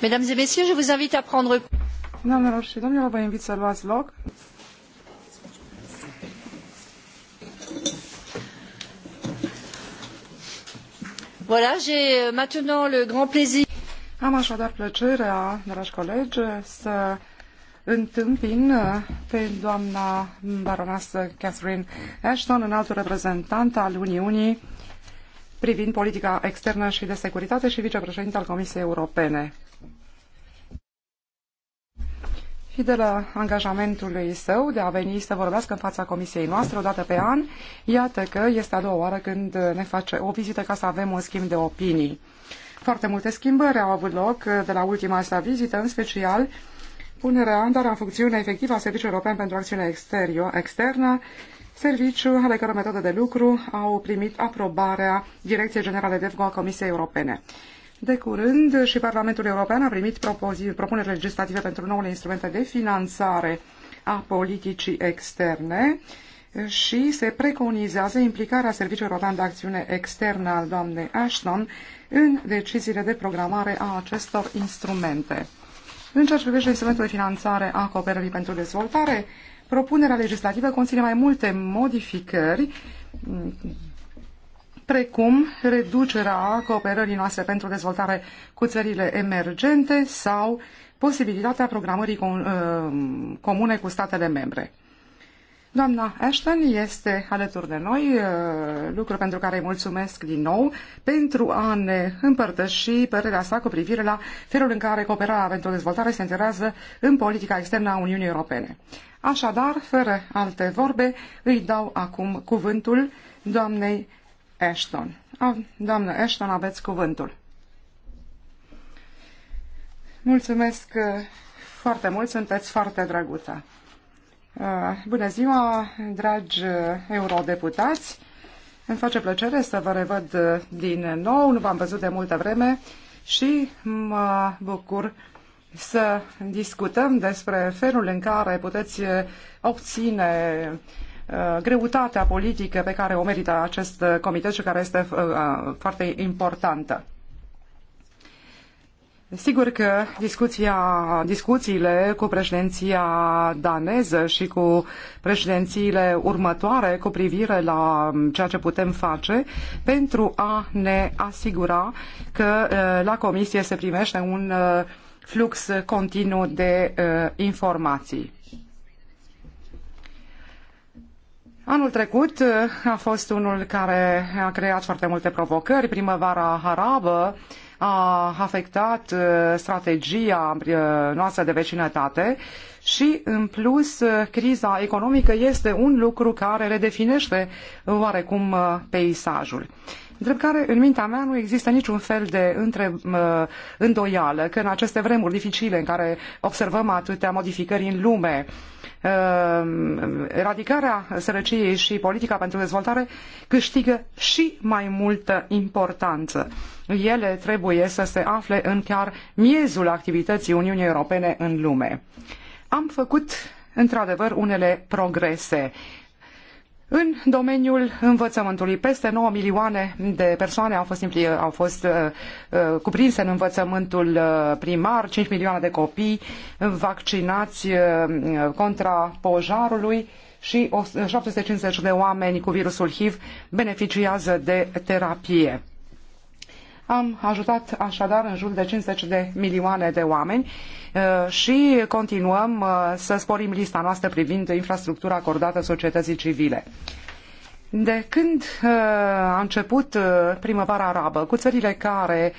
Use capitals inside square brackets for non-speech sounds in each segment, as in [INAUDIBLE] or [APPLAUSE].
Mesdames et messieurs, je vous invite à prendre... Doamnelor și domnilor, vă invit să luați loc. Voilà, j'ai euh, maintenant le grand plaisir... Am așadar plăcerea, dragi colegi, să întâmpin uh, pe doamna baroneasă Catherine Ashton, înaltul reprezentant al Uniunii privind politica externă și de securitate și vicepreședinte al Comisiei Europene. Și de la angajamentului său de a veni să vorbească în fața comisiei noastre o dată pe an, iată că este a doua oară când ne face o vizită ca să avem un schimb de opinii. Foarte multe schimbări au avut loc de la ultima sa vizită, în special punerea în dar în funcțiune efectivă a Serviciului European pentru Acțiune Externă, serviciu, ale căror metodă de lucru au primit aprobarea Direcției Generale de a Comisiei Europene. De curând și Parlamentul European a primit propuneri legislative pentru noule instrumente de finanțare a politicii externe și se preconizează implicarea Serviciului European de Acțiune Externă al doamnei Ashton în deciziile de programare a acestor instrumente. În ceea ce privește instrumentul de finanțare a cooperării pentru dezvoltare, Propunerea legislativă conține mai multe modificări precum reducerea cooperării noastre pentru dezvoltare cu țările emergente sau posibilitatea programării uh, comune cu statele membre. Doamna Ashton este alături de noi, uh, lucru pentru care îi mulțumesc din nou, pentru a ne împărtăși părerea sa cu privire la felul în care cooperarea pentru dezvoltare se integrează în politica externă a Uniunii Europene. Așadar, fără alte vorbe, îi dau acum cuvântul doamnei Ashton. Doamna Ashton, aveți cuvântul. Mulțumesc uh, foarte mult, sunteți foarte drăguță. Ah, bună ziua, dragi eh, eurodeputați! Îmi face plăcere să vă revăd eh, din nou, nu v-am văzut de multă vreme și mă bucur să discutăm despre felul în care puteți eh, obține greutatea politică pe care o merită acest comitet și care este foarte importantă. Sigur că discuția, discuțiile cu președinția daneză și cu președințiile următoare cu privire la ceea ce putem face pentru a ne asigura că uh, la comisie se primește un uh, flux continuu de uh, informații. Anul trecut a fost unul care a creat foarte multe provocări, primăvara arabă, a afectat uh, strategia uh, noastră de vecinătate și, în plus, uh, criza economică este un lucru care redefinește oarecum peisajul. Drept care, în mintea mea, nu există niciun fel de între, îndoială că în aceste vremuri dificile în care observăm atâtea modificări în lume, Uh, eradicarea sărăciei și politica pentru dezvoltare câștigă și mai multă importanță. Ele trebuie să se afle în chiar miezul activității Uniunii Europene în lume. Am făcut într-adevăr unele progrese în domeniul învățământului, peste 9 milioane de persoane au fost, au fost uh, uh, cuprinse în învățământul uh, primar, 5 milioane de copii vaccinați uh, uh contra pojarului și 750 de oameni cu virusul HIV beneficiază de terapie. Am ajutat așadar în jur de 50 de milioane de oameni uh, și continuăm uh, să sporim lista noastră privind infrastructura acordată societății civile. De când uh, a început primăvara arabă, cu țările care,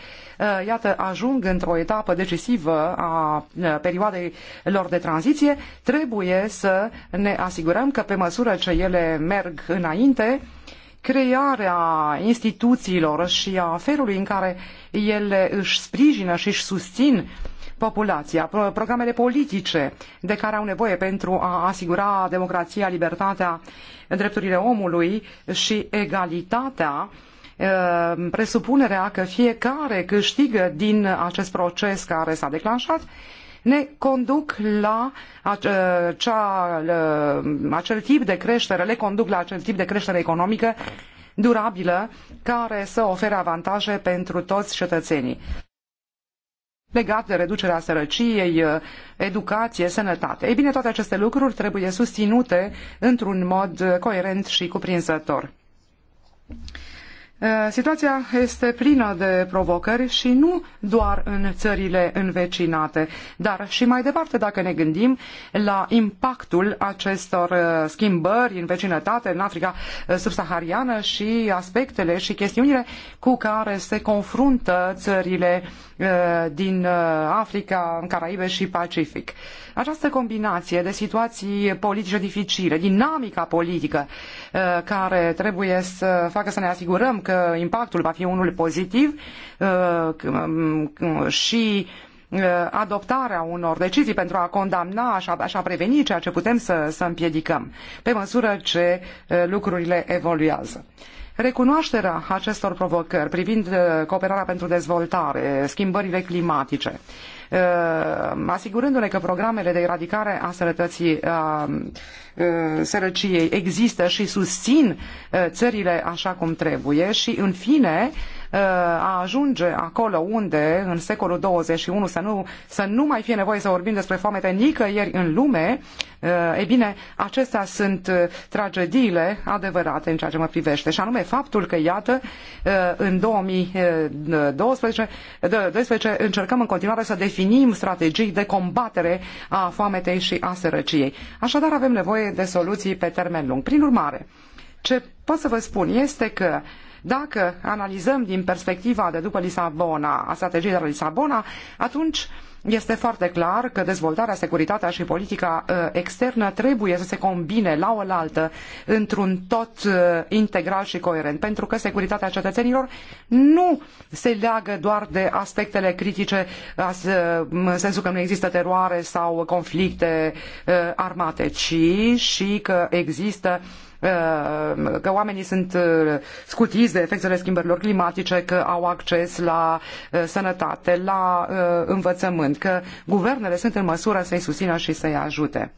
iată, ajung într-o etapă decisivă a perioadei lor de tranziție, trebuie să ne asigurăm că pe măsură ce ele merg înainte, crearea instituțiilor și a felului în care ele își sprijină și își susțin populația, programele politice de care au nevoie pentru a asigura democrația, libertatea, drepturile omului și egalitatea, uh, presupunerea că fiecare câștigă din acest proces care s-a declanșat ne conduc la acea, acel tip de creștere, le conduc la acel tip de creștere economică durabilă care să ofere avantaje pentru toți cetățenii legat de reducerea sărăciei, educație, sănătate. Ei bine, toate aceste lucruri trebuie susținute într-un mod coerent și cuprinzător. Uh, situația este plină de provocări și nu doar în țările învecinate, dar și mai departe dacă ne gândim la impactul acestor uh, schimbări în vecinătate, în Africa uh, subsahariană și aspectele și chestiunile cu care se confruntă țările Uh, din uh, Africa, Caraibe și Pacific. Această combinație de situații politice dificile, dinamica politică uh, care trebuie să facă să ne asigurăm că impactul va fi unul pozitiv um, și adoptarea unor decizii pentru a condamna și a, și a preveni ceea ce putem să, să împiedicăm, pe măsură ce lucrurile evoluează. Recunoașterea acestor provocări privind uh, cooperarea pentru dezvoltare, schimbările climatice, uh, asigurându-ne că programele de eradicare a sărătății a uh, sărăciei există și susțin țările așa cum trebuie și, în fine, Uh, a ajunge acolo unde în secolul 21 să nu, să nu mai fie nevoie să vorbim despre foamete nicăieri în lume, uh, e bine, acestea sunt uh, tragediile adevărate în ceea ce mă privește. Și anume faptul că, iată, în 2012 12, încercăm în continuare să definim strategii de combatere a foametei și a sărăciei. Așadar, avem nevoie de soluții pe termen lung. Prin urmare, ce pot să vă spun este că uh, dacă analizăm din perspectiva de după Lisabona, a strategiei de la Lisabona, atunci este foarte clar că dezvoltarea, securitatea și politica uh, externă trebuie să se combine la oaltă într-un tot uh, integral și coerent, pentru că securitatea cetățenilor nu se leagă doar de aspectele critice uh, în sensul că nu există teroare sau conflicte armate, ci și că există Uh, că oamenii sunt uh, scutiți de efectele schimbărilor climatice, că au acces la uh, sănătate, la învățământ, că guvernele sunt în măsură să-i susțină și să-i ajute.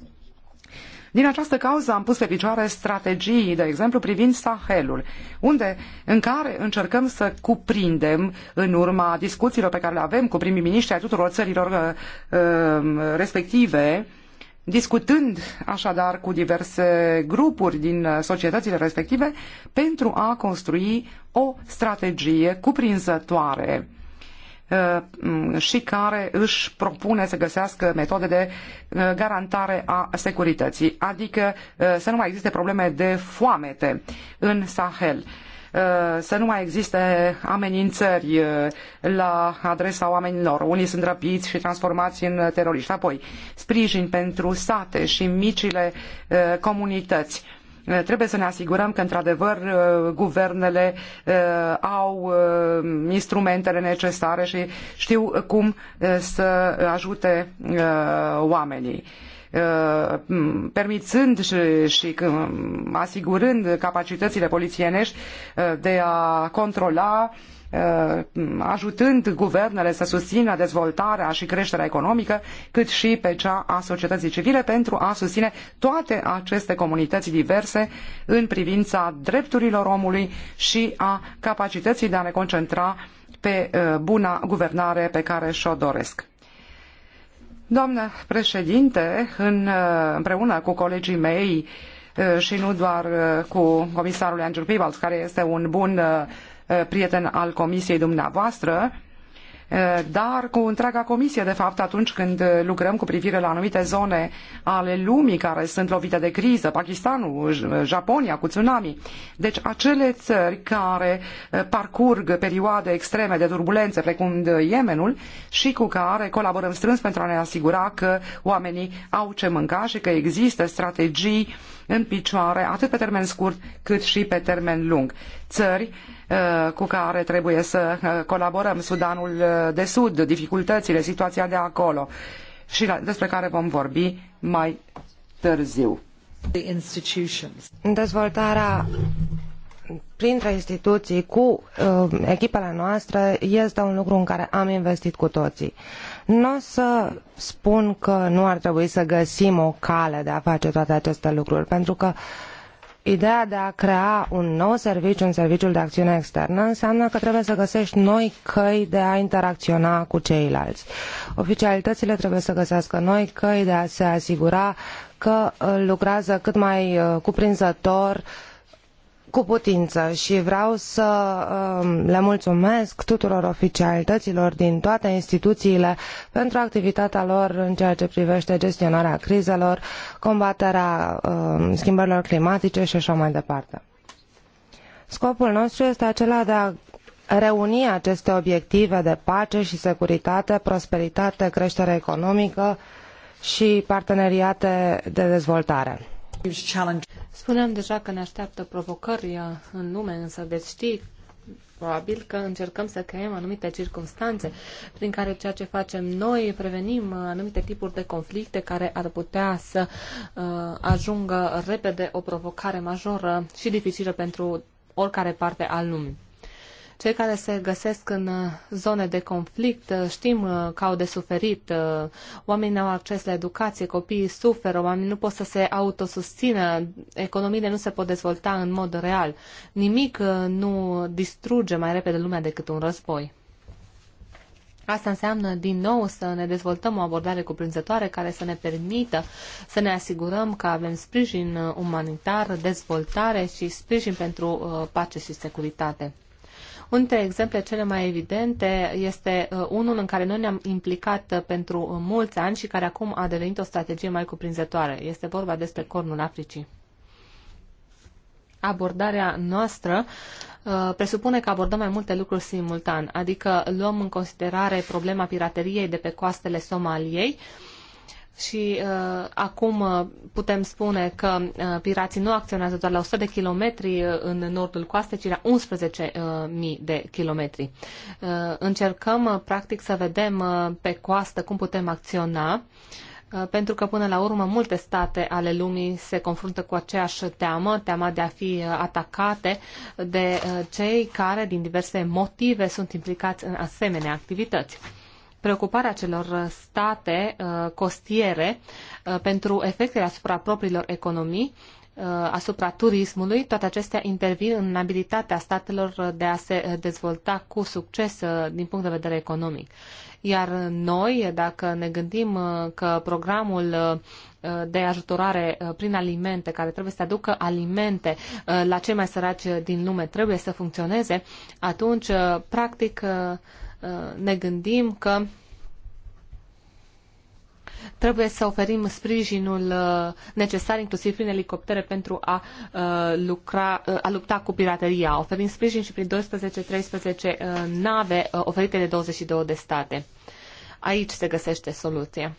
Din această cauză am pus pe picioare strategii, de exemplu, privind Sahelul, unde, în care încercăm să cuprindem, în urma discuțiilor pe care le avem cu primii miniștri ai tuturor țărilor uh, respective, uh, discutând așadar cu diverse grupuri din societățile respective pentru a construi o strategie cuprinzătoare uh, și care își propune să găsească metode de uh, garantare a securității, adică uh, să nu mai existe probleme de foamete în Sahel Uh, să nu mai existe amenințări uh, la adresa oamenilor. Unii sunt răpiți și transformați în teroriști. Apoi, sprijin pentru sate și micile uh, comunități trebuie să ne asigurăm că, într-adevăr, guvernele au instrumentele necesare și știu cum să ajute oamenii. Uh, permițând și, și um, asigurând capacitățile polițienești uh, de a controla uh, ajutând guvernele să susțină dezvoltarea și creșterea economică, cât și pe cea a societății civile pentru a susține toate aceste comunități diverse în privința drepturilor omului și a capacității de a ne concentra pe buna guvernare pe care și-o doresc. Doamnă președinte, în, împreună cu colegii mei și nu doar cu comisarul Andrew Peebles, care este un bun prieten al comisiei dumneavoastră, Eh, dar cu întreaga comisie, de fapt, atunci când eh, lucrăm cu privire la anumite zone ale lumii care sunt lovite de criză, Pakistanul, eh, Japonia cu tsunami. Deci acele țări care parcurg perioade extreme de turbulențe, precum Yemenul, și cu care colaborăm strâns pentru a ne asigura că oamenii au ce mânca și că există strategii în picioare, atât pe termen scurt cât și pe termen lung. Țări Uh, cu care trebuie să uh, colaborăm, Sudanul uh, de Sud, dificultățile, situația de acolo și despre care vom vorbi mai târziu. Dezvoltarea printre instituții cu uh, echipele noastre este un lucru în care am investit cu toții. Nu o să spun că nu ar trebui să găsim o cale de a face toate aceste lucruri, pentru că uh, Ideea de a crea un nou serviciu, un serviciu de acțiune externă, înseamnă că trebuie să găsești noi căi de a interacționa cu ceilalți. Oficialitățile trebuie să găsească noi căi de a se asigura că uh, lucrează cât mai uh, cuprinzător uh, cu putință și vreau să um, le mulțumesc tuturor oficialităților din toate instituțiile pentru activitatea lor în ceea ce privește gestionarea crizelor, combaterea um, schimbărilor climatice și așa mai departe. Scopul nostru este acela de a reuni aceste obiective de pace și securitate, prosperitate, creștere economică și parteneriate de dezvoltare. Spuneam deja că ne așteaptă provocări uh, în lume, însă veți ști probabil că încercăm să creăm anumite circunstanțe prin care ceea ce facem noi prevenim uh, anumite tipuri de conflicte care ar putea să uh, ajungă repede o provocare majoră și dificilă pentru oricare parte a lumii. Cei care se găsesc în uh, zone de conflict uh, știm uh, că au de suferit, oamenii nu au acces la educație, copiii suferă, oamenii nu pot să se autosusțină, economiile nu se pot dezvolta în mod real. Nimic nu distruge mai repede lumea decât un război. Asta înseamnă din nou să ne dezvoltăm o abordare cuprinzătoare care să ne permită să ne asigurăm că avem sprijin umanitar, dezvoltare și sprijin pentru pace și securitate. Unul dintre exemple cele mai evidente este uh, unul în care noi ne-am implicat uh, pentru uh, mulți ani și care acum a devenit o strategie mai cuprinzătoare. Este vorba despre cornul Africii. Abordarea noastră presupune că abordăm mai multe lucruri simultan, adică luăm în considerare problema pirateriei de pe coastele Somaliei, și uh, acum uh, putem spune că uh, pirații nu acționează doar la 100 de kilometri uh, în nordul coastei, ci la 11.000 uh, de kilometri. Uh, încercăm, uh, practic, să vedem uh, pe coastă cum putem acționa uh, pentru că până la urmă multe state ale lumii se confruntă cu aceeași teamă, teama de a fi atacate de cei care din diverse motive sunt implicați în asemenea activități preocuparea celor state uh, costiere uh, pentru efectele asupra propriilor economii, uh, asupra turismului, toate acestea intervin în abilitatea statelor de a se dezvolta cu succes din punct de vedere economic. Iar noi, dacă ne gândim că programul de ajutorare prin alimente, care trebuie să aducă alimente la cei mai săraci din lume, trebuie să funcționeze, atunci, practic, ne gândim că trebuie să oferim sprijinul uh, necesar, inclusiv prin elicoptere, pentru a, uh, lucra, uh, a lupta cu pirateria. Oferim sprijin și prin 12-13 nave oferite de 22 de state. Aici se găsește soluția.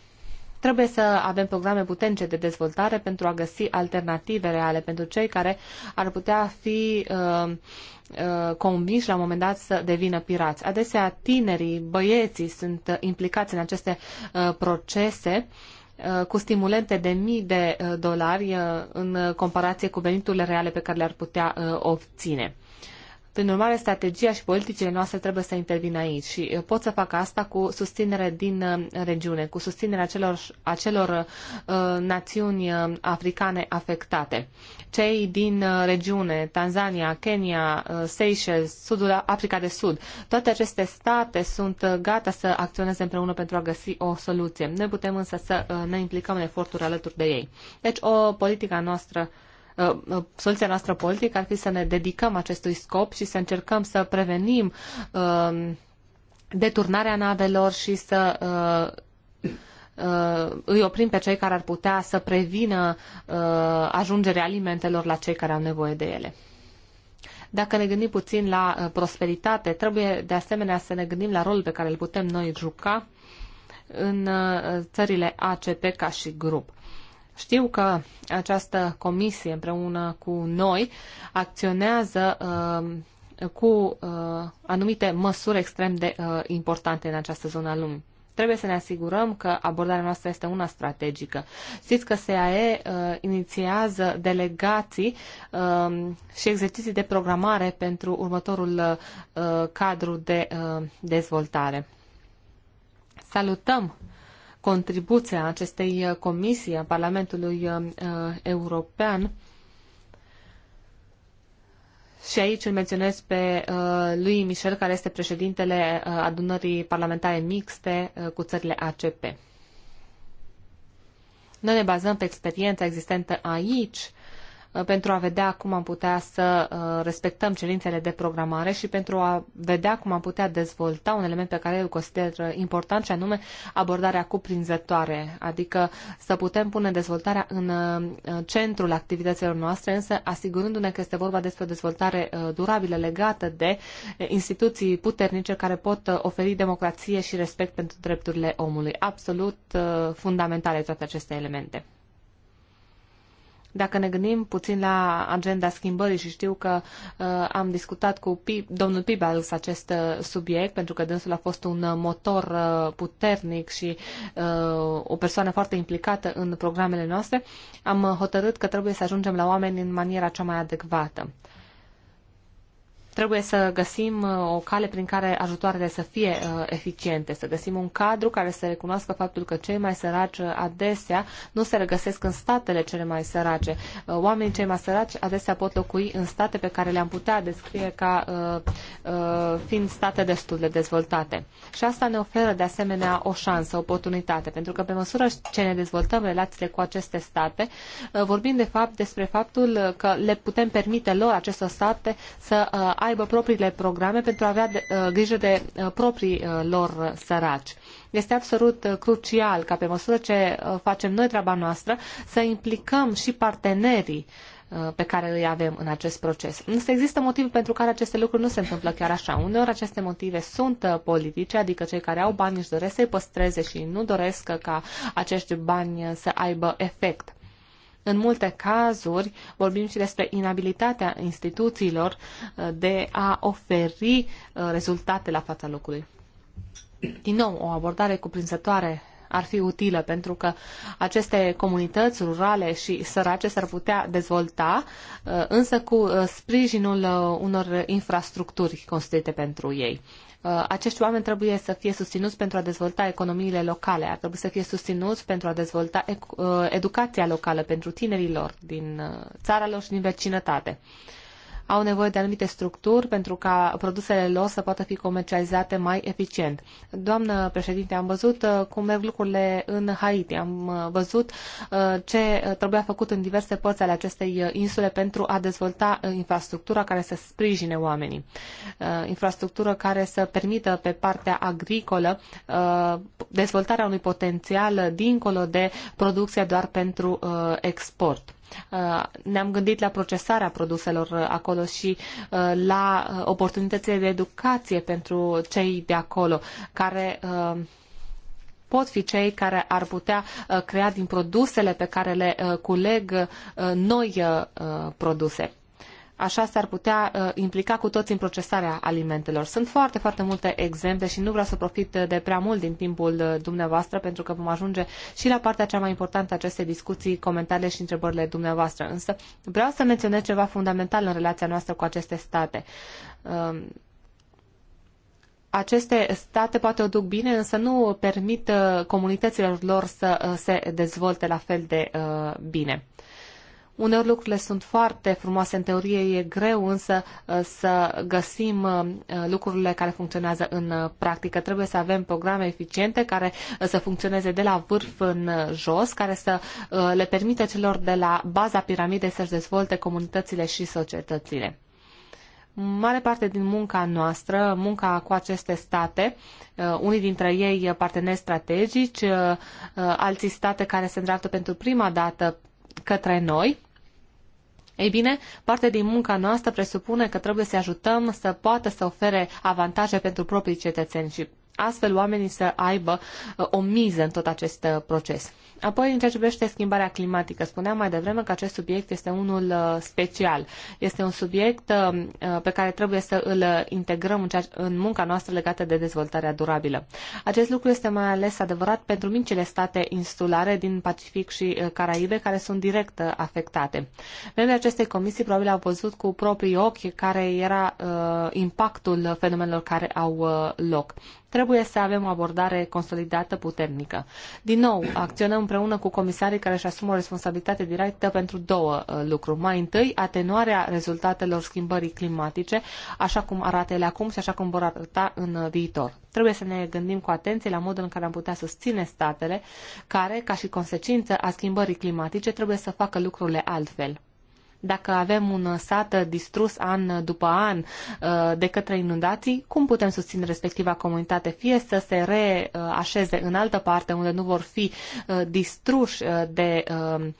Trebuie să avem programe puternice de dezvoltare pentru a găsi alternative reale pentru cei care ar putea fi uh, uh convinși la un moment dat să devină pirați. Adesea tinerii, băieții sunt uh, implicați în aceste uh, procese uh, cu stimulente de mii de dolari în comparație cu veniturile reale pe care le-ar putea obține. Prin urmare, strategia și politicile noastre trebuie să intervină aici și pot să fac asta cu susținere din uh, regiune, cu susținerea acelor, acelor uh, națiuni uh, africane afectate. Cei din uh, regiune, Tanzania, Kenya, Seychelles, Sudul, Africa de Sud, toate aceste state sunt gata să acționeze împreună pentru a găsi o soluție. Noi putem însă să ne implicăm în eforturi alături de ei. Deci o politică noastră Uh, uh, soluția noastră politică ar fi să ne dedicăm acestui scop și să încercăm să prevenim uh, deturnarea navelor și să îi oprim pe cei care ar putea să prevină ajungerea alimentelor la cei care au nevoie de ele. Dacă ne gândim puțin la prosperitate, trebuie de asemenea să ne gândim la rolul pe care îl putem noi juca în țările ACP ca și grup. Știu că această comisie împreună cu noi acționează uh, cu uh, anumite măsuri extrem de uh, importante în această zonă a lumii. Trebuie să ne asigurăm că abordarea noastră este una strategică. Știți că SAE uh, inițiază delegații uh, și exerciții de programare pentru următorul uh, cadru de uh, dezvoltare. Salutăm uh, contribuția acestei comisii a Parlamentului uh, European. Și aici îl menționez pe uh, lui Michel, care este președintele uh, adunării parlamentare mixte cu țările ACP. Noi ne bazăm pe experiența existentă aici Uh, pentru a vedea cum am putea să uh, respectăm cerințele de programare și pentru a vedea cum am putea dezvolta un element pe care îl consider uh, important și anume abordarea cuprinzătoare, adică să putem pune dezvoltarea în centrul activităților noastre, însă asigurându-ne că este vorba despre o dezvoltare durabilă legată de instituții puternice care pot oferi democrație și respect pentru drepturile omului. Absolut fundamentale toate aceste elemente. Dacă ne gândim puțin la agenda schimbării și știu că uh, am discutat cu P- domnul Pibals acest uh, subiect, pentru că dânsul a fost un uh, motor uh, puternic și uh, o persoană foarte implicată în programele noastre, am uh, hotărât că trebuie să ajungem la oameni în maniera cea mai adecvată. Uh, Trebuie să găsim uh, o cale prin care ajutoarele să fie uh, eficiente, să găsim un cadru care să recunoască faptul că cei mai săraci uh, adesea nu se regăsesc în statele cele mai sărace. Oamenii cei mai săraci adesea pot locui în state pe care le-am putea descrie ca fiind state destul de dezvoltate. Și asta ne oferă de asemenea o șansă, o oportunitate, pentru că pe măsură ce ne dezvoltăm relațiile cu aceste state, vorbim de fapt despre faptul că le putem permite lor acestor state să aibă propriile programe pentru a avea uh, grijă de uh, proprii uh, lor săraci. Este absolut crucial ca pe măsură ce facem noi treaba noastră să implicăm și partenerii pe care îi avem în acest proces. Însă există motive pentru care aceste lucruri nu se întâmplă chiar așa. Uneori aceste motive sunt politice, adică cei care au bani își doresc să-i păstreze și nu doresc ca acești bani să aibă efect. În multe cazuri vorbim și despre inabilitatea instituțiilor uh, de a oferi uh, rezultate la fața locului. Din nou, o abordare cuprinzătoare ar fi utilă pentru că aceste comunități rurale și sărace s-ar putea dezvolta, uh, însă cu sprijinul unor infrastructuri construite pentru ei. Uh, acești oameni trebuie să fie susținuți pentru a dezvolta economiile locale, ar trebui să fie susținuți pentru a dezvolta uh, educația locală pentru tinerii lor din uh, țara lor și din vecinătate. Uh, au nevoie de anumite structuri pentru ca produsele lor să poată fi comercializate mai eficient. Doamnă președinte, am văzut uh, cum merg lucrurile în Haiti, am uh, văzut uh, ce trebuia făcut în diverse părți ale acestei insule pentru a dezvolta infrastructura care să sprijine oamenii. Infrastructură care să permită pe partea agricolă dezvoltarea unui potențial dincolo de producția doar pentru export. Uh, ne-am gândit la procesarea produselor acolo și uh, la uh, oportunitățile de educație pentru cei de acolo care pot fi cei care ar putea crea din produsele pe care le culeg noi produse așa s-ar putea uh, implica cu toți în procesarea alimentelor. Sunt foarte, foarte multe exemple și nu vreau să profit uh, de prea mult din timpul uh, dumneavoastră, pentru că vom ajunge și la partea cea mai importantă a acestei discuții, comentariile și întrebările dumneavoastră. Însă vreau să menționez ceva fundamental în relația noastră cu aceste state um, aceste state poate o duc bine, însă nu permit comunităților lor să se dezvolte la fel de bine. Uneori lucrurile sunt foarte frumoase în teorie, e greu însă uh, să găsim uh, uh, lucrurile care funcționează în practică. Trebuie să avem programe eficiente care să funcționeze de la vârf în jos, care să le permită celor de la baza piramidei să-și dezvolte comunitățile și societățile. Mare parte din munca noastră, munca cu aceste state, unii dintre ei parteneri strategici, alții state care se îndreaptă pentru prima dată către noi, ei bine, parte din munca noastră presupune că trebuie să ajutăm să poată să ofere avantaje pentru proprii cetățeni și astfel oamenii să aibă uh, o miză în tot acest uh, proces. Apoi, în ceea ce privește schimbarea climatică, spuneam mai devreme că acest subiect este unul uh, special. Este un subiect uh, uh, pe care trebuie să îl integrăm în, munca noastră legată de dezvoltarea durabilă. Acest lucru este mai ales adevărat pentru micile state insulare din Pacific și Caraibe, care sunt direct afectate. Membrii acestei comisii probabil au văzut cu proprii ochi care era impactul fenomenelor care au loc. Trebuie să avem o abordare consolidată, puternică. Din nou, acționăm împreună cu comisarii care își asumă o responsabilitate directă pentru două uh, lucruri. Mai întâi, atenuarea rezultatelor schimbării climatice, așa cum arată ele acum și așa cum vor arăta în uh, viitor. Trebuie să ne gândim cu atenție la modul în care am putea susține statele care, ca și consecință a schimbării climatice, trebuie să facă lucrurile altfel. Dacă avem un sat distrus an după an uh, de către inundații, cum putem susține respectiva comunitate? Fie să se reașeze în altă parte unde nu vor fi uh, distruși uh, de um,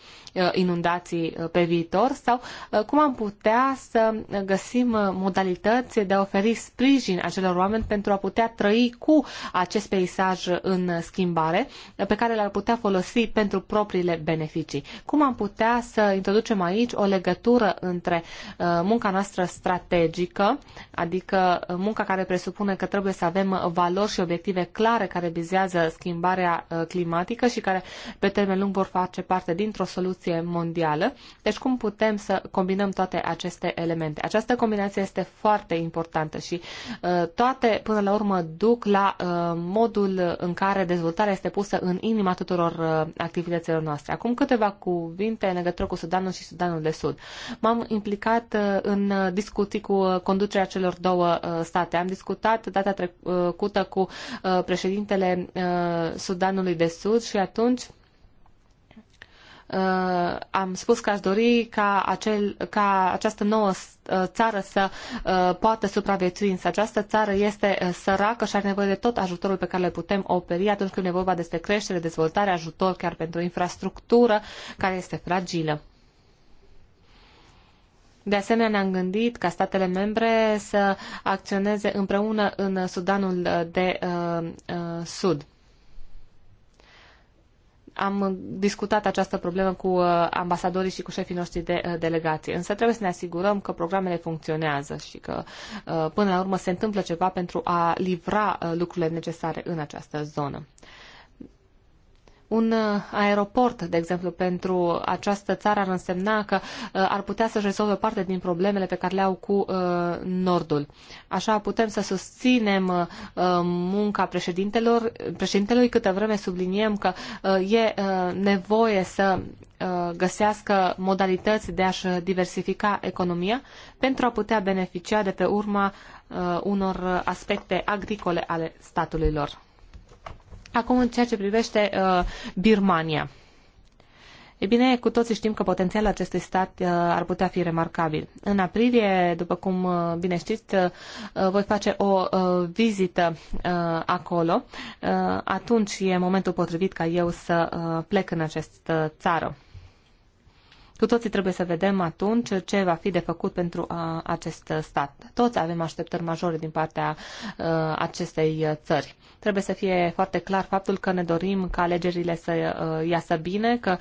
inundații pe viitor sau cum am putea să găsim modalități de a oferi sprijin acelor oameni pentru a putea trăi cu acest peisaj în schimbare pe care l-ar putea folosi pentru propriile beneficii. Cum am putea să introducem aici o legătură legătură între uh, munca noastră strategică, adică uh, munca care presupune că trebuie să avem valori și obiective clare care vizează schimbarea uh, climatică și care pe termen lung vor face parte dintr-o soluție mondială. Deci cum putem să combinăm toate aceste elemente? Această combinație este foarte importantă și toate, până la urmă, duc la modul în care dezvoltarea este pusă în inima tuturor activităților noastre. Acum câteva cuvinte în legătură cu Sudanul și Sudanul de Sud. M-am implicat uh, în uh, discuții cu uh, conducerea celor două state. Am discutat data trecută cu președintele Sudanului de Sud și atunci am spus că aș dori ca, acel, ca această nouă țară să poată supraviețui, însă această țară este săracă și are nevoie de tot ajutorul pe care le putem oferi atunci când e vorba despre creștere, dezvoltare, ajutor chiar pentru infrastructură care este fragilă. De asemenea, ne-am gândit ca statele membre să acționeze împreună în Sudanul de uh, uh, Sud. Am discutat această problemă cu uh, ambasadorii și cu șefii noștri de uh, delegații. delegație, însă trebuie să ne asigurăm că programele funcționează și că uh, până la urmă se întâmplă ceva pentru a livra lucrurile necesare în această zonă un uh, aeroport, de exemplu, pentru această țară ar însemna că uh, ar putea să-și rezolve parte din problemele pe care le au cu uh, Nordul. Așa putem să susținem munca președintelor, președintelui câtă vreme subliniem că e nevoie să găsească modalități de a-și diversifica economia pentru a putea beneficia de pe urma unor aspecte agricole ale statului lor. Acum, în ceea ce privește uh, Birmania. E bine, cu toții știm că potențialul acestui stat uh, ar putea fi remarcabil. În aprilie, după cum uh, bine știți, uh, voi face o vizită acolo. Atunci e momentul potrivit ca eu să plec în această țară. Cu toții trebuie să vedem atunci ce va fi de făcut pentru acest stat. Toți avem așteptări majore din partea acestei țări. Trebuie să fie foarte clar faptul că ne dorim ca alegerile să iasă bine, că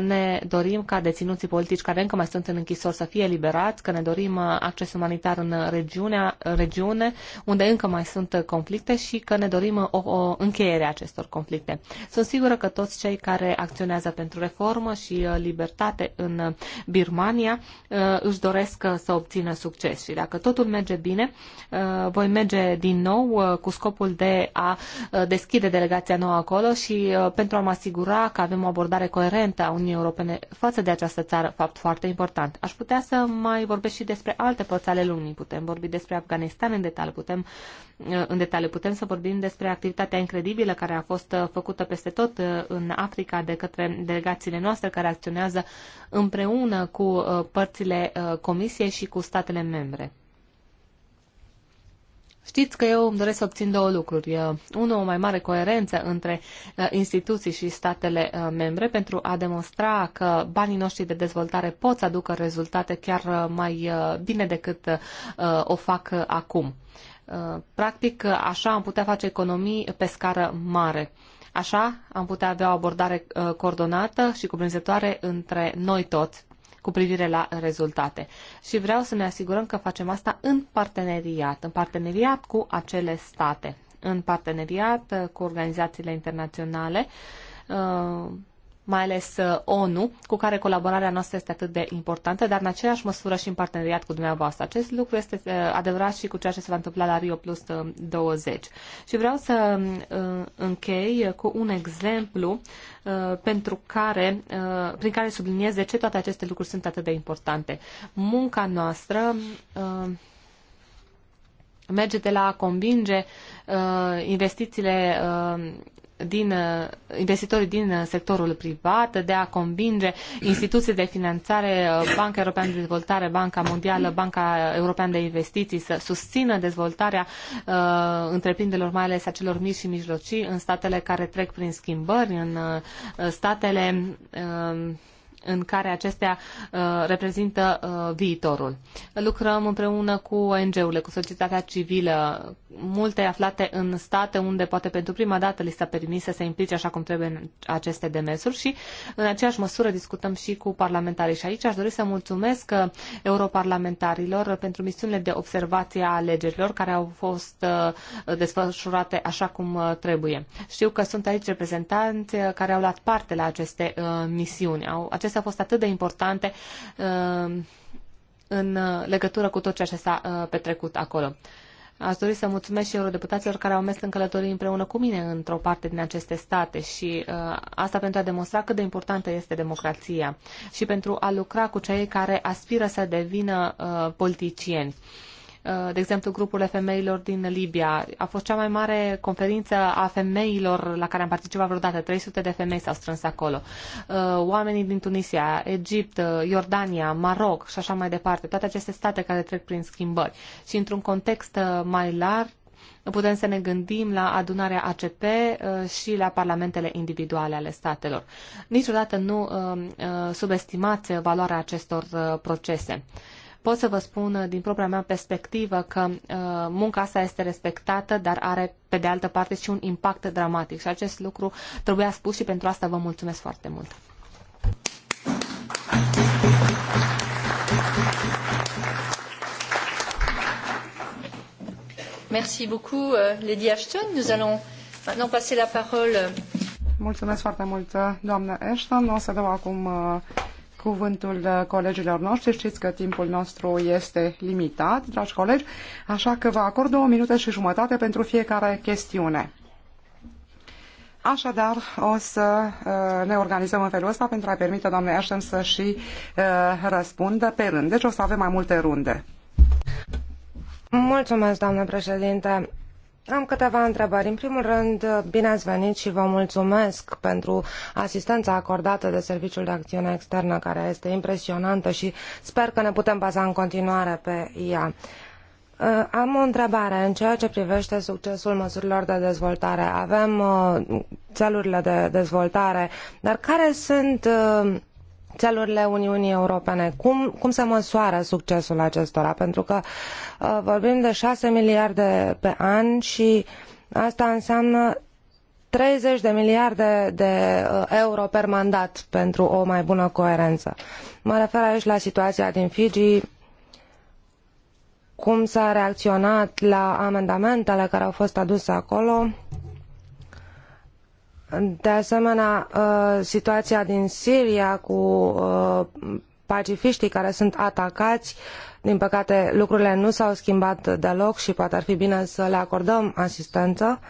ne dorim ca deținuții politici care încă mai sunt în închisori să fie eliberați, că ne dorim acces umanitar în regiunea, regiune unde încă mai sunt conflicte și că ne dorim o, o încheiere a acestor conflicte. Sunt sigură că toți cei care acționează pentru reformă și libertate în Birmania uh, își doresc uh, să obțină succes și dacă totul merge bine, uh, voi merge din nou cu scopul de a deschide delegația nouă acolo și pentru a mă asigura că avem o abordare coerentă a Uniunii Europene față de această țară, fapt foarte important. Aș putea să mai vorbesc și despre alte părți ale lumii. Putem vorbi despre Afganistan în detaliu, putem, în detaliu. putem să vorbim despre activitatea incredibilă care a fost făcută peste tot în Africa de către delegațiile noastre care acționează împreună cu uh, părțile uh, Comisiei și cu statele membre. Știți că eu îmi doresc să obțin două lucruri. unu, o mai mare coerență între uh, instituții și statele membre pentru a demonstra că banii noștri de dezvoltare pot să aducă rezultate chiar mai bine decât o fac acum. Practic, așa am putea face economii pe scară mare. Așa am putea avea o abordare uh, coordonată și cuprinzătoare între noi toți cu privire la rezultate. Și vreau să ne asigurăm că facem asta în parteneriat, în parteneriat cu acele state, în parteneriat uh, cu organizațiile internaționale uh, mai ales uh, ONU, cu care colaborarea noastră este atât de importantă, dar în aceeași măsură și în parteneriat cu dumneavoastră. Acest lucru este uh, adevărat și cu ceea ce se va întâmpla la Rio Plus 20. Uh, și vreau să închei cu un exemplu pentru care, prin care subliniez de ce toate aceste lucruri sunt atât de importante. Munca noastră merge de la a convinge investițiile din uh, investitorii din uh, sectorul privat de a convinge instituții de finanțare, uh, Banca Europeană de Dezvoltare, Banca Mondială, Banca Europeană de Investiții să susțină dezvoltarea uh, întreprinderilor, mai ales a celor mici și mijlocii în statele care trec prin schimbări, în uh, statele uh, în care acestea uh, reprezintă uh, viitorul. Lucrăm împreună cu ONG-urile, cu societatea civilă, multe aflate în state unde poate pentru prima dată li s-a permis să se implice așa cum trebuie în aceste demersuri și în aceeași măsură discutăm și cu parlamentarii. Și aici aș dori să mulțumesc uh, europarlamentarilor pentru misiunile de observație a alegerilor care au fost desfășurate așa cum trebuie. Știu că sunt aici reprezentanți care au luat parte la aceste misiuni. aceste noastre au fost atât de importante uh, în uh, legătură cu tot ceea ce s-a uh, petrecut acolo. Aș dori să mulțumesc și eurodeputaților care au mers în călătorii împreună cu mine într-o parte din aceste state și uh, asta pentru a demonstra cât de importantă este democrația și pentru a lucra cu cei care aspiră să devină uh, politicieni. Uh, Eh, de exemplu, grupurile femeilor din Libia. A fost cea mai mare conferință a femeilor la care am participat vreodată. 300 de femei s-au strâns acolo. Eh, oamenii din Tunisia, Egipt, eh, Iordania, Maroc și așa mai departe. Toate aceste state care trec prin schimbări. Și într-un context mai larg, putem să ne gândim la adunarea ACP și la parlamentele individuale ale statelor. Niciodată nu subestimați valoarea acestor procese. Pot să vă spun uh, din propria mea perspectivă că uh, munca asta este respectată, dar are pe de altă parte și un impact dramatic și acest lucru trebuia spus și pentru asta vă mulțumesc foarte mult. Merci beaucoup, uh, Lady Ashton. Nous allons maintenant passer la parole. Euh, mulțumesc foarte mult, doamnă Ashton. O să dau acum cuvântul uh, colegilor noștri. Știți că timpul nostru este limitat, dragi colegi, așa că vă acord două minute și jumătate pentru fiecare chestiune. Așadar, o să uh, ne organizăm în felul ăsta pentru a permite doamnei Ashton să și uh, răspundă pe rând. Deci o să avem mai multe runde. Mulțumesc, doamnă președinte. Am câteva întrebări. În primul rând, bine ați venit și vă mulțumesc pentru asistența acordată de Serviciul de Acțiune Externă, care este impresionantă și sper că ne putem baza în continuare pe ea. Uh, am o întrebare în ceea ce privește succesul măsurilor de dezvoltare. Avem uh, țelurile de dezvoltare, dar care sunt uh, țelurile Uniunii Europene. Cum, cum se măsoară succesul acestora? Pentru că uh, vorbim de 6 miliarde pe an și asta înseamnă 30 de miliarde de uh, euro per mandat pentru o mai bună coerență. Mă refer aici la situația din Fiji, cum s-a reacționat la amendamentele care au fost aduse acolo, de asemenea, uh, situația din Siria cu uh, pacifiștii care sunt atacați, din păcate lucrurile nu s-au schimbat deloc și poate ar fi bine să le acordăm asistență.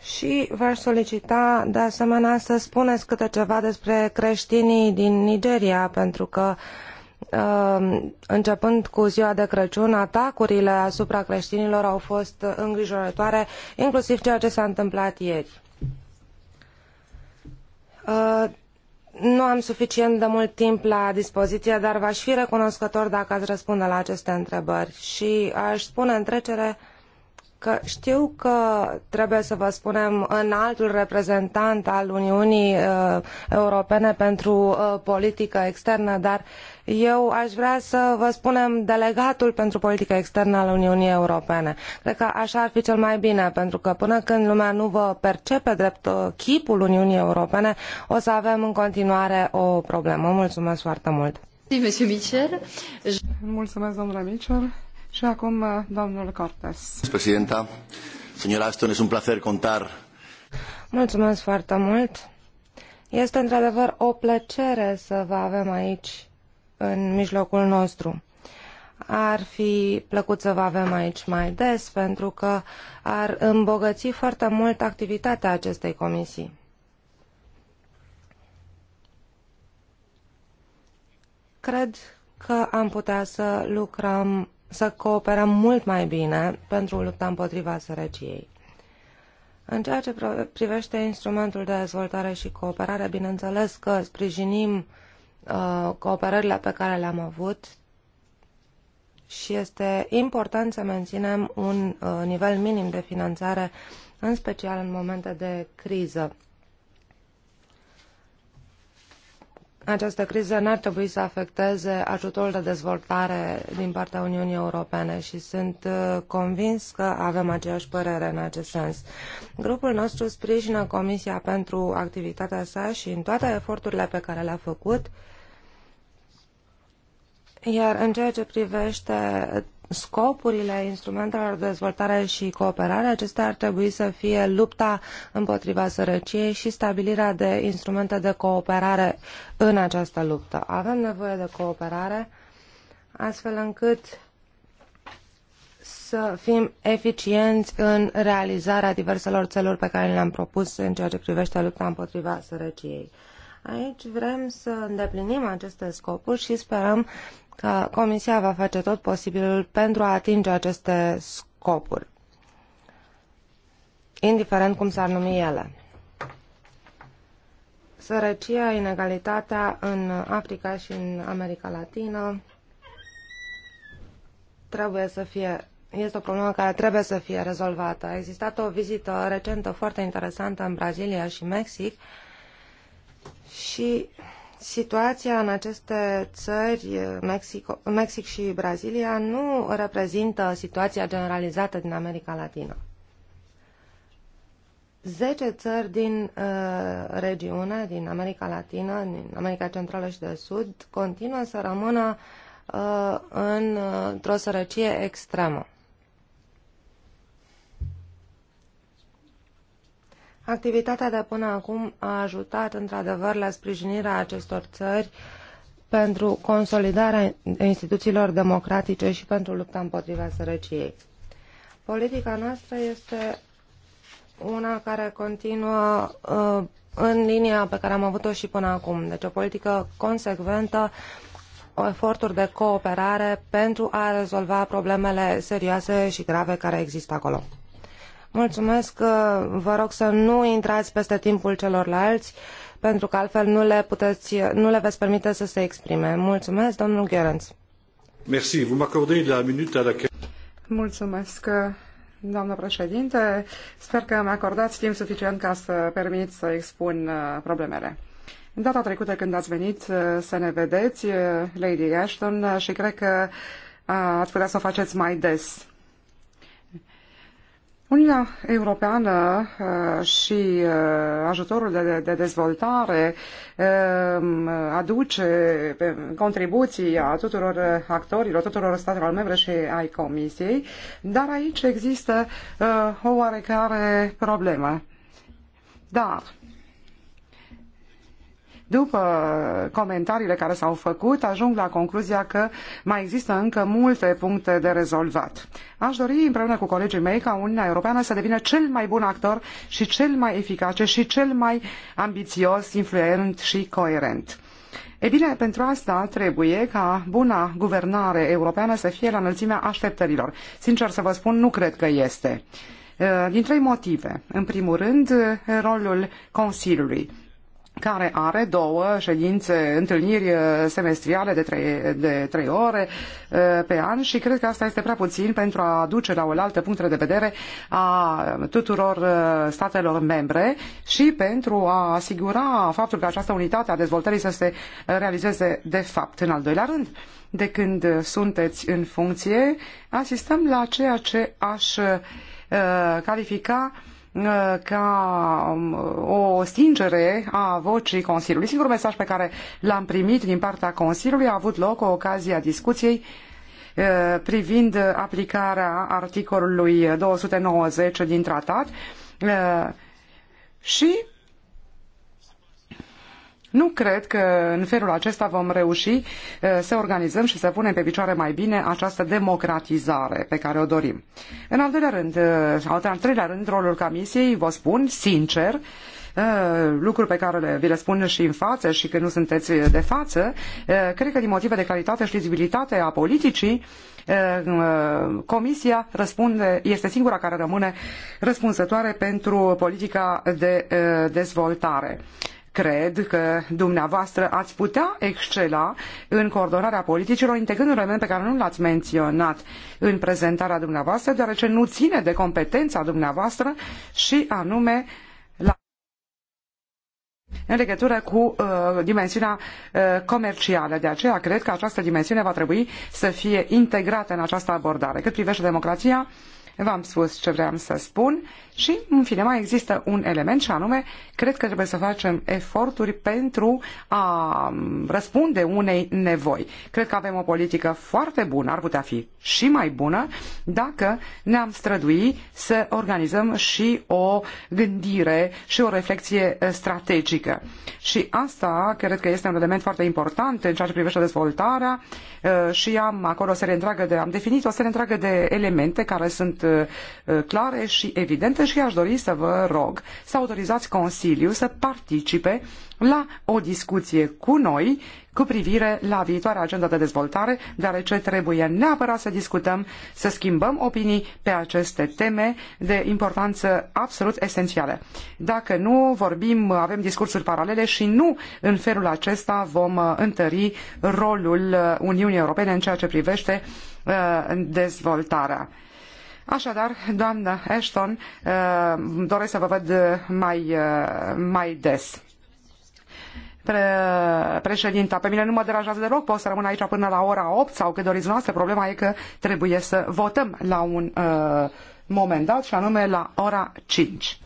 Și v-aș solicita de asemenea să spuneți câte ceva despre creștinii din Nigeria, pentru că uh, începând cu ziua de Crăciun, atacurile asupra creștinilor au fost îngrijorătoare, inclusiv ceea ce s-a întâmplat ieri. Uh, nu am suficient de mult timp la dispoziție, dar v-aș fi recunoscător dacă ați răspunde la aceste întrebări. Și aș spune în trecere că știu că trebuie să vă spunem înaltul reprezentant al Uniunii uh, Europene pentru uh, politică externă, dar eu aș vrea să vă spunem delegatul pentru politică externă al Uniunii Europene. Cred că așa ar fi cel mai bine, pentru că până când lumea nu vă percepe drept uh, chipul Uniunii Europene, o să avem în continuare o problemă. Mulțumesc foarte mult! Mulțumesc, domnule Mitchell. Și acum, uh, domnul Cortes. Președinta, señora Aston, es un placer contar. Mulțumesc foarte mult. Este într-adevăr o plăcere să vă avem aici, în mijlocul nostru. Ar fi plăcut să vă avem aici mai des, pentru că ar îmbogăți foarte mult activitatea acestei comisii. Cred că am putea să lucrăm să cooperăm mult mai bine pentru lupta împotriva sărăciei. În ceea ce privește instrumentul de dezvoltare și cooperare, bineînțeles că sprijinim uh, cooperările pe care le-am avut și este important să menținem un uh, nivel minim de finanțare, în special în momente de criză. această criză n-ar trebui să afecteze ajutorul de dezvoltare din partea Uniunii Europene și sunt uh, convins că avem aceeai părere în acest sens. Grupul nostru sprijină Comisia pentru activitatea sa și în toate eforturile pe care le-a făcut, iar în ceea ce privește scopurile instrumentelor de dezvoltare și cooperare, acestea ar trebui să fie lupta împotriva sărăciei și stabilirea de instrumente de cooperare în această luptă. Avem nevoie de cooperare astfel încât să fim eficienți în realizarea diverselor țeluri pe care le-am propus în ceea ce privește lupta împotriva sărăciei. Aici vrem să îndeplinim aceste scopuri și sperăm că Comisia va face tot posibilul pentru a atinge aceste scopuri, indiferent cum s-ar numi ele. Sărăcia, inegalitatea în Africa și în America Latină trebuie să fie este o problemă care trebuie să fie rezolvată. A existat o vizită recentă foarte interesantă în Brazilia și Mexic, și situația în aceste țări, Mexico, Mexic și Brazilia, nu reprezintă situația generalizată din America Latină. Zece țări din uh, regiune, din America Latină, din America Centrală și de Sud, continuă să rămână uh, uh într-o sărăcie extremă. Activitatea de până acum a ajutat într-adevăr la sprijinirea acestor țări pentru consolidarea instituțiilor democratice și pentru lupta împotriva sărăciei. Politica noastră este una care continuă uh, în linia pe care am avut-o și până acum. Deci o politică consecventă, eforturi de cooperare pentru a rezolva problemele serioase și grave care există acolo. Mulțumesc că vă rog să nu intrați peste timpul celorlalți, pentru că altfel nu le, puteți, nu le veți permite să se exprime. Mulțumesc, domnul Gherenț. Merci. Vous m'accordez la minute à laquelle... Mulțumesc, doamnă președinte. Sper că mi-acordați timp suficient ca să permit să expun uh, problemele. Data trecută când ați venit uh, să ne vedeți, uh, Lady Ashton, și cred că ați putea să o faceți mai des. Uniunea Europeană uh, și uh, ajutorul de, de dezvoltare um, aduce contribuții a tuturor actorilor, tuturor statelor membre și ai Comisiei, dar aici există uh, o oarecare problemă. Dar după comentariile care s-au făcut, ajung la concluzia că mai există încă multe puncte de rezolvat. Aș dori împreună cu colegii mei ca Uniunea Europeană să devină cel mai bun actor și cel mai eficace și cel mai ambițios, influent și coerent. E bine, pentru asta trebuie ca buna guvernare europeană să fie la înălțimea așteptărilor. Sincer să vă spun, nu cred că este. Din trei motive. În primul rând, rolul Consiliului care are două ședințe, întâlniri uh, semestriale de trei, de trei ore uh, pe an și cred că asta este prea puțin pentru a aduce la oaltă punct de vedere a tuturor uh, statelor membre și pentru a asigura faptul că această unitate a dezvoltării să se realizeze de fapt. În al doilea rând, de când sunteți în funcție, asistăm la ceea ce aș califica uh, ca um, o stingere a vocii Consiliului. Singurul mesaj pe care l-am primit din partea Consiliului a avut loc o ocazie a discuției uh, privind aplicarea articolului 290 din tratat uh, și nu cred că în felul acesta vom reuși uh, să organizăm și să punem pe picioare mai bine această democratizare pe care o dorim. În al doilea rând, uh, în al treilea rând, rolul Comisiei, vă spun sincer, uh, lucruri pe care le, vi le spun și în față și că nu sunteți de față, cred că din motive de calitate și vizibilitate a politicii, Comisia răspunde, este singura care rămâne răspunsătoare pentru politica de dezvoltare. Cred că dumneavoastră ați putea excela în coordonarea politicilor, integrând un element pe care nu l-ați menționat în prezentarea dumneavoastră, deoarece nu ține de competența dumneavoastră și anume la în legătură cu uh, dimensiunea uh, comercială. De aceea cred că această dimensiune va trebui să fie integrată în această abordare. Cât privește democrația, v-am spus ce vreau să spun. Și, în fine, mai există un element și anume, cred că trebuie să facem eforturi pentru a răspunde unei nevoi. Cred că avem o politică foarte bună, ar putea fi și mai bună, dacă ne-am strădui să organizăm și o gândire și o reflexie strategică. Și asta cred că este un element foarte important în ceea ce privește dezvoltarea uh, și am acolo o serie întreagă de, am definit o serie întreagă de elemente care sunt uh, uh, clare și evidente atunci eu aș dori să vă rog să autorizați Consiliul să participe la o discuție cu noi cu privire la viitoarea agenda de dezvoltare, deoarece trebuie neapărat să discutăm, să schimbăm opinii pe aceste teme de importanță absolut esențială. Dacă nu vorbim, avem discursuri paralele și nu în felul acesta vom uh, întări rolul uh, Uniunii Europene în ceea ce privește uh, dezvoltarea. Așadar, doamnă Ashton, uh, doresc să vă văd mai, uh, mai des. Pre, președinta, pe mine nu mă deranjează deloc, pot să rămân aici până la ora 8 sau cât doriți noastră. Problema e că trebuie să votăm la un uh, moment dat și anume la ora 5.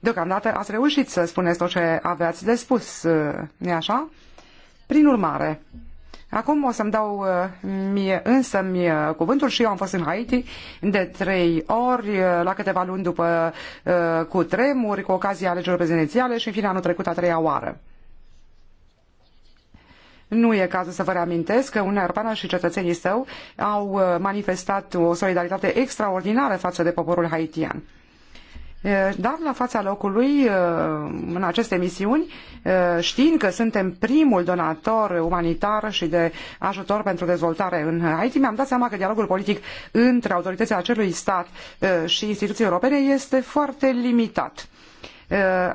Deocamdată ați reușit să spuneți tot ce aveați de spus, uh, nu așa? Prin urmare, Acum o să-mi dau uh, mie însă mie cuvântul și eu am fost în Haiti de trei ori, uh, la câteva luni după uh, cu tremuri, cu ocazia alegerilor prezidențiale și în fine anul trecut a treia oară. Nu e cazul să vă reamintesc că Uniunea Europeană și cetățenii său au manifestat o solidaritate extraordinară față de poporul haitian. Dar la fața locului, în aceste misiuni, știind că suntem primul donator umanitar și de ajutor pentru dezvoltare în Haiti, mi-am dat seama că dialogul politic între autoritățile acelui stat și instituții europene este foarte limitat.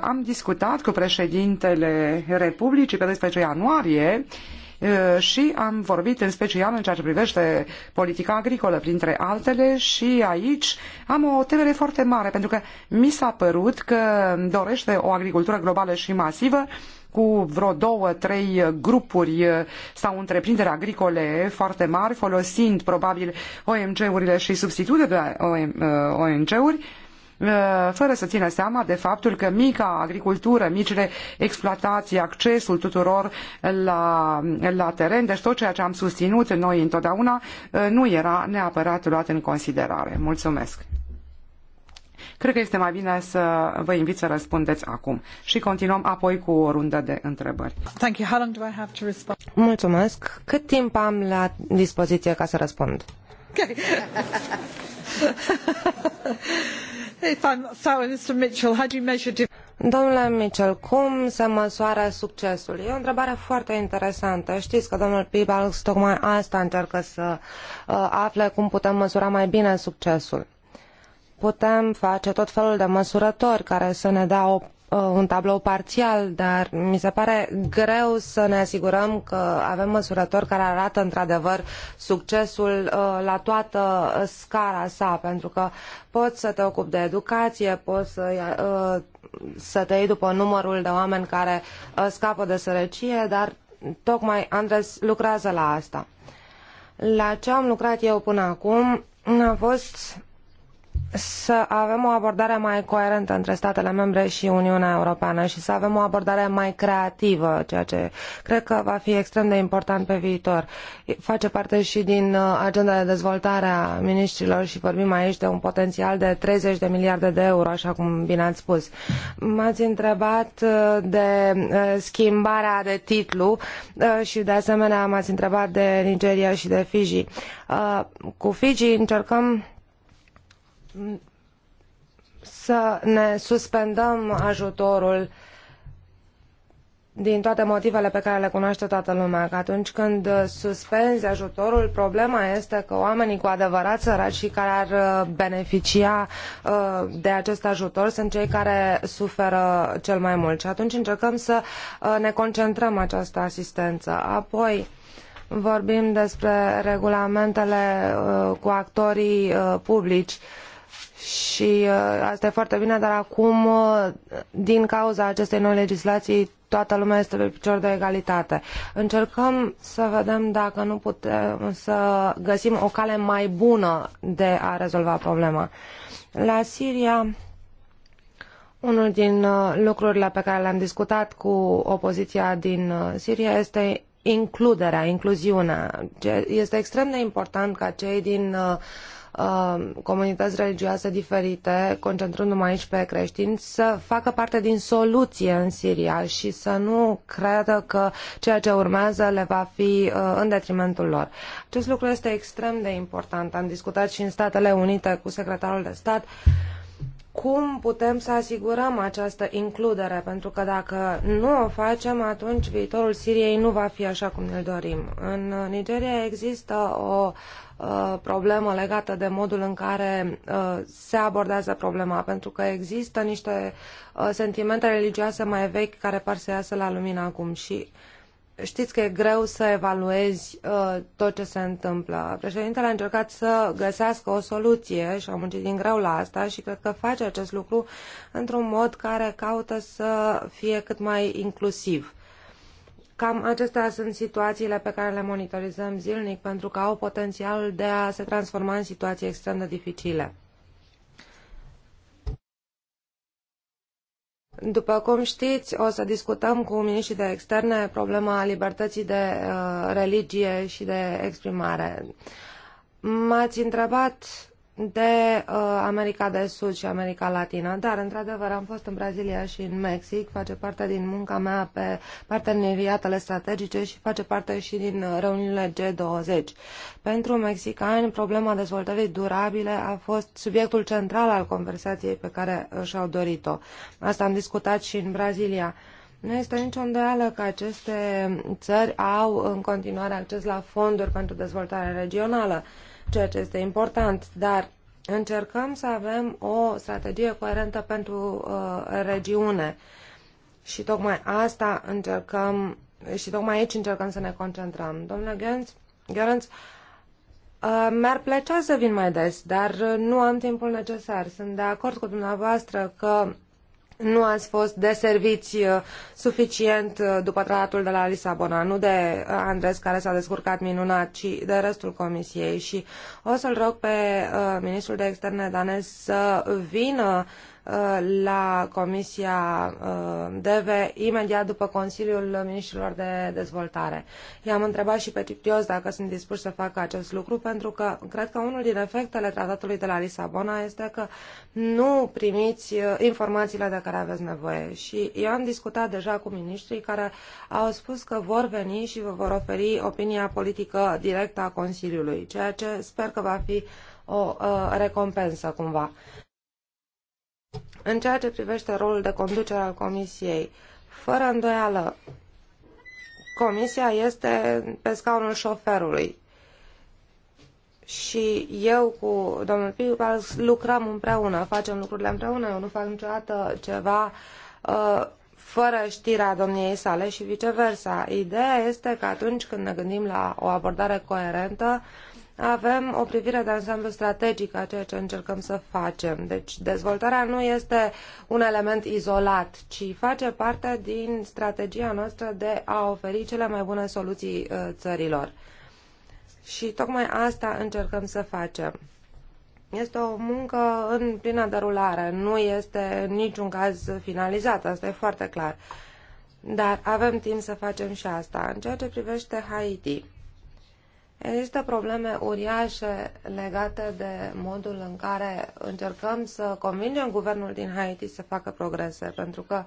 Am discutat cu președintele Republicii pe 12 ianuarie și am vorbit în special în ceea ce privește politica agricolă, printre altele, și aici am o temere foarte mare, pentru că mi s-a părut că dorește o agricultură globală și masivă, cu vreo două, trei grupuri sau întreprinderi agricole foarte mari, folosind probabil OMG-urile și substitute de OMG-uri, Uh, fără să țină seama de faptul că mica agricultură, micile exploatații, accesul tuturor la, la teren, deci tot ceea ce am susținut noi întotdeauna, uh, nu era neapărat luat în considerare. Mulțumesc! Cred că este mai bine să vă invit să răspundeți acum și continuăm apoi cu o rundă de întrebări. Thank you. How long do I have to respond? Mulțumesc. Cât timp am la dispoziție ca să răspund? Okay. [LAUGHS] Domnule Mitchell, cum se măsoară succesul? E o întrebare foarte interesantă. Știți că domnul Peebles tocmai asta încearcă să uh, afle cum putem măsura mai bine succesul. Putem face tot felul de măsurători care să ne dea o Uh, un tablou parțial, dar mi se pare greu să ne asigurăm că avem măsurători care arată într-adevăr succesul uh, la toată scara sa, pentru că poți să te ocupi de educație, poți să, uh, să te iei după numărul de oameni care scapă de sărăcie, dar tocmai Andres lucrează la asta. La ce am lucrat eu până acum a fost să avem o abordare mai coerentă între statele membre și Uniunea Europeană și să avem o abordare mai creativă, ceea ce cred că va fi extrem de important pe viitor. Face parte și din uh, agenda de dezvoltare a miniștrilor și vorbim aici de un potențial de 30 de miliarde de euro, așa cum bine ați spus. M-ați întrebat uh, de uh, schimbarea de titlu și de asemenea m-ați întrebat de Nigeria și de Fiji. Cu Fiji încercăm să ne suspendăm ajutorul din toate motivele pe care le cunoaște toată lumea, că atunci când suspenzi ajutorul, problema este că oamenii cu adevărat săraci și care ar uh, beneficia uh, de acest ajutor sunt cei care suferă cel mai mult. Și atunci încercăm să uh, ne concentrăm această asistență. Apoi, vorbim despre regulamentele cu actorii publici. Uh, și uh, asta e foarte bine, dar acum, uh, din cauza acestei noi legislații, toată lumea este pe picior de egalitate. Încercăm să vedem dacă nu putem să găsim o cale mai bună de a rezolva problema. La Siria, unul din uh, lucrurile pe care le-am discutat cu opoziția din Siria este includerea, incluziunea. Este extrem de important ca cei din uh, Um, comunități religioase diferite, concentrându-mă aici pe creștini, să facă parte din soluție în Siria și să nu creadă că ceea ce urmează le va fi uh, în detrimentul lor. Acest lucru este extrem de important. Am discutat și în Statele Unite cu secretarul de stat cum putem să asigurăm această includere, pentru că dacă nu o facem, atunci viitorul Siriei nu va fi așa cum ne-l dorim. În Nigeria există o uh, problemă legată de modul în care uh, se abordează problema, pentru că există niște uh, sentimente religioase mai vechi care par să iasă la lumină acum și uh, știți că e greu să evaluezi uh, tot ce se întâmplă. Președintele a încercat să găsească o soluție și a muncit din greu la asta și cred că face acest lucru într-un mod care caută să fie cât mai inclusiv. Cam acestea sunt situațiile pe care le monitorizăm zilnic pentru că au potențial de a se transforma în situații extrem de dificile. După cum știți, o să discutăm cu miniștrii de externe problema libertății de uh, religie și de exprimare. M-ați întrebat de uh, America de Sud și America Latină, dar într-adevăr am fost în Brazilia și în Mexic, face parte din munca mea pe parteneriatele strategice și face parte și din reuniunile G20. Pentru mexicani, problema dezvoltării durabile a fost subiectul central al conversației pe care și-au dorit-o. Asta am discutat și în Brazilia. Nu este nicio îndoială că aceste țări au în continuare acces la fonduri pentru dezvoltare regională ceea ce este important, dar încercăm să avem o strategie coerentă pentru uh, regiune. Și tocmai asta încercăm, și tocmai aici încercăm să ne concentrăm. Domnule Gerenț, Gerenț uh, mi-ar plăcea să vin mai des, dar nu am timpul necesar. Sunt de acord cu dumneavoastră că nu ați fost deserviți uh, suficient uh, după tratatul de la Lisabona, nu de uh, Andres care s-a descurcat minunat, ci de restul comisiei și o să-l rog pe ministrul de externe danez să vină la Comisia uh, DEVE imediat după Consiliul Ministrilor de Dezvoltare. I-am întrebat și pe Tiptios dacă sunt dispuși să facă acest lucru, pentru că cred că unul din efectele tratatului de la Lisabona este că nu primiți uh, informațiile de care aveți nevoie. Și eu am discutat deja cu ministrii care au spus că vor veni și vă vor oferi opinia politică directă a Consiliului, ceea ce sper că va fi o uh, recompensă cumva. În ceea ce privește rolul de conducere al Comisiei, fără îndoială, Comisia este pe scaunul șoferului. Și eu cu domnul Pibals lucrăm împreună, facem lucrurile împreună, eu nu fac niciodată ceva uh, fără știrea domniei sale și viceversa. Ideea este că atunci când ne gândim la o abordare coerentă, uh, avem o privire de ansamblu strategic a ceea ce încercăm să facem. Deci dezvoltarea nu este un element izolat, ci face parte din strategia noastră de a oferi cele mai bune soluții uh, țărilor. Și tocmai asta încercăm să facem. Este o muncă în plină derulare, nu este în niciun caz finalizată, asta e foarte clar. Dar avem timp să facem și asta. În ceea ce privește Haiti, Există probleme uriașe legate de modul în care încercăm să convingem guvernul din Haiti să facă progrese, pentru că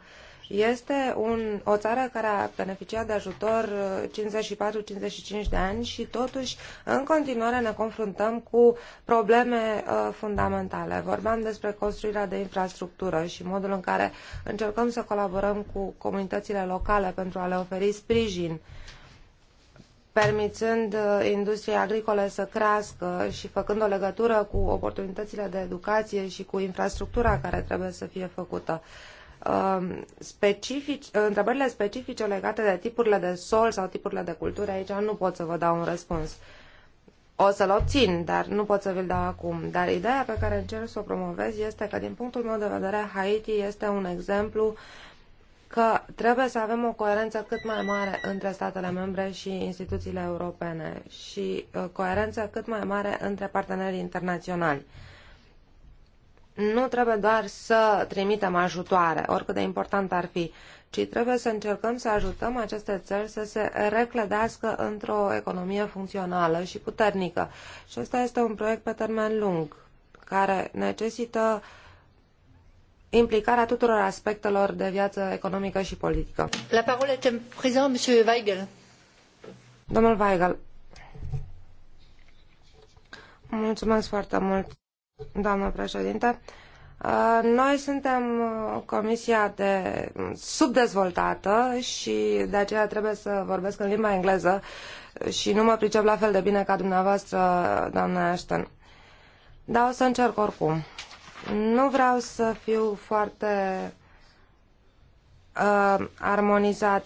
este un, o țară care a beneficiat de ajutor 54-55 de ani și totuși în continuare ne confruntăm cu probleme uh, fundamentale. Vorbeam despre construirea de infrastructură și modul în care încercăm să colaborăm cu comunitățile locale pentru a le oferi sprijin uh, permițând uh, industriei agricole să crească și făcând o legătură cu oportunitățile de educație și cu infrastructura care trebuie să fie făcută. Um, Specific, întrebările specifice legate de tipurile de sol sau tipurile de culturi, aici nu pot să vă dau un răspuns. O să-l obțin, dar nu pot să vi-l dau acum. Dar ideea pe care încerc să o promovez este că, din punctul meu de vedere, Haiti este un exemplu uh, că trebuie să avem o coerență cât mai mare între statele membre și instituțiile europene și uh, coerență cât mai mare între partenerii internaționali. Nu trebuie doar să trimitem ajutoare, oricât de important ar fi, ci trebuie să încercăm să ajutăm aceste țări să se reclădească într-o economie funcțională și puternică. Și ăsta este un proiect pe termen lung, care necesită uh, implicarea tuturor aspectelor de viață economică și politică. La parole este în prezent, monsieur Weigel. Domnul Weigel. Mulțumesc foarte mult, doamnă președinte. Uh, noi suntem comisia de subdezvoltată și de aceea trebuie să vorbesc în limba engleză și nu mă pricep la fel de bine ca dumneavoastră, doamna Ashton. Dar o să încerc oricum. Nu vreau să fiu foarte uh, armonizat.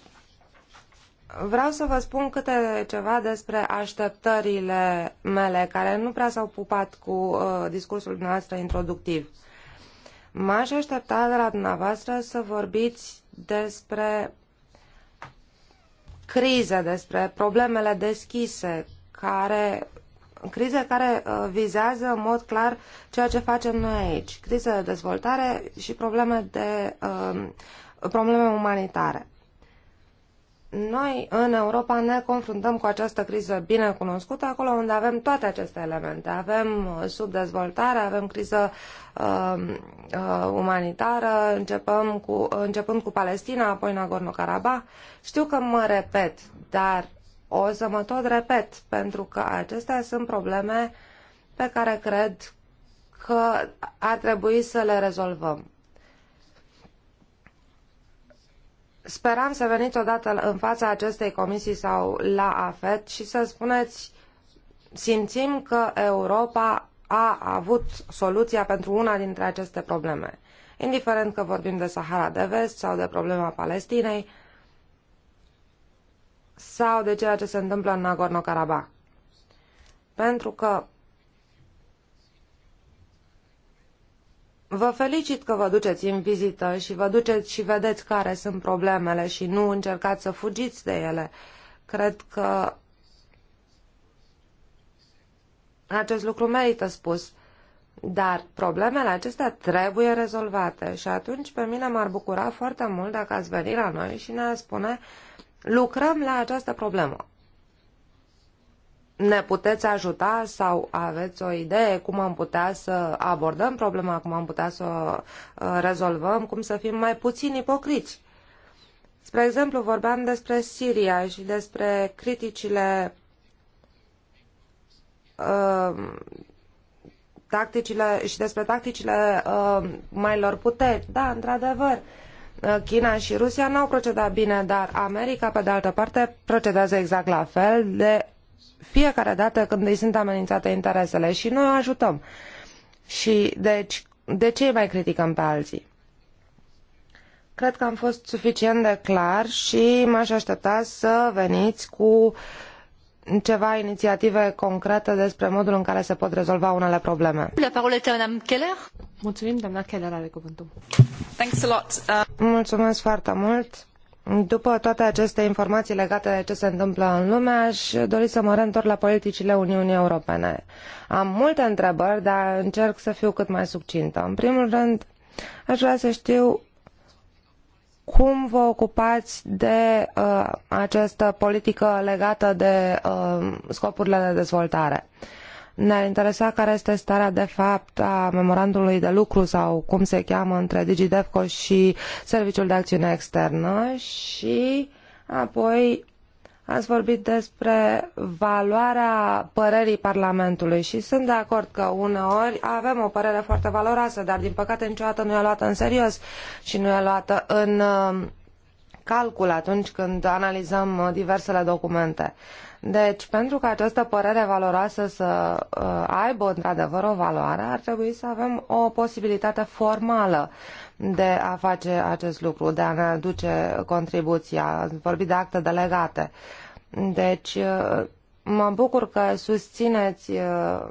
Vreau să vă spun câte ceva despre așteptările mele, care nu prea s-au pupat cu uh, discursul dumneavoastră introductiv. M-aș aștepta de la dumneavoastră să vorbiți despre crize, despre problemele deschise care crize care uh, vizează în mod clar ceea ce facem noi aici. Crize de dezvoltare și probleme, de, um, probleme umanitare. Noi, în Europa, ne confruntăm cu această criză bine cunoscută, acolo unde avem toate aceste elemente. Avem uh, subdezvoltare, avem criză uh, uh, umanitară, începem cu, începând cu Palestina, apoi Nagorno-Karabakh. Știu că mă repet, dar o să mă tot repet, pentru că acestea sunt probleme pe care cred că ar trebui să le rezolvăm. Speram să veniți odată în fața acestei comisii sau la AFET și să spuneți simțim că Europa a avut soluția pentru una dintre aceste probleme. Indiferent că vorbim de Sahara de Vest sau de problema Palestinei, sau de ceea ce se întâmplă în Nagorno-Karabakh. Pentru că Vă felicit că vă duceți în vizită și vă duceți și vedeți care sunt problemele și nu încercați să fugiți de ele. Cred că acest lucru merită spus. Dar problemele acestea trebuie rezolvate și atunci pe mine m-ar bucura foarte mult dacă ați veni la noi și ne spune lucrăm la această problemă. Ne puteți ajuta sau aveți o idee cum am putea să abordăm problema, cum am putea să o uh, rezolvăm, cum să fim mai puțin ipocriți? Spre exemplu, vorbeam despre Siria și despre criticile uh, tacticile și despre tacticile uh, lor puteri. Da, într-adevăr, uh, Uh, China și Rusia nu au procedat bine, dar America, pe de altă parte, procedează exact la fel de fiecare dată când îi sunt amenințate interesele și noi o ajutăm. Și deci, de ce îi mai criticăm pe alții? Cred că am fost suficient de clar și m-aș aștepta să veniți cu ceva inițiative concrete despre modul în care se pot rezolva unele probleme. La parole este Madame Keller. Keller are Thanks a lot. Uh, Mulțumesc foarte mult. După toate aceste informații legate de ce se întâmplă în lume, aș dori să mă reîntorc la politicile Uniunii Europene. Am multe întrebări, dar încerc să fiu cât mai succintă. În primul rând, aș vrea să știu cum vă ocupați de uh, această politică legată de uh, scopurile de dezvoltare. Uh, ne-ar interesa care este starea de fapt a memorandului de lucru sau cum se cheamă între DigiDevco și Serviciul de Acțiune Externă și apoi ați vorbit despre valoarea părerii Parlamentului și sunt de acord că uneori avem o părere foarte valoroasă, dar din păcate niciodată nu e luată în serios și nu e luată în uh, calcul atunci când analizăm uh, diversele documente. Deci, pentru că această părere valoroasă să uh, aibă într-adevăr o valoare, ar trebui să avem o posibilitate formală de a face acest lucru, de a ne aduce contribuția, vorbi de acte delegate. Deci, uh, mă bucur că susțineți uh,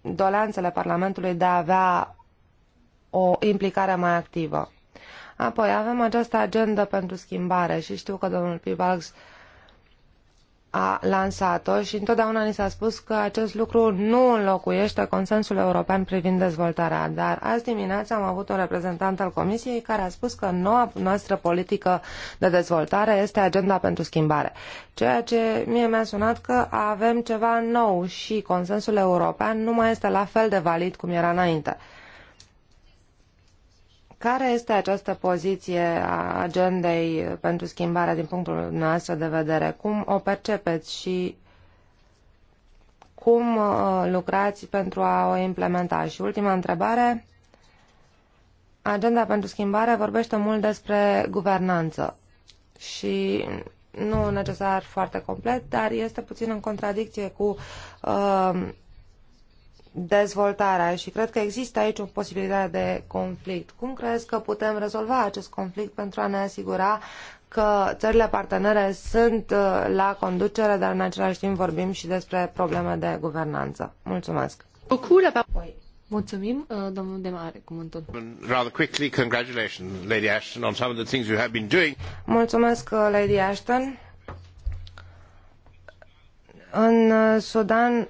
doleanțele Parlamentului de a avea o implicare mai activă. Apoi avem această agendă pentru schimbare și știu că domnul Pibax a lansat-o și întotdeauna ni s-a spus că acest lucru nu înlocuiește consensul european privind dezvoltarea. Dar azi dimineața am avut un reprezentant al Comisiei care a spus că noua noastră politică de dezvoltare este agenda pentru schimbare. Ceea ce mie mi-a sunat că avem ceva nou și consensul european nu mai este la fel de valid cum era înainte. Care este această poziție a agendei pentru schimbarea din punctul noastră de vedere? Cum o percepeți și cum uh, lucrați pentru a o implementa? Și ultima întrebare, agenda pentru schimbare vorbește mult despre guvernanță și nu necesar foarte complet, dar este puțin în contradicție cu uh, dezvoltarea și cred că există aici o posibilitate de conflict. Cum crezi că putem rezolva acest conflict pentru a ne asigura că țările partenere sunt uh, la conducere, dar în același timp vorbim și despre probleme de guvernanță. Mulțumesc! Mulțumim, uh, domnul de mare, cuvântul. Rather quickly, congratulations, Lady Ashton, on some of the things you have been doing. Mulțumesc, uh, Lady Ashton. În Sudan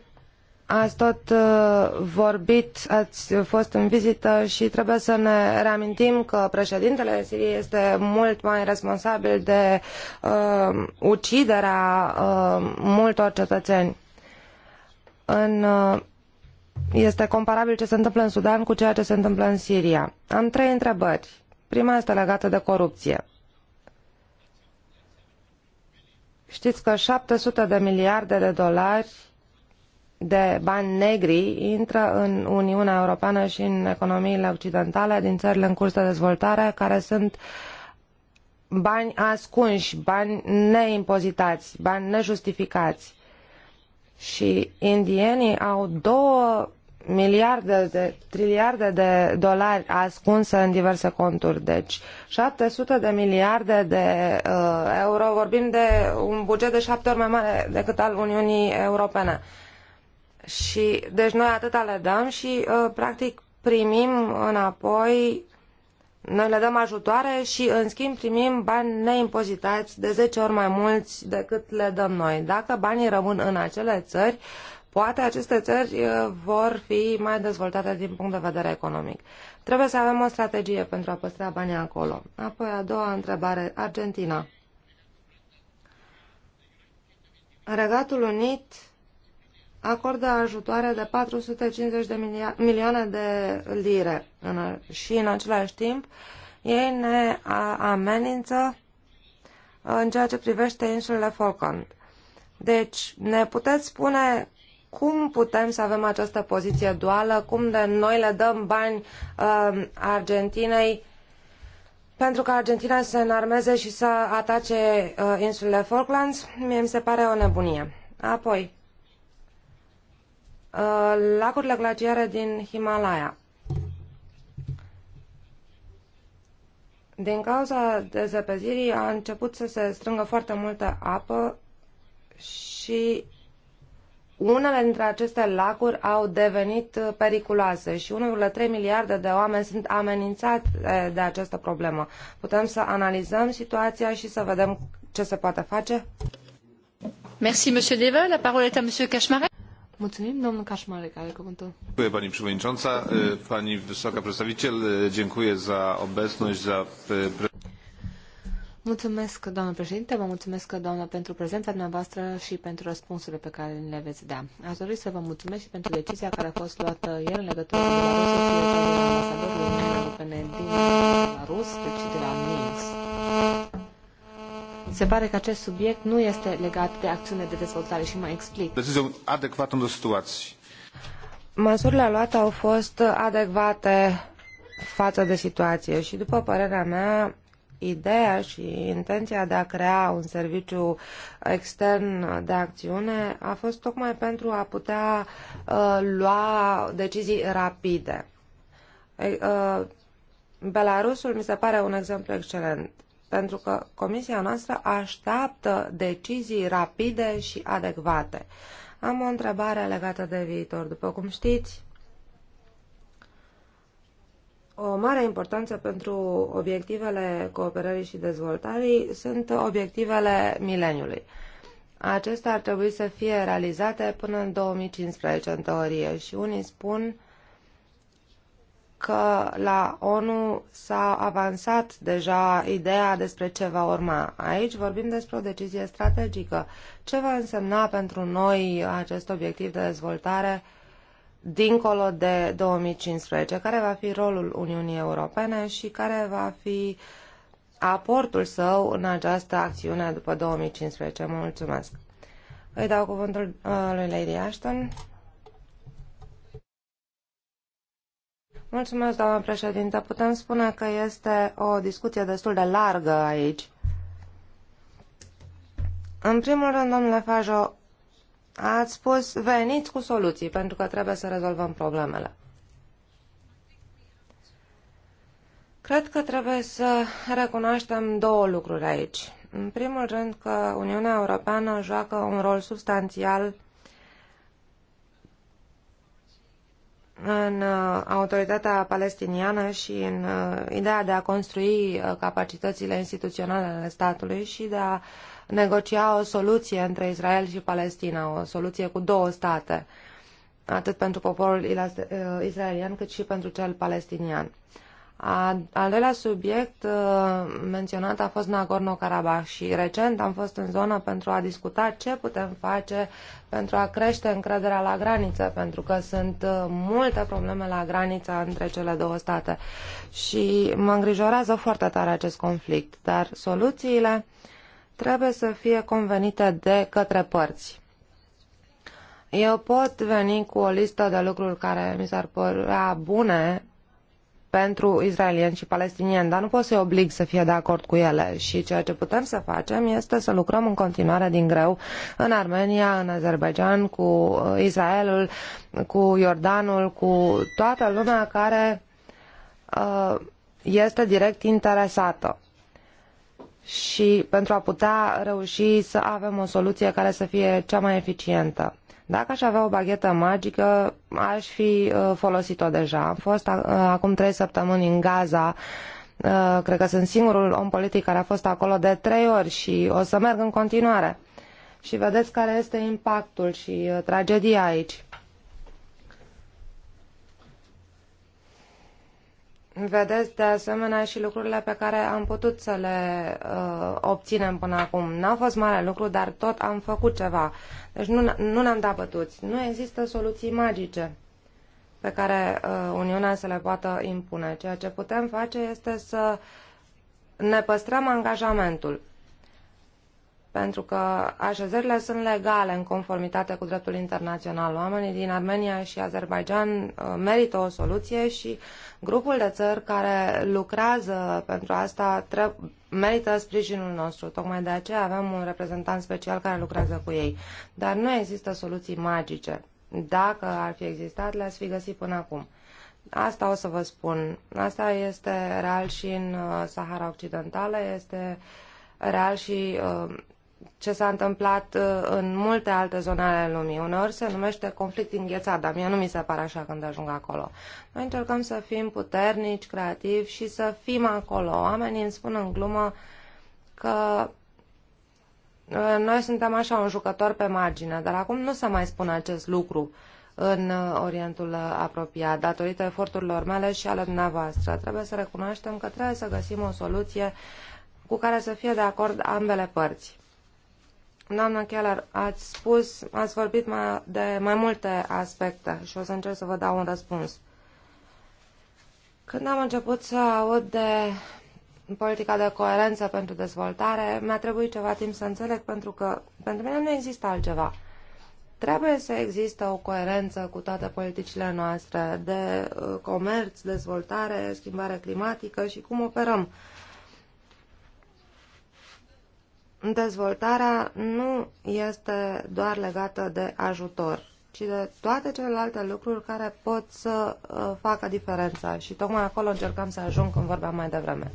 Ați tot uh, vorbit, ați fost în vizită și trebuie să ne reamintim că președintele Siriei este mult mai responsabil de uh, uciderea uh, multor cetățeni. În, uh, este comparabil ce se întâmplă în Sudan cu ceea ce se întâmplă în Siria. Am trei întrebări. Prima este legată de corupție. Știți că 700 de miliarde de dolari de bani negri intră în Uniunea Europeană și în economiile occidentale din țările în curs de dezvoltare, care sunt bani ascunși, bani neimpozitați, bani nejustificați. Și indienii au două miliarde de triliarde de dolari ascunse în diverse conturi. Deci 700 de miliarde de uh, euro, vorbim de un buget de șapte ori mai mare decât al Uniunii Europene. Uh, și, deci noi atâta le dăm și uh, practic primim înapoi, noi le dăm ajutoare și în schimb primim bani neimpozitați de 10 ori mai mulți decât le dăm noi. Dacă banii rămân în acele țări, poate aceste țări uh, vor fi mai dezvoltate din punct de vedere economic. Trebuie să avem o strategie pentru a păstra banii acolo. Apoi a doua întrebare, Argentina. Regatul Unit acordă ajutoare de 450 de milioane de lire în, și în același timp ei ne amenință uh, în ceea ce privește insulele Falkland. Deci, ne puteți spune cum putem să avem această poziție duală, cum de noi le dăm bani uh, Argentinei pentru ca Argentina să se înarmeze și să atace uh, insulele Falklands, mie mi se pare o nebunie. Apoi, Uh, lacurile glaciare din Himalaya. Din cauza dezăpezirii a început să se strângă foarte multă apă și unele dintre aceste lacuri au devenit periculoase și 1,3 miliarde de oameni sunt amenințați de această problemă. Putem să analizăm situația și să vedem ce se poate face? Merci, Monsieur Deva. La parole est à Monsieur Cashmare. Mulțumim, domnul Kaczmarek, are cuvântul. Dziękuję pani przewodnicząca, pani wysoka przedstawiciel, dziękuję za obecność, za... Mulțumesc, doamnă președinte, vă mulțumesc, doamnă, pentru prezența dumneavoastră și pentru răspunsurile pe care le veți da. Aș dori să vă mulțumesc și pentru decizia care a fost luată ieri în legătură cu Belarusul și decizia ambasadorului Uniunii Europene Belarus, Minsk. Se pare că acest subiect nu este legat de acțiune de dezvoltare și mă explic. Decizia adecvată în situație. Măsurile luate au fost adecvate față de situație și, după părerea mea, ideea și intenția de a crea un serviciu extern de acțiune a fost tocmai pentru a putea uh, lua decizii rapide. Uh, Belarusul mi se pare un exemplu excelent pentru că comisia noastră așteaptă decizii rapide și adecvate. Am o întrebare legată de viitor. După cum știți, o mare importanță pentru obiectivele cooperării și dezvoltării sunt obiectivele mileniului. Acestea ar trebui să fie realizate până în 2015, în teorie, și unii spun că la ONU s-a avansat deja ideea despre ce va urma. Aici vorbim despre o decizie strategică. Ce va însemna pentru noi acest obiectiv de dezvoltare dincolo de 2015? Care va fi rolul Uniunii Europene și care va fi aportul său în această acțiune după 2015? Mulțumesc! Îi dau cuvântul uh, lui Lady Ashton. Mulțumesc, doamnă președinte. Putem spune că este o discuție destul de largă aici. În primul rând, domnule Fajo, ați spus veniți cu soluții, pentru că trebuie să rezolvăm problemele. Cred că trebuie să recunoaștem două lucruri aici. În primul rând că Uniunea Europeană joacă un rol substanțial în uh, autoritatea palestiniană și în uh, ideea de a construi uh, capacitățile instituționale ale statului și de a negocia o soluție între Israel și Palestina, o soluție cu două state, atât pentru poporul israelian cât și pentru cel palestinian. Uh, a, al doilea subiect uh, menționat a fost Nagorno-Karabakh și recent am fost în zonă pentru a discuta ce putem face pentru a crește încrederea la graniță, pentru că sunt uh, multe probleme la granița între cele două state și mă îngrijorează foarte tare acest conflict, dar soluțiile trebuie să fie convenite de către părți. Eu pot veni cu o listă de lucruri care mi s-ar părea bune pentru israelieni și palestinieni, dar nu pot să-i oblig să fie de acord cu ele. Și ceea ce putem să facem este să lucrăm în continuare din greu în Armenia, în Azerbaijan, cu Israelul, cu Iordanul, cu toată lumea care uh, este direct interesată și pentru a putea reuși să avem o soluție care să fie cea mai eficientă. Dacă aș avea o baghetă magică, aș fi uh, folosit-o deja. Am fost uh, acum trei săptămâni în Gaza, uh, cred că sunt singurul om politic care a fost acolo de trei ori și o să merg în continuare. Și vedeți care este impactul și tragedia aici. Vedeți de asemenea și lucrurile pe care am putut să le uh, obținem până acum. N-a fost mare lucru, dar tot am făcut ceva. Deci nu, nu ne-am dat bătuți. Nu există soluții magice pe care uh, Uniunea să le poată impune. Ceea ce putem face este să ne păstrăm angajamentul pentru că așezările sunt legale în conformitate cu dreptul internațional. Oamenii din Armenia și Azerbaijan uh, merită o soluție și grupul de țări care lucrează pentru asta merită sprijinul nostru. Tocmai de aceea avem un reprezentant special care lucrează cu ei. Dar nu există soluții magice. Dacă ar fi existat, le-ați fi găsit până acum. Asta o să vă spun. Asta este real și în uh, Sahara Occidentală, este real și uh, ce s-a întâmplat uh, în multe alte zone ale lumii. Uneori se numește conflict înghețat, dar mie nu mi se pare așa când ajung acolo. Noi încercăm să fim puternici, creativi și să fim acolo. Oamenii îmi spun în glumă că uh, noi suntem așa un jucător pe margine, dar acum nu se mai spune acest lucru în uh, Orientul apropiat, datorită eforturilor mele și ale dumneavoastră. Trebuie să recunoaștem că trebuie să găsim o soluție cu care să fie de acord ambele părți. Doamna Keller, ați spus, ați vorbit mai, de mai multe aspecte și o să încerc să vă dau un răspuns. Când am început să aud de politica de coerență pentru dezvoltare, mi-a trebuit ceva timp să înțeleg, pentru că pentru mine nu există altceva. Trebuie să există o coerență cu toate politicile noastre de uh, comerț, dezvoltare, schimbare climatică și cum operăm dezvoltarea nu este doar legată de ajutor, ci de toate celelalte lucruri care pot să uh, facă diferența. Și tocmai acolo încercam să ajung când vorbeam mai devreme.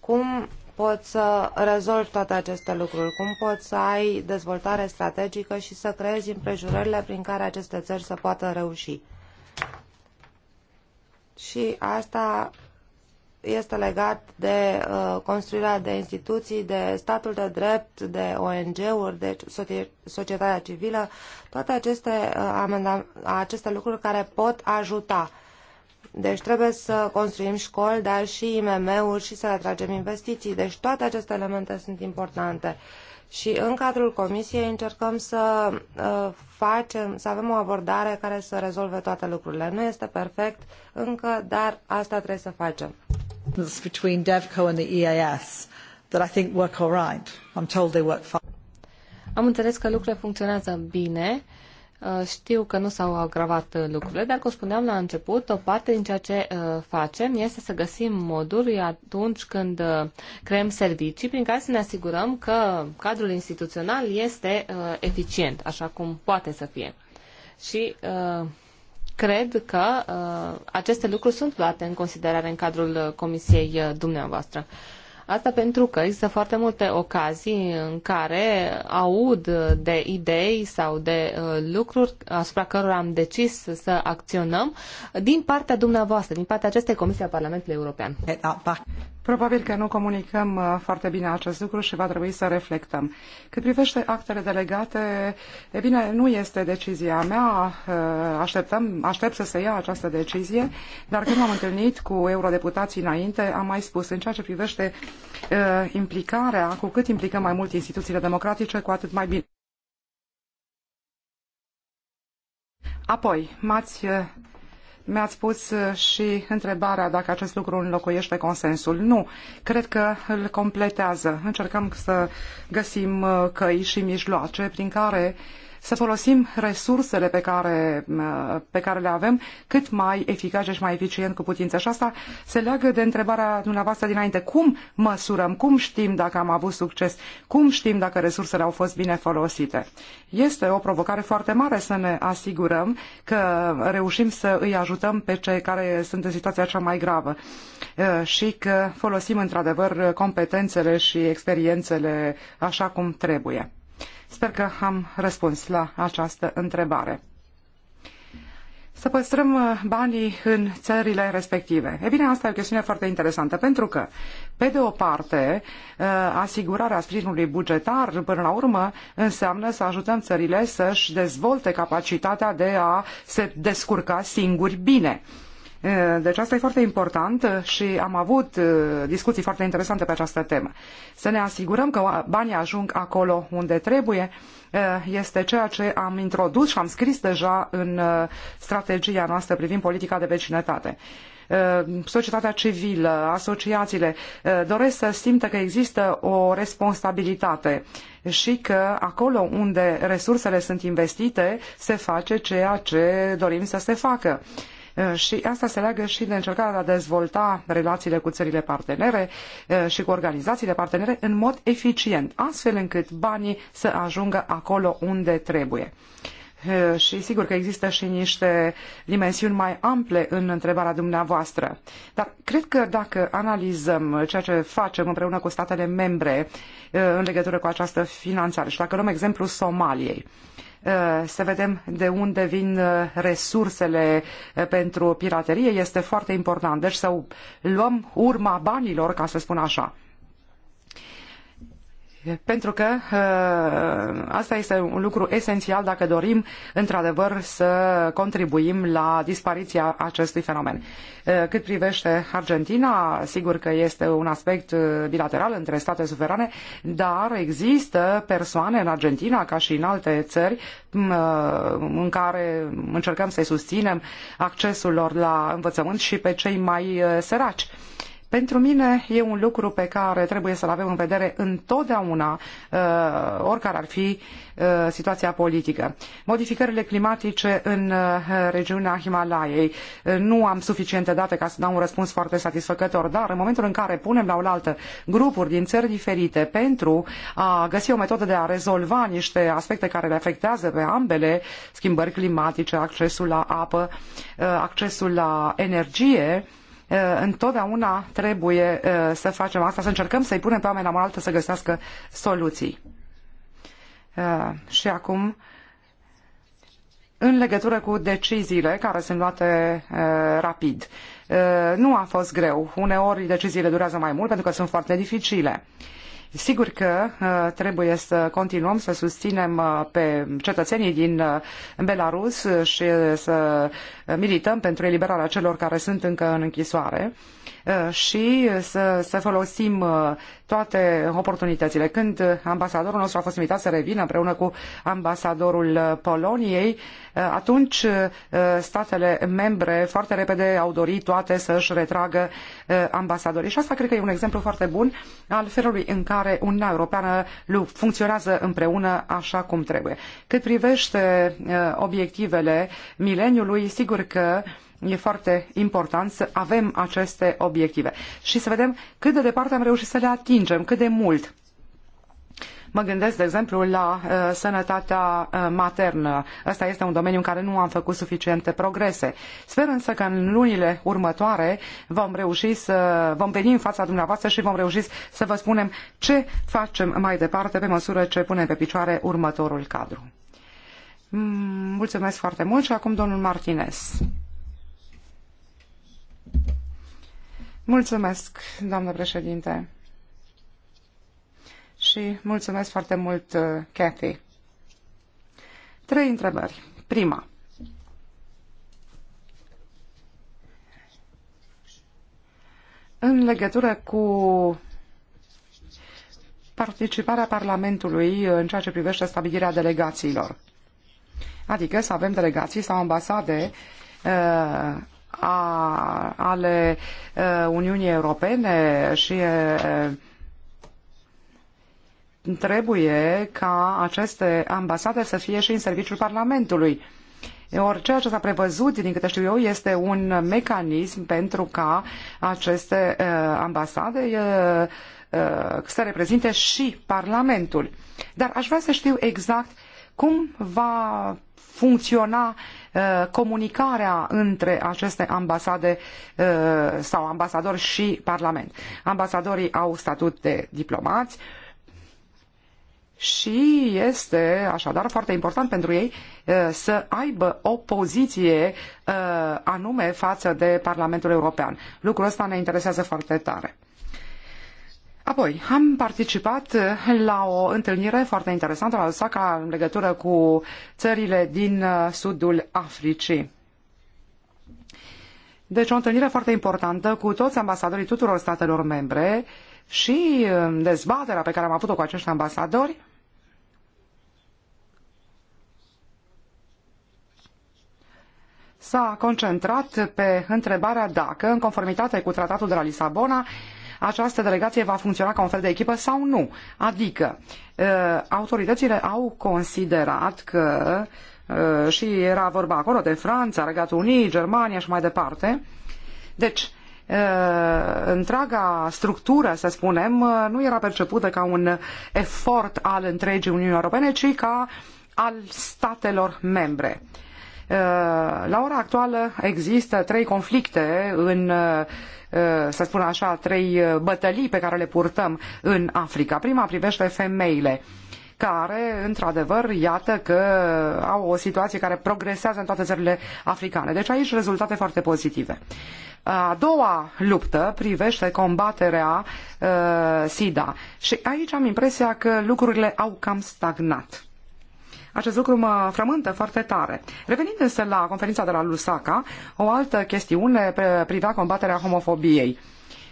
Cum poți să rezolvi toate aceste lucruri? Cum poți să ai dezvoltare strategică și să creezi împrejurările prin care aceste țări să poată reuși? Și asta este legat de uh, construirea de instituții, de statul de drept, de ONG-uri, de societatea civilă, toate aceste, uh, aceste lucruri care pot ajuta. Deci trebuie să construim școli, dar și IMM-uri și să atragem investiții. Deci toate aceste elemente sunt importante. Și în cadrul comisiei încercăm să uh, facem, să avem o abordare care să rezolve toate lucrurile. Nu este perfect încă, dar asta trebuie să facem between DevCo and the EAS that I think work all right. I'm told they work fine. Am înțeles că lucrurile funcționează bine. Uh, știu că nu s-au agravat uh, lucrurile, dar, cum spuneam la început, o parte din ceea ce uh, facem este să găsim moduri atunci când creăm servicii prin care să ne asigurăm că cadrul instituțional este eficient, așa cum poate să fie. Și cred că uh, aceste lucruri sunt luate în considerare în cadrul uh, comisiei uh, dumneavoastră. Uh, Asta pentru că există foarte multe ocazii în care aud de idei sau de uh, lucruri asupra cărora am decis să acționăm din partea dumneavoastră, din partea acestei comisii a Parlamentului European. Probabil că nu comunicăm uh, foarte bine acest lucru și va trebui să reflectăm. Cât privește actele delegate, e bine, nu este decizia mea, uh, așteptăm, aștept să se ia această decizie, dar când am întâlnit cu eurodeputații înainte, am mai spus, în ceea ce privește implicarea, cu cât implicăm mai mult instituțiile democratice, cu atât mai bine. Apoi, m-ați, mi a spus și întrebarea dacă acest lucru înlocuiește consensul. Nu, cred că îl completează. Încercăm să găsim căi și mijloace prin care să folosim resursele pe care, pe care le avem cât mai eficace și mai eficient cu putință. Și asta se leagă de întrebarea dumneavoastră dinainte. Cum măsurăm? Cum știm dacă am avut succes? Cum știm dacă resursele au fost bine folosite? Este o provocare foarte mare să ne asigurăm că reușim să îi ajutăm pe cei care sunt în situația cea mai gravă eh, și că folosim într-adevăr competențele și experiențele așa cum trebuie. Sper că am răspuns la această întrebare. Să păstrăm uh, banii în țările respective. E bine, asta e o chestiune foarte interesantă, pentru că, pe de o parte, uh, asigurarea sprijinului bugetar, până la urmă, înseamnă să ajutăm țările să-și dezvolte capacitatea de a se descurca singuri bine. Deci asta e foarte important și am avut discuții foarte interesante pe această temă. Să ne asigurăm că banii ajung acolo unde trebuie este ceea ce am introdus și am scris deja în strategia noastră privind politica de vecinătate societatea civilă, asociațiile doresc să simtă că există o responsabilitate și că acolo unde resursele sunt investite se face ceea ce dorim să se facă și asta se leagă și de încercarea de a dezvolta relațiile cu țările partenere și cu organizațiile partenere în mod eficient, astfel încât banii să ajungă acolo unde trebuie și sigur că există și niște dimensiuni mai ample în întrebarea dumneavoastră. Dar cred că dacă analizăm ceea ce facem împreună cu statele membre în legătură cu această finanțare și dacă luăm exemplu Somaliei, Eh, să vedem de unde vin eh, resursele eh, pentru piraterie este foarte important. Deci să luăm urma banilor, ca să spun așa. Pentru că uh, asta este un lucru esențial dacă dorim, într-adevăr, să contribuim la dispariția acestui fenomen. Uh, cât privește Argentina, sigur că este un aspect uh, bilateral între state suverane, dar există persoane în Argentina, ca și în alte țări, în care încercăm să-i susținem accesul lor la învățământ și pe cei mai săraci pentru mine e un lucru pe care trebuie să-l avem în vedere întotdeauna, uh, oricare ar fi uh, situația politică. Modificările climatice în uh, regiunea Himalayei. Nu am suficiente date ca să dau un răspuns foarte satisfăcător, dar în momentul în care punem la oaltă grupuri din țări diferite pentru a găsi o metodă de a rezolva niște aspecte care le afectează pe ambele, schimbări climatice, accesul la apă, accesul la energie, Eh, întotdeauna trebuie eh, să facem asta, să încercăm să-i punem pe oameni la altă să găsească soluții. Eh, și acum, în legătură cu deciziile care sunt luate rapid, nu a fost greu. Uneori deciziile durează mai mult pentru că sunt foarte dificile. Sigur că uh, trebuie să continuăm să susținem uh, pe cetățenii din uh, Belarus și să milităm pentru eliberarea celor care sunt încă în închisoare și să, să folosim toate oportunitățile. Când ambasadorul nostru a fost invitat să revină împreună cu ambasadorul uh, Poloniei, uh, atunci uh, statele membre foarte repede au dorit toate să-și retragă ambasadorii. Și asta cred că e un exemplu foarte bun al felului în care Uniunea Europeană funcționează împreună așa cum trebuie. Cât privește obiectivele mileniului, sigur că uh, E foarte important să avem aceste obiective și să vedem cât de departe am reușit să le atingem, cât de mult. Mă gândesc, de exemplu, la uh, sănătatea uh, maternă. Ăsta este un domeniu în care nu am făcut suficiente progrese. Sper însă că în lunile următoare vom reuși să vom veni în fața dumneavoastră și vom reuși să vă spunem ce facem mai departe pe măsură ce punem pe picioare următorul cadru. Mm, mulțumesc foarte mult și acum domnul Martinez. Mulțumesc, doamnă președinte. Și mulțumesc foarte mult, uh, Cathy. Trei întrebări. Prima. În legătură cu participarea Parlamentului în ceea ce privește stabilirea delegațiilor. Adică să avem delegații sau ambasade uh, a, ale Uniunii Europene și trebuie ca aceste ambasade să fie și în serviciul Parlamentului. Ori ceea ce s-a prevăzut, din câte știu eu, este un mecanism pentru ca aceste uh, ambasade uh, uh, să reprezinte și Parlamentul. Dar aș vrea să știu exact cum va funcționa uh, Uh, comunicarea între aceste ambasade uh, sau ambasadori și Parlament. Ambasadorii au statut de diplomați și este așadar foarte important pentru ei uh, să aibă o poziție anume față de Parlamentul European. Lucrul ăsta ne interesează foarte tare. Apoi, am participat eh, la o întâlnire foarte interesantă la Osaka în legătură cu țările din eh, sudul Africii. Deci o întâlnire foarte importantă cu toți ambasadorii tuturor statelor membre și eh, dezbaterea pe care am avut-o cu acești ambasadori s-a concentrat pe întrebarea dacă, în conformitate cu tratatul de la Lisabona, această delegație va funcționa ca un fel de echipă sau nu. Adică ă, autoritățile au considerat că ă, și era vorba acolo de Franța, Regatul Unii, Germania și mai departe. Deci, ă, întreaga structură, să spunem, nu era percepută ca un efort al întregii Uniunii Europene, ci ca al statelor membre. La ora actuală există trei conflicte în Uh, să spun așa, trei uh, bătălii pe care le purtăm în Africa. Prima privește femeile care, într-adevăr, iată că au o situație care progresează în toate țările africane. Deci aici rezultate foarte pozitive. A doua luptă privește combaterea uh, SIDA și aici am impresia că lucrurile au cam stagnat. Acest lucru mă frământă foarte tare. Revenind însă la conferința de la Lusaka, o altă chestiune privea combaterea homofobiei.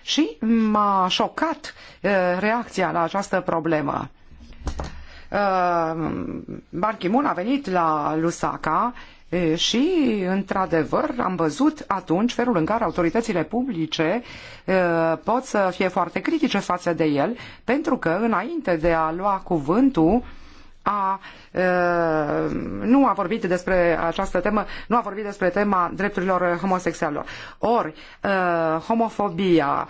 Și m-a șocat uh, reacția la această problemă. Uh, Ban Ki-moon a venit la Lusaka uh, și, într-adevăr, am văzut atunci felul în care autoritățile publice pot să fie foarte critice față de el, pentru că, înainte de a lua cuvântul, a nu a vorbit despre această temă, nu a vorbit despre tema drepturilor homosexualilor. Ori homofobia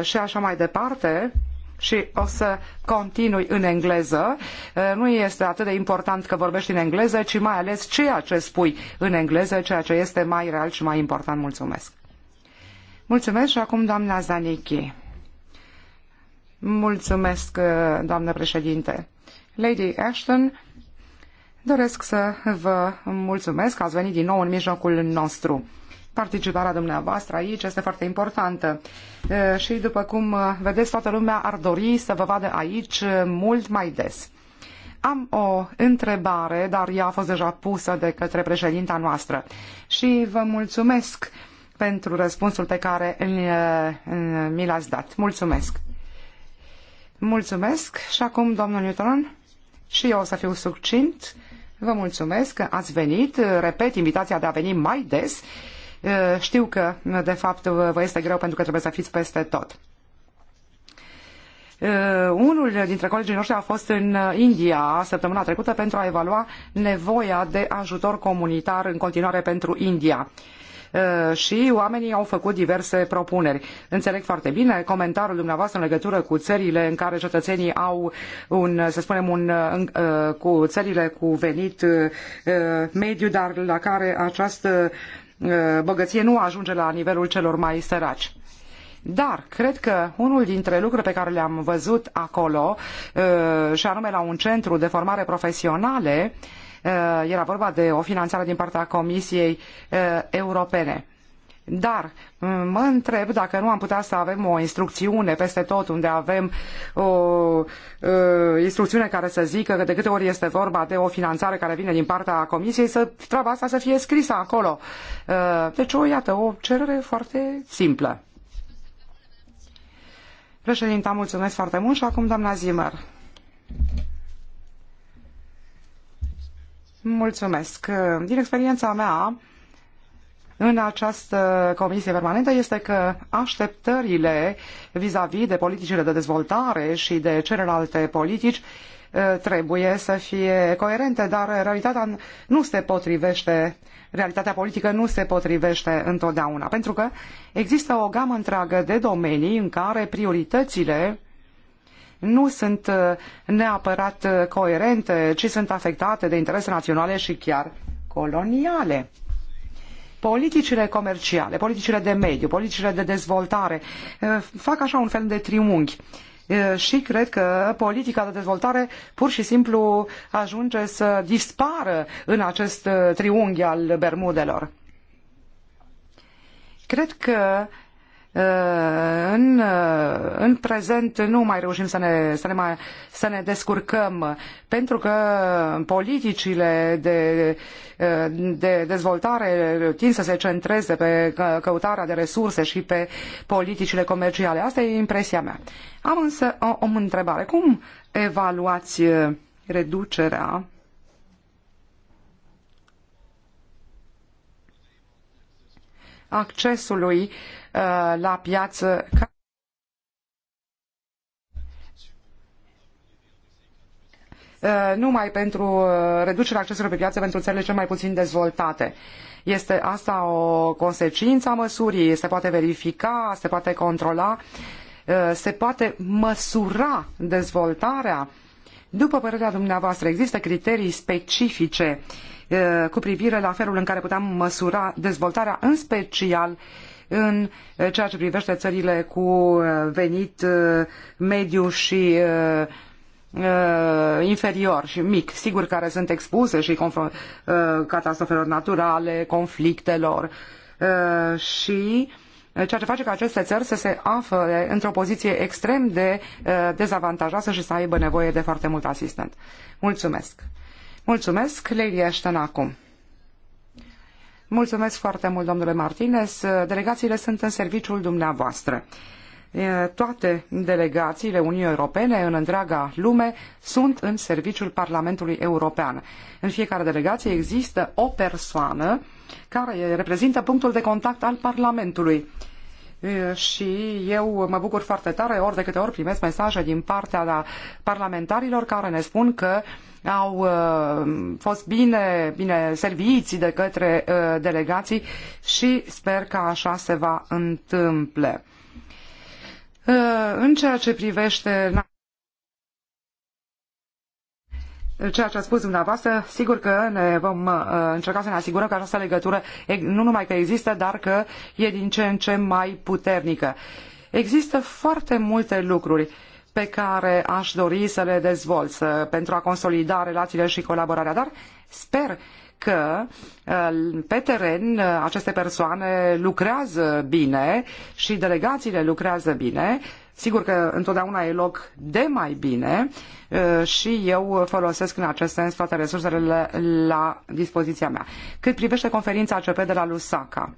și așa mai departe și o să continui în engleză. Nu este atât de important că vorbești în engleză, ci mai ales ceea ce spui în engleză, ceea ce este mai real și mai important. Mulțumesc! Mulțumesc și acum doamna Zanichi. Mulțumesc, doamnă președinte. Lady Ashton, doresc să vă mulțumesc că ați venit din nou în mijlocul nostru. Participarea dumneavoastră aici este foarte importantă și, după cum vedeți, toată lumea ar dori să vă vadă aici mult mai des. Am o întrebare, dar ea a fost deja pusă de către președinta noastră și vă mulțumesc pentru răspunsul pe care mi l-ați dat. Mulțumesc! Mulțumesc și acum, domnul Newton, și eu o să fiu succint. Vă mulțumesc că ați venit. Repet, invitația de a veni mai des. Știu că, de fapt, vă este greu pentru că trebuie să fiți peste tot. Unul dintre colegii noștri a fost în India săptămâna trecută pentru a evalua nevoia de ajutor comunitar în continuare pentru India. Uh, Uh, și oamenii au făcut diverse propuneri. Înțeleg foarte bine comentariul dumneavoastră în legătură cu țările în care cetățenii au un, să spunem, un, uh, uh, cu țările cu venit mediu, dar la care această bogăție nu ajunge la nivelul celor mai săraci. Dar cred că unul dintre lucruri pe care le-am văzut acolo, și anume la un centru de formare profesionale, Eh, era vorba de o finanțare din partea Comisiei eh, Europene. Dar mm, mă întreb dacă nu am putea să avem o instrucțiune peste tot unde avem o uh, instrucțiune care să zică că de câte ori este vorba de o finanțare care vine din partea Comisiei, să treaba asta să fie scrisă acolo. deci, o, iată, o cerere foarte simplă. Președinta, mulțumesc foarte mult și acum doamna Zimmer. Mulțumesc. Din experiența mea în această comisie permanentă este că așteptările vis-a-vis -vis de politicile de dezvoltare și de celelalte politici eh, trebuie să fie coerente, dar realitatea nu se potrivește, realitatea politică nu se potrivește întotdeauna, pentru că există o gamă întreagă de domenii în care prioritățile nu sunt uh, neapărat uh, coerente, ci sunt afectate de interese naționale și chiar coloniale. Politicile comerciale, politicile de mediu, politicile de dezvoltare uh, fac așa un fel de triunghi și cred că politica de dezvoltare pur și simplu ajunge să dispară în acest triunghi al Bermudelor. Cred că Uh, în, uh, în prezent nu mai reușim să ne, să, ne mai, să ne descurcăm pentru că politicile de, uh, de dezvoltare tind să se centreze pe căutarea de resurse și pe politicile comerciale. Asta e impresia mea. Am însă o, o întrebare. Cum evaluați reducerea accesului uh, la piață. Uh, numai pentru uh, reducerea accesului pe piață pentru țările cel mai puțin dezvoltate. Este asta o consecință a măsurii, se poate verifica, se poate controla, se poate măsura dezvoltarea uh, după părerea dumneavoastră, există criterii specifice uh, cu privire la felul în care putem măsura dezvoltarea, în special în uh, ceea ce privește țările cu uh, venit mediu și inferior și mic, sigur care sunt expuse și catastrofelor naturale, conflictelor și uh, ceea ce face ca aceste țări să se afle într-o poziție extrem de uh, dezavantajoasă și să aibă nevoie de foarte mult asistent. Mulțumesc! Mulțumesc, Lady Ashton, acum. Mulțumesc foarte mult, domnule Martinez. Delegațiile sunt în serviciul dumneavoastră. Toate delegațiile Uniunii Europene în întreaga lume sunt în serviciul Parlamentului European. În fiecare delegație există o persoană care reprezintă punctul de contact al Parlamentului. Și eu mă bucur foarte tare ori de câte ori primesc mesaje din partea parlamentarilor care ne spun că au fost bine, bine serviți de către delegații și sper că așa se va întâmple. În ceea ce privește ceea ce a spus dumneavoastră, sigur că ne vom uh, încerca să ne asigurăm că această legătură nu numai că există, dar că e din ce în ce mai puternică. Există foarte multe lucruri pe care aș dori să le dezvolt să, pentru a consolida relațiile și colaborarea, dar sper că uh, pe teren uh, aceste persoane lucrează bine și delegațiile lucrează bine Sigur că întotdeauna e loc de mai bine uh, și eu folosesc în acest sens toate resursele la dispoziția mea. Cât privește conferința ACP de la Lusaka,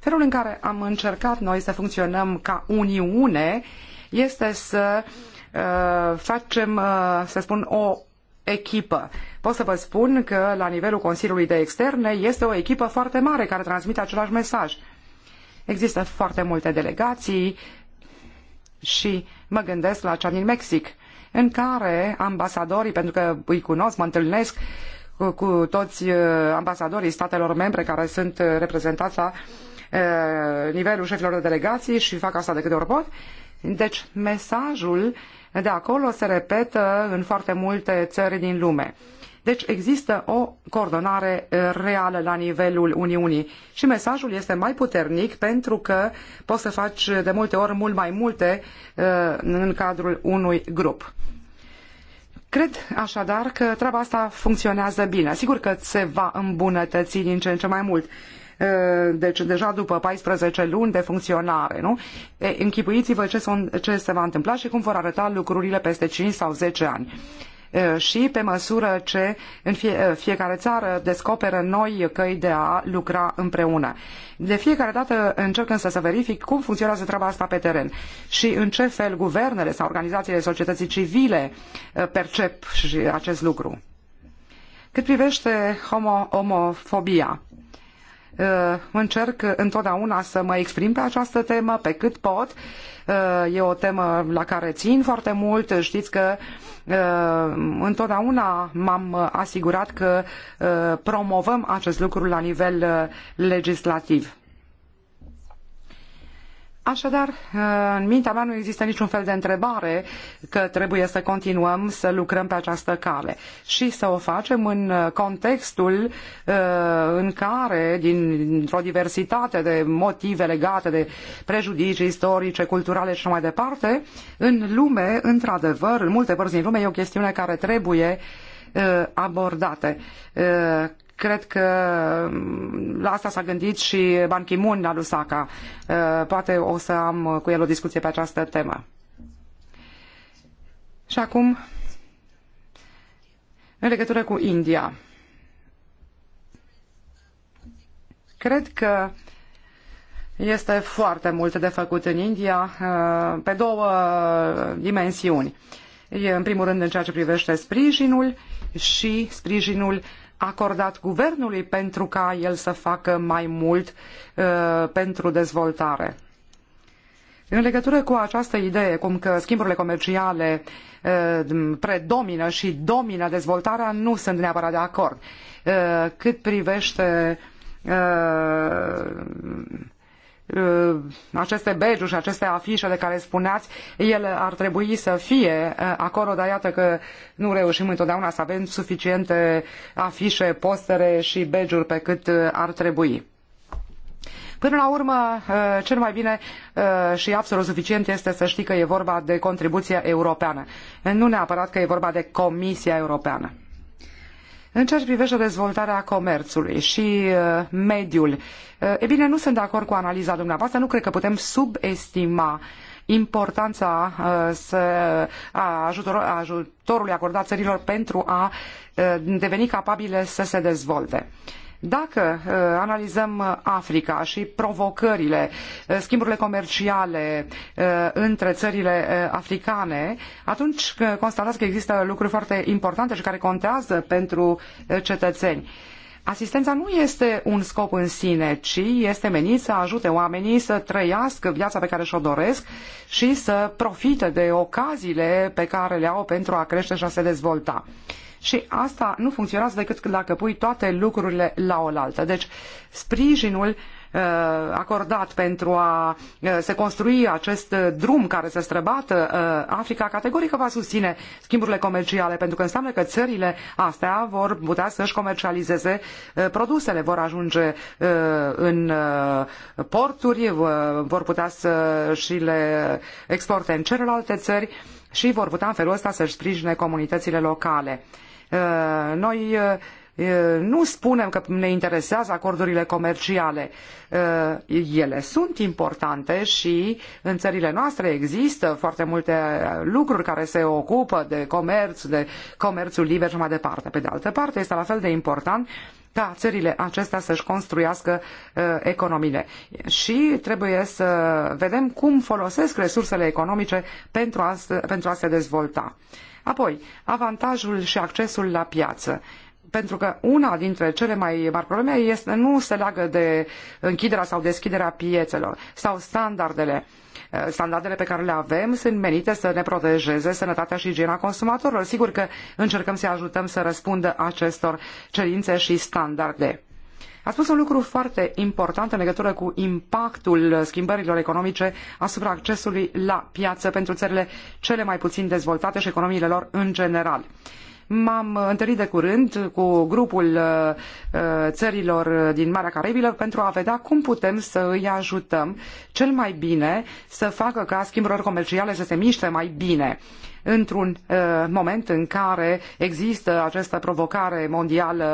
felul în care am încercat noi să funcționăm ca Uniune este să uh, facem, uh, să spun, o echipă. Pot să vă spun că la nivelul Consiliului de Externe este o echipă foarte mare care transmite același mesaj. Există foarte multe delegații și mă gândesc la cea din Mexic, în care ambasadorii, pentru că îi cunosc, mă întâlnesc cu toți uh, ambasadorii statelor membre care sunt uh, reprezentați la uh, nivelul șefilor de delegații și fac asta de câte ori pot. Deci mesajul de acolo se repetă în foarte multe țări din lume. Deci există o coordonare eh, reală la nivelul Uniunii și mesajul este mai puternic pentru că poți să faci de multe ori mult mai multe eh, în cadrul unui grup. Cred așadar că treaba asta funcționează bine. Sigur că se va îmbunătăți din ce în ce mai mult. Eh, deci deja după 14 luni de funcționare, nu? Închipuiți-vă ce, ce se va întâmpla și cum vor arăta lucrurile peste 5 sau 10 ani și pe măsură ce în fie, fiecare țară descoperă noi căi de a lucra împreună. De fiecare dată încerc însă să verific cum funcționează treaba asta pe teren și în ce fel guvernele sau organizațiile societății civile percep acest lucru. Cât privește homo, încerc întotdeauna să mă exprim pe această temă pe cât pot e o temă la care țin foarte mult. Știți că întotdeauna m-am asigurat că promovăm acest lucru la nivel legislativ. Așadar, în mintea mea nu există niciun fel de întrebare că trebuie să continuăm să lucrăm pe această cale și să o facem în contextul uh, în care, dintr-o diversitate de motive legate de prejudicii istorice, culturale și mai departe, în lume, într-adevăr, în multe părți din lume, e o chestiune care trebuie uh, abordate uh, Cred că mm, la asta s-a gândit și Ban Ki-moon la Lusaka. Uh, poate o să am cu el o discuție pe această temă. Și acum, în legătură cu India. Cred că este foarte mult de făcut în India uh, pe două uh, dimensiuni. În primul rând în ceea ce privește sprijinul și sprijinul acordat guvernului pentru ca el să facă mai mult uh, pentru dezvoltare. În legătură cu această idee, cum că schimburile comerciale uh, predomină și domină dezvoltarea, nu sunt neapărat de acord. Uh, cât privește uh, Uh, aceste badge și aceste afișe de care spuneați, ele ar trebui să fie uh, acolo, dar iată că nu reușim întotdeauna să avem suficiente afișe, postere și badge pe cât uh, ar trebui. Până la urmă, cel mai bine și absolut suficient este să știi că e vorba de contribuția europeană. Nu neapărat că e vorba de Comisia Europeană. În ceea ce privește dezvoltarea comerțului și uh, mediul, uh, e bine, nu sunt de acord cu analiza dumneavoastră, nu cred că putem subestima importanța uh, a ajutorului acordat țărilor pentru a deveni capabile să se dezvolte. Uh, dacă uh, analizăm uh, Africa și provocările, uh, schimburile comerciale între țările africane, atunci constatați că există lucruri foarte importante și care contează pentru cetățeni. Asistența nu este un scop în sine, ci este menit să ajute oamenii să trăiască viața pe care și-o doresc și să profite de ocaziile pe care le au pentru a crește și a se dezvolta și asta nu funcționează decât dacă pui toate lucrurile la oaltă. Deci sprijinul uh, acordat pentru a uh, se construi acest uh, drum care se străbată Africa, categoric va susține schimburile comerciale, pentru că înseamnă că țările astea vor putea să-și comercializeze produsele, vor ajunge în porturi, vor putea să și le exporte în celelalte țări și vor putea în felul ăsta să-și sprijine comunitățile locale. Uh, noi uh, uh, nu spunem că ne interesează acordurile comerciale. Ele sunt importante și în țările noastre există foarte multe lucruri care se ocupă de comerț, de comerțul liber și mai departe. Pe de altă parte, este la fel de important ca țările acestea să-și construiască uh, economiile. Și trebuie să vedem cum folosesc resursele economice pentru a, pentru a se dezvolta. Uh, Apoi, avantajul și accesul la piață pentru că una dintre cele mai mari probleme este, nu se leagă de închiderea sau deschiderea piețelor sau standardele. Eh, standardele pe care le avem sunt menite să ne protejeze sănătatea și igiena consumatorilor. Sigur că încercăm să ajutăm să răspundă acestor cerințe și standarde. A spus un lucru foarte important în legătură cu impactul schimbărilor economice asupra accesului la piață pentru țările cele mai puțin dezvoltate și economiile lor în general. M-am întâlnit de curând cu grupul uh, uh, țărilor din Marea Caribilă pentru a vedea cum putem să îi ajutăm cel mai bine să facă ca schimburilor comerciale să se miște mai bine într-un uh, moment în care există această provocare mondială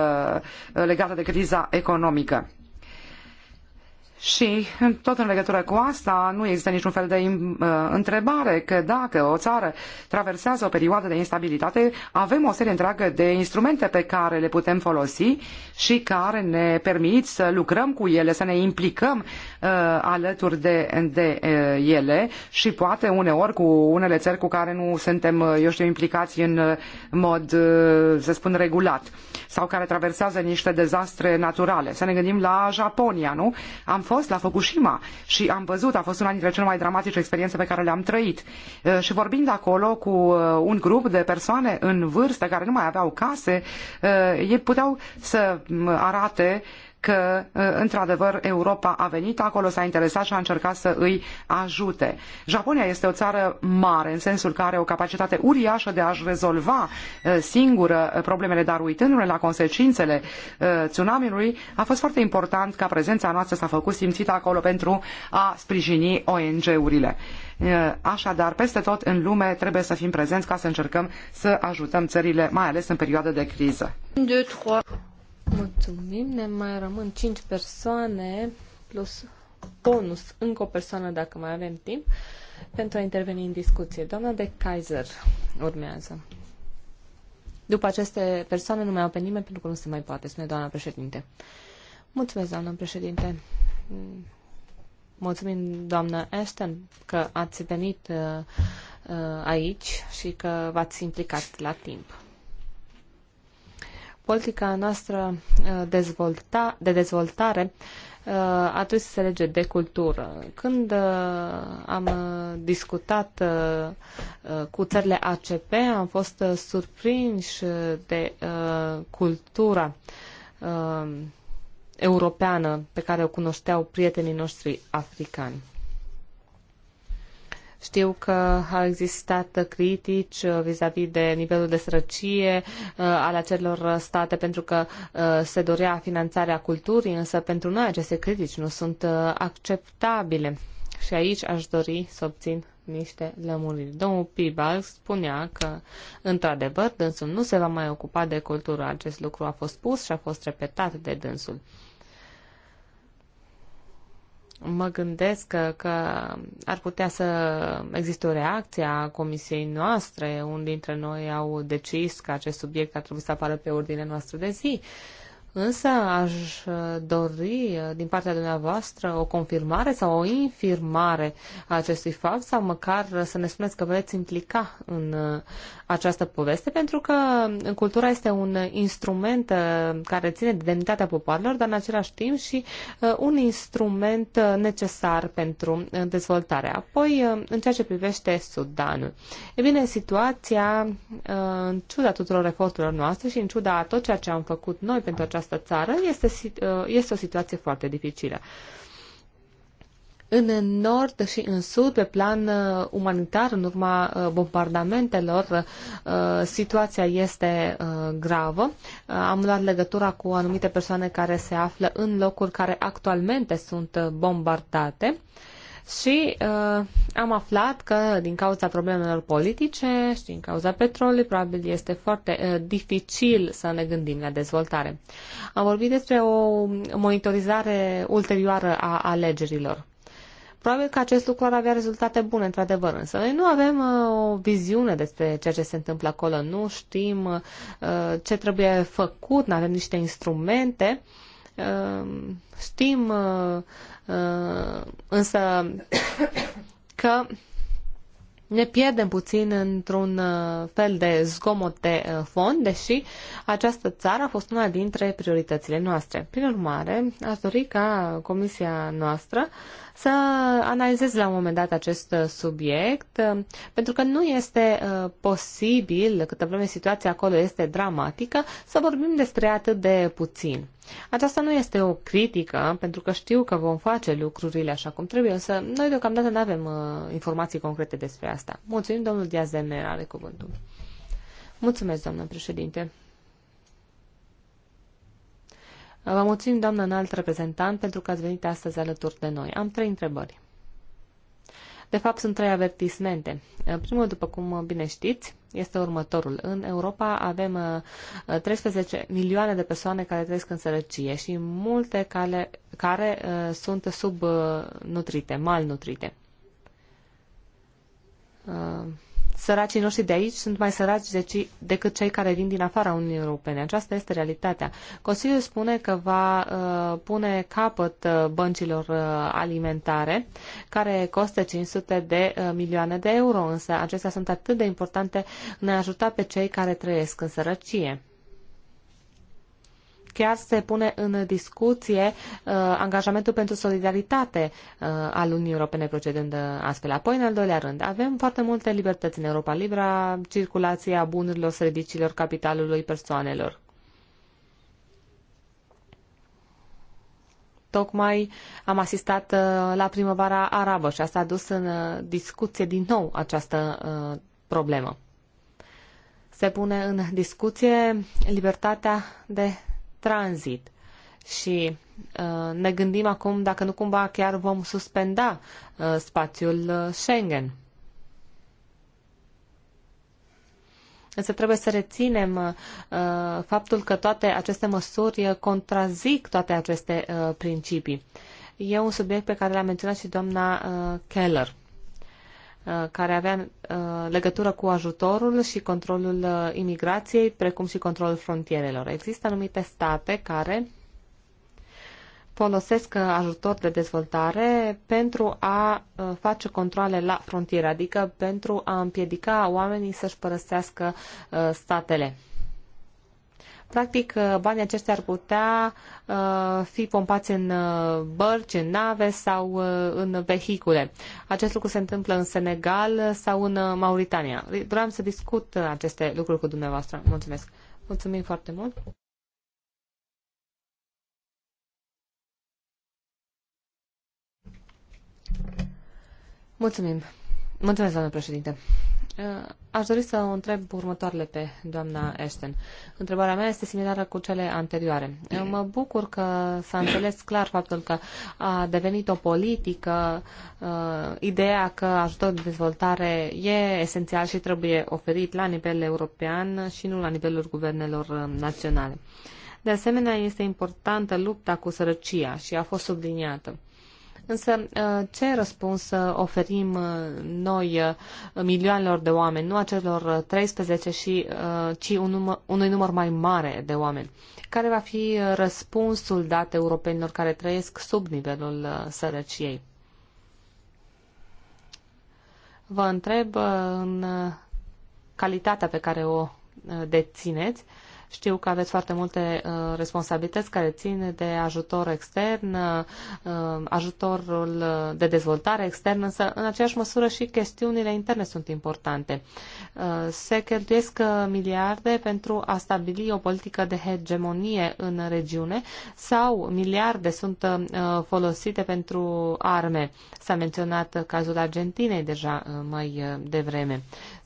uh, legată de criza economică. Și tot în legătură cu asta nu există niciun fel de uh, întrebare că dacă o țară traversează o perioadă de instabilitate, avem o serie întreagă de instrumente pe care le putem folosi și care ne permit să lucrăm cu ele, să ne implicăm Uh, alături de, de uh, ele și poate uneori cu unele țări cu care nu suntem, uh, eu știu, implicați în mod, să spun, regulat sau care traversează niște dezastre naturale. Să ne gândim la Japonia, nu? Am fost la Fukushima și am văzut, a fost una dintre cele mai dramatice experiențe pe care le-am trăit. Și vorbind acolo cu un grup de persoane în vârstă care nu mai aveau case, ei puteau să arate că, uh, într-adevăr, Europa a venit acolo, s-a interesat și a încercat să îi ajute. Japonia este o țară mare, în sensul că are o capacitate uriașă de a-și rezolva uh, singură uh, problemele, dar uitându-ne la consecințele tsunamiului, a fost foarte important ca prezența noastră s-a făcut simțită acolo pentru a sprijini ONG-urile. Așadar, peste tot în lume trebuie să fim prezenți ca să încercăm să ajutăm țările, mai ales în perioada de criză. 1, 2, Mulțumim. Ne mai rămân 5 persoane plus bonus încă o persoană dacă mai avem timp pentru a interveni în discuție. Doamna de Kaiser urmează. După aceste persoane nu mai au pe nimeni pentru că nu se mai poate, spune doamna președinte. Mulțumesc, doamna președinte. Mulțumim, doamna Ashton, că ați venit uh, uh, aici și că v-ați implicat la timp politica noastră uh, dezvolta, de dezvoltare uh, a să se lege de cultură. Când uh, am discutat cu țările ACP, am fost surprinși de cultura europeană pe care o cunoșteau prietenii noștri africani. Știu că au existat critici uh, vis-a-vis de nivelul de sărăcie uh, al acelor state pentru că uh, se dorea finanțarea culturii, însă pentru noi aceste critici nu sunt acceptabile. Și aici aș dori să obțin niște lămuriri. Domnul Pibal spunea că, într-adevăr, dânsul nu se va mai ocupa de cultură. Acest lucru a fost spus și a fost repetat de dânsul mă gândesc că, că ar putea să existe o reacție a comisiei noastre. Unii dintre noi au decis că acest subiect ar trebui să apară pe ordinea noastră de zi. Uh, Însă aș uh, dori uh, din partea dumneavoastră o confirmare sau o infirmare a acestui fapt sau măcar uh, să ne spuneți că veți implica în această poveste pentru că cultura este un instrument care ține de demnitatea popoarelor, dar în același timp și un instrument necesar pentru dezvoltare. Apoi, în ceea ce privește Sudanul. E bine, situația, în ciuda tuturor eforturilor noastre și în ciuda a tot ceea ce am făcut noi pentru această această țară, este, uh, este o situație foarte dificilă. În nord și în sud, pe plan uh, umanitar, în urma uh, bombardamentelor, situația este gravă. Am luat legătura cu anumite persoane care se află în locuri care actualmente sunt bombardate și uh, am aflat că din cauza problemelor politice și din cauza petrolului probabil este foarte uh, dificil să ne gândim la dezvoltare. Am vorbit despre o monitorizare ulterioară a alegerilor. Probabil că acest lucru ar avea rezultate bune, într-adevăr, însă noi nu avem uh, o viziune despre ceea ce se întâmplă acolo, nu știm uh, ce trebuie făcut, nu avem niște instrumente, uh, știm uh, Uh, însă că ne pierdem puțin într-un uh, fel de zgomot de uh, fond, deși această țară a fost una dintre prioritățile noastre. Prin urmare, aș dori ca comisia noastră să analizez la un moment dat acest uh, subiect, uh, pentru că nu este uh, posibil, câtă vreme situația acolo este dramatică, să vorbim despre atât de puțin. Aceasta nu este o critică, pentru că știu că vom face lucrurile așa cum trebuie, însă noi deocamdată nu avem informații concrete despre asta. Mulțumim, domnul Diaz de Mera, are cuvântul. Mulțumesc, doamnă președinte. Vă mulțumim, doamnă înalt reprezentant, pentru că ați venit astăzi alături de noi. Am trei întrebări. De fapt, sunt trei avertismente. Primul, după cum bine știți, este următorul. În Europa avem 13 uh, milioane de persoane care trăiesc în sărăcie și multe care, care uh, sunt subnutrite, malnutrite. Uh, săracii noștri de aici sunt mai săraci de decât cei care vin din afara Uniunii Europene. Aceasta este realitatea. Consiliul spune că va uh, pune capăt uh, băncilor uh, alimentare, care costă 500 de uh, milioane de euro, însă acestea sunt atât de importante în a ajuta pe cei care trăiesc în sărăcie chiar se pune în discuție uh, angajamentul pentru solidaritate uh, al Uniunii Europene procedând uh, astfel. Apoi, în al doilea rând, avem foarte multe libertăți în Europa. Libra, circulație a bunurilor, serviciilor, capitalului, persoanelor. Tocmai am asistat la primăvara arabă și asta a dus în discuție din nou această problemă se pune în discuție libertatea de tranzit. Și uh, ne gândim acum dacă nu cumva chiar vom suspenda uh, spațiul uh, Schengen. Însă trebuie să reținem uh, faptul că toate aceste măsuri uh, contrazic toate aceste uh, principii. E un subiect pe care l-a menționat și doamna uh, Keller. Uh, care avea uh, legătură cu ajutorul și controlul uh, imigrației, precum și controlul frontierelor. Există anumite state care folosesc ajutor de dezvoltare pentru a face controle la frontieră, adică pentru a împiedica oamenii să-și părăsească statele. Practic, uh, banii aceștia ar putea uh, fi pompați în uh, bărci, în nave sau în vehicule. Acest lucru se întâmplă în Senegal sau în Mauritania. Doream să discut aceste lucruri cu dumneavoastră. Mulțumesc. Mulțumim foarte mult. Mulțumim. Mulțumesc, doamnă președinte. Uh, aș dori să o întreb următoarele pe doamna Ashton. Întrebarea mea este similară cu cele anterioare. Eu mă bucur că s-a înțeles clar faptul că a devenit o politică, uh, ideea că ajutorul de dezvoltare e esențial și trebuie oferit la nivel european și nu la nivelul guvernelor uh, naționale. De asemenea, este importantă lupta cu sărăcia și a fost subliniată. Însă, uh, ce răspuns uh, oferim uh, noi milioanelor de oameni, nu acelor 13, și, ci un număr, unui număr mai mare de oameni? Care va fi răspunsul dat europenilor care trăiesc sub nivelul sărăciei? Vă întreb în calitatea pe care o dețineți, uh, știu că aveți foarte multe uh, responsabilități care țin de ajutor extern, uh, ajutorul de dezvoltare externă, însă în aceeași măsură și chestiunile interne sunt importante. Uh, se cheltuiesc uh, miliarde pentru a stabili o politică de hegemonie în regiune sau miliarde sunt uh, folosite pentru arme. S-a menționat cazul Argentinei deja uh, mai uh, devreme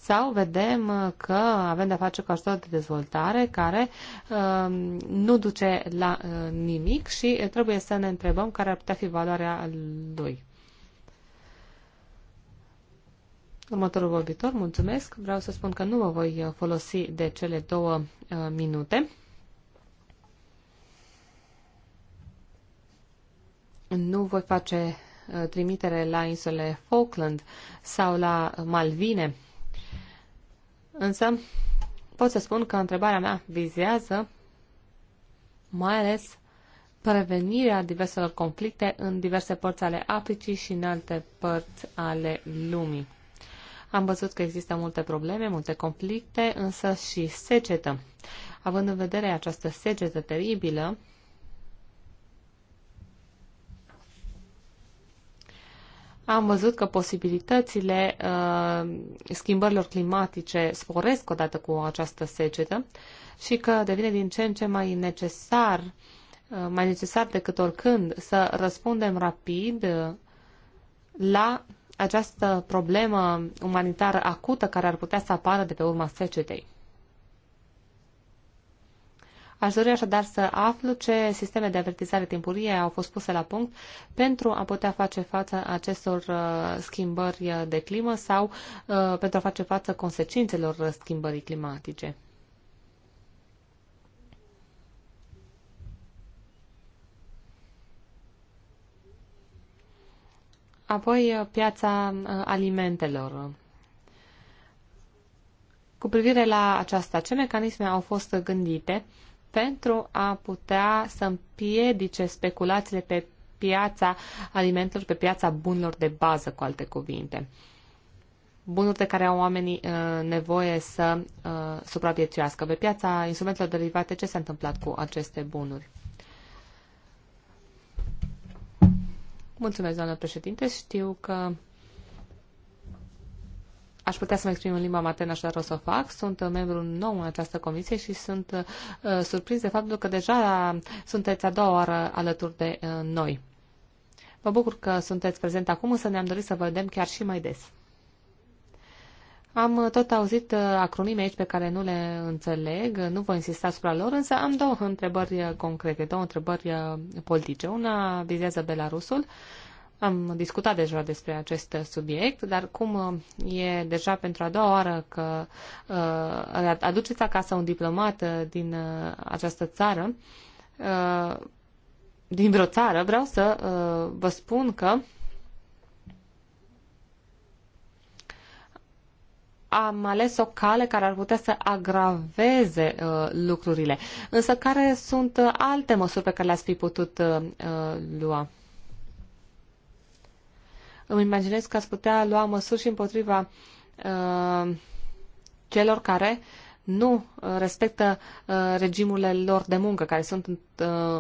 sau vedem uh, că avem de-a face cu ajutor de dezvoltare care uh, nu duce la uh, nimic și trebuie să ne întrebăm care ar putea fi valoarea lui. Următorul vorbitor, mulțumesc. Vreau să spun că nu vă voi folosi de cele două minute. Nu voi face trimitere la insule Falkland sau la Malvine Însă pot să spun că întrebarea mea vizează mai ales prevenirea diverselor conflicte în diverse părți ale Africii și în alte părți ale lumii. Am văzut că există multe probleme, multe conflicte, însă și secetă. Având în vedere această secetă teribilă, am văzut că posibilitățile uh, schimbărilor climatice sporesc odată cu această secetă și că devine din ce în ce mai necesar, uh, mai necesar decât oricând, să răspundem rapid uh, la această problemă umanitară acută care ar putea să apară de pe urma secetei. Aș dori așadar să aflu ce sisteme de avertizare timpurie au fost puse la punct pentru a putea face față acestor uh, schimbări de climă sau uh, pentru a face față consecințelor schimbării climatice. Apoi uh, piața alimentelor. Cu privire la aceasta, ce mecanisme au fost gândite pentru a putea să împiedice speculațiile pe piața alimentelor, pe piața bunurilor de bază, cu alte cuvinte. Bunuri de care au oamenii uh, nevoie să uh, supraviețuiască. Pe piața instrumentelor derivate, ce s-a întâmplat cu aceste bunuri? Mulțumesc, doamnă președinte. Știu că Aș putea să-mi exprim în limba maternă, așadar o să o fac. Sunt membru nou în această comisie și sunt uh, surprins de faptul că deja sunteți a doua oară alături de uh, noi. Vă bucur că sunteți prezent acum, însă ne-am dorit să vă vedem chiar și mai des. Am uh, tot auzit uh, acronime aici pe care nu le înțeleg, nu voi insista asupra lor, însă am două întrebări uh, concrete, două întrebări politice. Una vizează Belarusul am discutat deja despre acest subiect, dar cum uh, e deja pentru a doua oară că uh, aduceți acasă un diplomat uh, din această țară, din vreo țară, vreau să vă spun că am ales o cale care ar putea să agraveze uh, lucrurile. Însă care sunt alte măsuri pe care le-ați fi putut uh, lua? îmi imaginez că ați putea lua măsuri și împotriva uh, celor care nu uh, respectă uh, regimurile lor de muncă, care sunt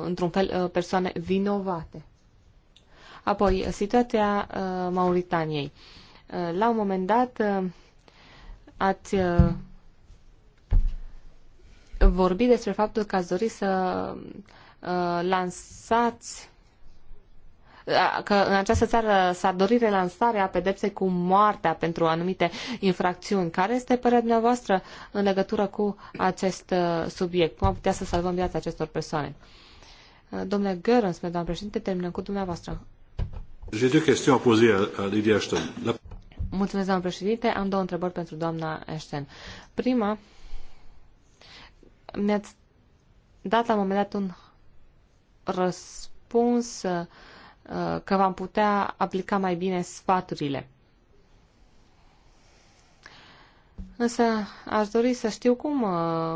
într-un fel persoane vinovate. Apoi, situația Mauritaniei. La un moment dat ați vorbit despre faptul că ați dori să lansați că în această țară s-ar dori relansarea pedepsei cu moartea pentru anumite infracțiuni. Care este părerea dumneavoastră în legătură cu acest uh, subiect? Cum am putea să salvăm viața acestor persoane? Uh, domnule Görens, doamnă președinte, terminăm cu dumneavoastră. J'ai deux questions à poser à Lady Ashton. La... Mulțumesc, doamnă președinte. Am două întrebări pentru doamna Ashton. Prima, mi-ați dat la un moment dat un răspuns uh, Uh, că vom putea aplica mai bine sfaturile. Însă aș dori să știu cum uh,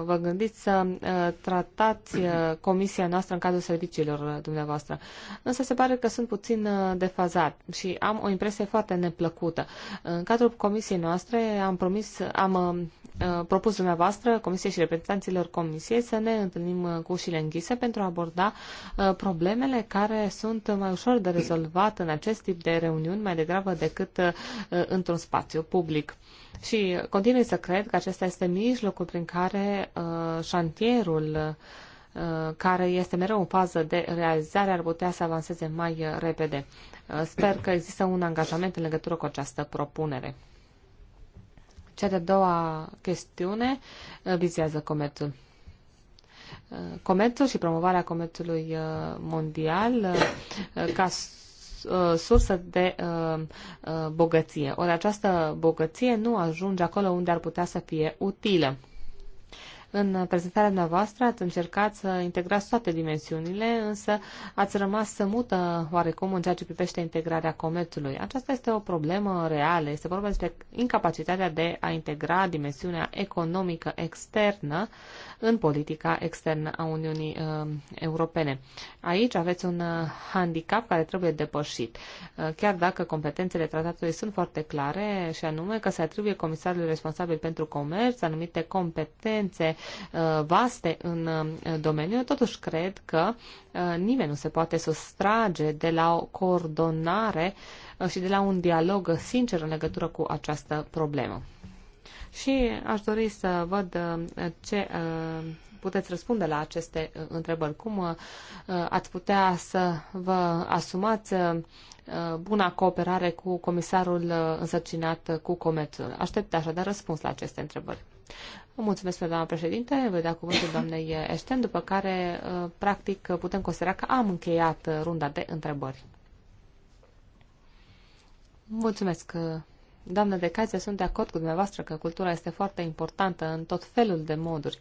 vă gândiți să uh, tratați uh, comisia noastră în cadrul serviciilor dumneavoastră. Însă se pare că sunt puțin defazat și am o impresie foarte neplăcută. În cadrul comisiei noastre am promis, am propus dumneavoastră, comisiei și reprezentanților comisiei, să ne întâlnim cu ușile închise pentru a aborda problemele care sunt mai ușor de rezolvat în acest tip de reuniuni, mai degrabă decât într-un spațiu public. Și continui să cred că acesta este mijlocul prin care uh, șantierul uh, care este mereu în fază de realizare ar putea să avanseze mai uh, repede. Uh, sper că există un angajament în legătură cu această propunere. Cea de-a doua chestiune vizează comerțul. Comerțul și promovarea comerțului mondial ca Uh, sursă de uh, uh, bogăție. Ori această bogăție nu ajunge acolo unde ar putea să fie utilă. În prezentarea dumneavoastră ați încercat să integrați toate dimensiunile, însă ați rămas mută oarecum în ceea ce privește integrarea comerțului. Aceasta este o problemă reală. Este vorba despre incapacitatea de a integra dimensiunea economică externă în politica externă a Uniunii uh, Europene. Aici aveți un uh, handicap care trebuie depășit, uh, chiar dacă competențele tratatului sunt foarte clare și anume că se atribuie comisarului responsabil pentru comerț anumite competențe Uh, vaste în uh, domeniu, totuși cred că uh, nimeni nu se poate sustrage de la o coordonare și de la un dialog sincer în legătură cu această problemă. Și aș dori să văd ce puteți răspunde la aceste întrebări. Cum ați putea să vă asumați buna cooperare cu comisarul însărcinat cu comerțul? Aștept așadar răspuns la aceste întrebări. Mulțumesc, doamna președinte. Voi da cuvântul doamnei Eșten, după care, uh, practic, putem considera că am încheiat uh, runda de întrebări. Mulțumesc, uh, doamnă de Cație. Sunt de acord cu dumneavoastră că cultura este foarte importantă în tot felul de moduri.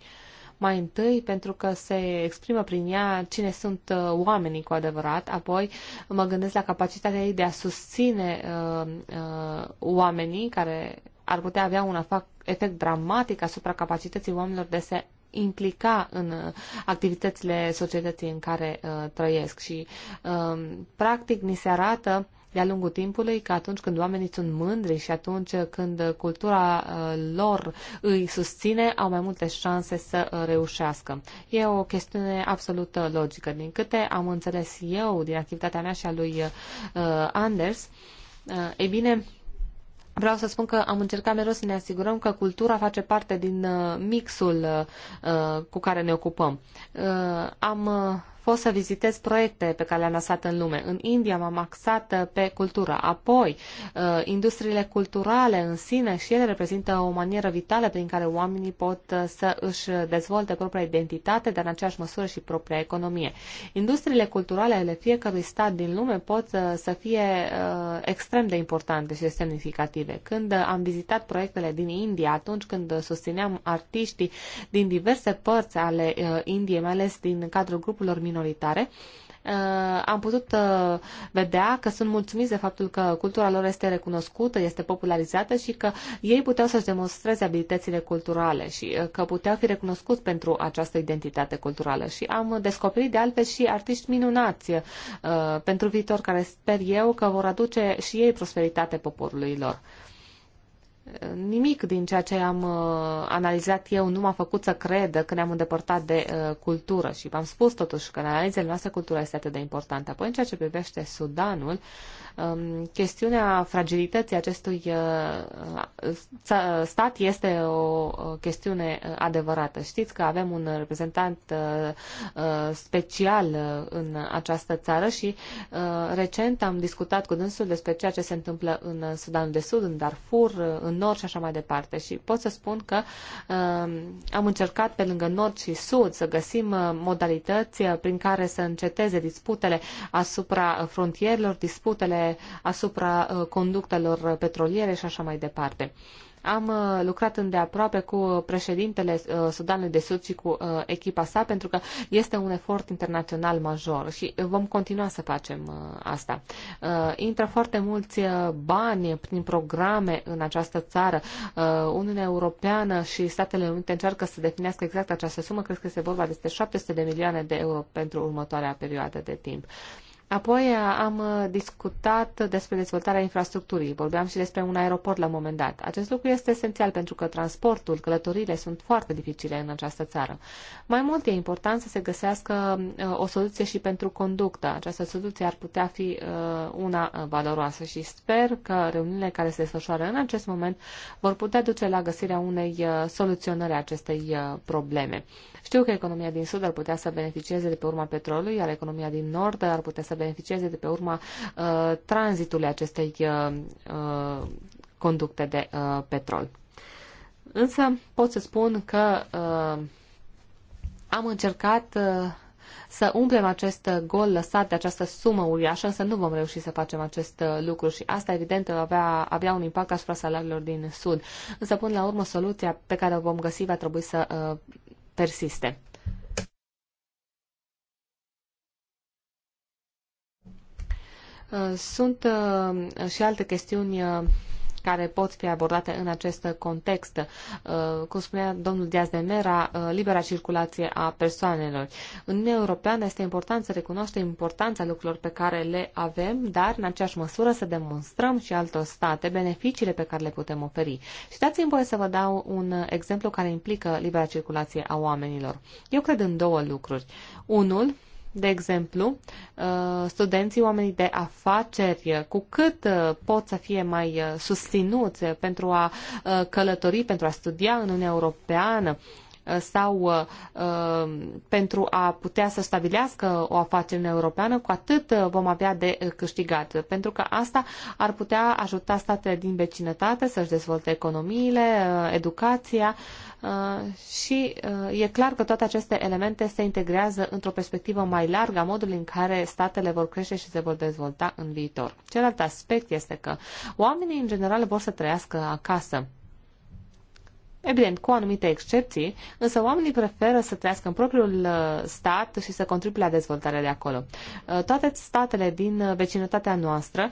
Mai întâi, pentru că se exprimă prin ea cine sunt oamenii cu adevărat, apoi mă gândesc la capacitatea ei de a susține uh, uh, oamenii care ar putea avea un efect dramatic asupra capacității oamenilor de se implica în uh, activitățile societății în care uh, trăiesc și uh, practic ni se arată de-a lungul timpului că atunci când oamenii sunt mândri și atunci când cultura uh, lor îi susține, au mai multe șanse să uh, reușească. E o chestiune absolut logică. Din câte am înțeles eu din activitatea mea și a lui uh, Anders, uh, e bine, Vreau să spun că am încercat mereu să ne asigurăm că cultura face parte din uh, mixul uh, cu care ne ocupăm. Uh, am fost să vizitez proiecte pe care le-am lăsat în lume. În India m-am axat uh, pe cultură. Apoi, uh, industriile culturale în sine și ele reprezintă o manieră vitală prin care oamenii pot uh, să își dezvolte propria identitate, dar în aceeași măsură și propria economie. Industriile culturale ale fiecărui stat din lume pot să fie extrem de importante și semnificative. Când am vizitat proiectele din India, atunci când susțineam artiștii din diverse părți ale Indiei, mai ales din cadrul grupurilor minoritare, minoritare, uh, am putut uh, vedea că sunt mulțumiți de faptul că cultura lor este recunoscută, este popularizată și că ei puteau să-și demonstreze abilitățile culturale și uh, că puteau fi recunoscuți pentru această identitate culturală. Și am descoperit de altfel și artiști minunați pentru viitor, care sper eu că vor aduce și ei prosperitate poporului lor. Nimic din ceea ce am uh, analizat eu nu m-a făcut să cred că ne-am îndepărtat de uh, cultură și v-am spus totuși că în analizele noastre cultura este atât de importantă. Apoi, în ceea ce privește Sudanul, um, chestiunea fragilității acestui uh, stat este o chestiune uh, adevărată. Știți că avem un reprezentant uh, uh special în această țară și recent am discutat cu dânsul despre ceea ce se întâmplă în Sudanul de Sud, în Darfur, în nord și așa mai departe. Și pot să spun că uh, am încercat pe lângă nord și sud să găsim uh, modalități uh, prin care să înceteze disputele asupra frontierelor, disputele asupra uh, conductelor uh, petroliere și așa mai departe. Uh, am uh, lucrat îndeaproape cu președintele uh, Sudanului de Sud și cu uh, echipa sa pentru că este un efort internațional major și vom continua să facem asta. Intră foarte mulți bani prin programe în această țară. Uniunea Europeană și Statele Unite încearcă să definească exact această sumă. Cred că este vorba despre 700 de milioane de euro pentru următoarea perioadă de timp. Uh, Apoi uh, am uh, discutat despre dezvoltarea infrastructurii. Vorbeam și despre un aeroport la un moment dat. Acest lucru este esențial pentru că transportul, călătorile sunt foarte dificile în această țară. Mai mult e important să se găsească uh, o soluție și pentru conductă. Această soluție ar putea fi una valoroasă și sper că reuniunile care se desfășoară în acest moment vor putea duce la găsirea unei soluționări a acestei probleme. Știu că economia din Sud ar putea să beneficieze de pe urma petrolului, iar economia din Nord ar putea să beneficieze de pe urma uh, tranzitului acestei uh, uh, conducte de uh, petrol. Însă pot să spun că uh, am încercat uh, să umplem acest gol lăsat de această sumă uriașă, însă nu vom reuși să facem acest uh, lucru și asta evident va avea, avea un impact asupra salariilor din Sud. Însă până la urmă soluția pe care o vom găsi va trebui să uh, persiste. Uh, sunt uh, și alte chestiuni uh, care pot fi abordate în acest context. Cum spunea domnul Diaz de Mera, libera circulație a persoanelor. În Uniunea Europeană este important să recunoaștem importanța lucrurilor pe care le avem, dar în aceeași măsură să demonstrăm și altor state beneficiile pe care le putem oferi. Și dați-mi voie să vă dau un exemplu care implică libera circulație a oamenilor. Eu cred în două lucruri. Unul, de exemplu, uh, studenții, oamenii de afaceri, uh, cu cât uh, pot să fie mai susținuți pentru a călători, pentru a studia în Uniunea Europeană, Uh, sau uh, pentru a putea să stabilească o afacere europeană, cu atât uh, vom avea de câștigat. Pentru că asta ar putea ajuta statele din vecinătate să-și dezvolte economiile, educația și e clar că toate aceste elemente se integrează într-o perspectivă mai largă a modului în care statele vor crește și se vor dezvolta în viitor. Celălalt aspect este că oamenii în general vor să trăiască acasă. Evident, cu anumite excepții, însă oamenii preferă să trăiască în propriul uh, stat și să contribuie la dezvoltarea de acolo. Uh, toate statele din uh, vecinătatea noastră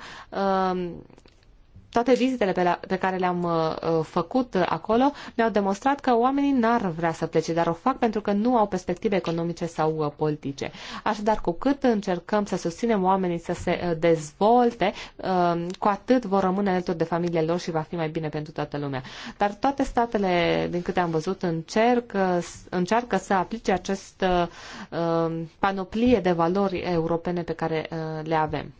toate vizitele pe, la, pe care le-am uh, uh făcut uh, acolo mi-au demonstrat că oamenii n-ar vrea să plece, dar o fac pentru că nu au perspective economice sau uh, politice. Așadar, cu cât încercăm să susținem oamenii să se uh, dezvolte, uh, cu atât vor rămâne alături de familie lor și va fi mai bine pentru toată lumea. Dar toate statele, din câte am văzut, încerc, uh, încearcă să aplice acest uh, uh, panoplie de valori europene pe care uh, le avem.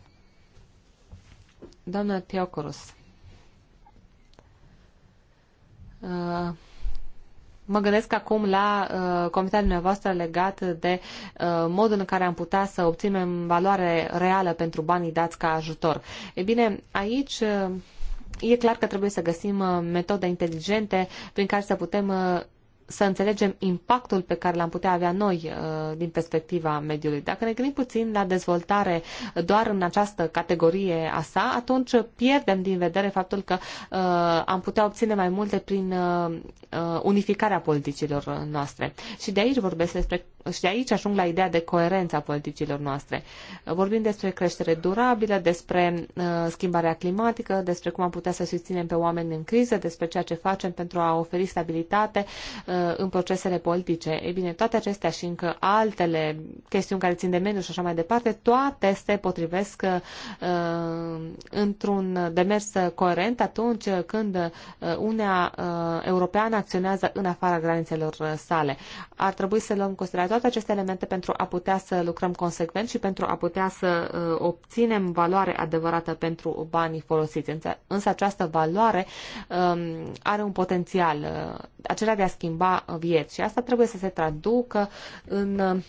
Doamna Teocoros. Uh, mă gândesc acum la uh, comentariul dumneavoastră legat de uh, modul în care am putea să obținem valoare reală pentru banii dați ca ajutor. E bine, aici uh, e clar că trebuie să găsim uh, metode inteligente prin care să putem uh, să înțelegem impactul pe care l-am putea avea noi uh, din perspectiva mediului. Dacă ne gândim puțin la dezvoltare doar în această categorie a sa, atunci pierdem din vedere faptul că uh, am putea obține mai multe prin uh, unificarea politicilor noastre. Și de aici vorbesc despre și de aici ajung la ideea de coerență a politicilor noastre. Vorbim despre creștere durabilă, despre schimbarea climatică, despre cum am putea să susținem pe oameni în criză, despre ceea ce facem pentru a oferi stabilitate Uh, în procesele politice. Ei bine, toate acestea și încă altele chestiuni care țin de mediu și așa mai departe, toate se potrivesc uh, uh, într-un demers coerent atunci când Uniunea Europeană acționează în afara granițelor sale. Ar trebui să luăm în considerare toate aceste elemente pentru a putea să lucrăm consecvent și pentru a putea să obținem valoare adevărată pentru banii folosiți. Însă această valoare um, are un potențial, acela de a schimba salva vieți. Și asta trebuie să se traducă în uh,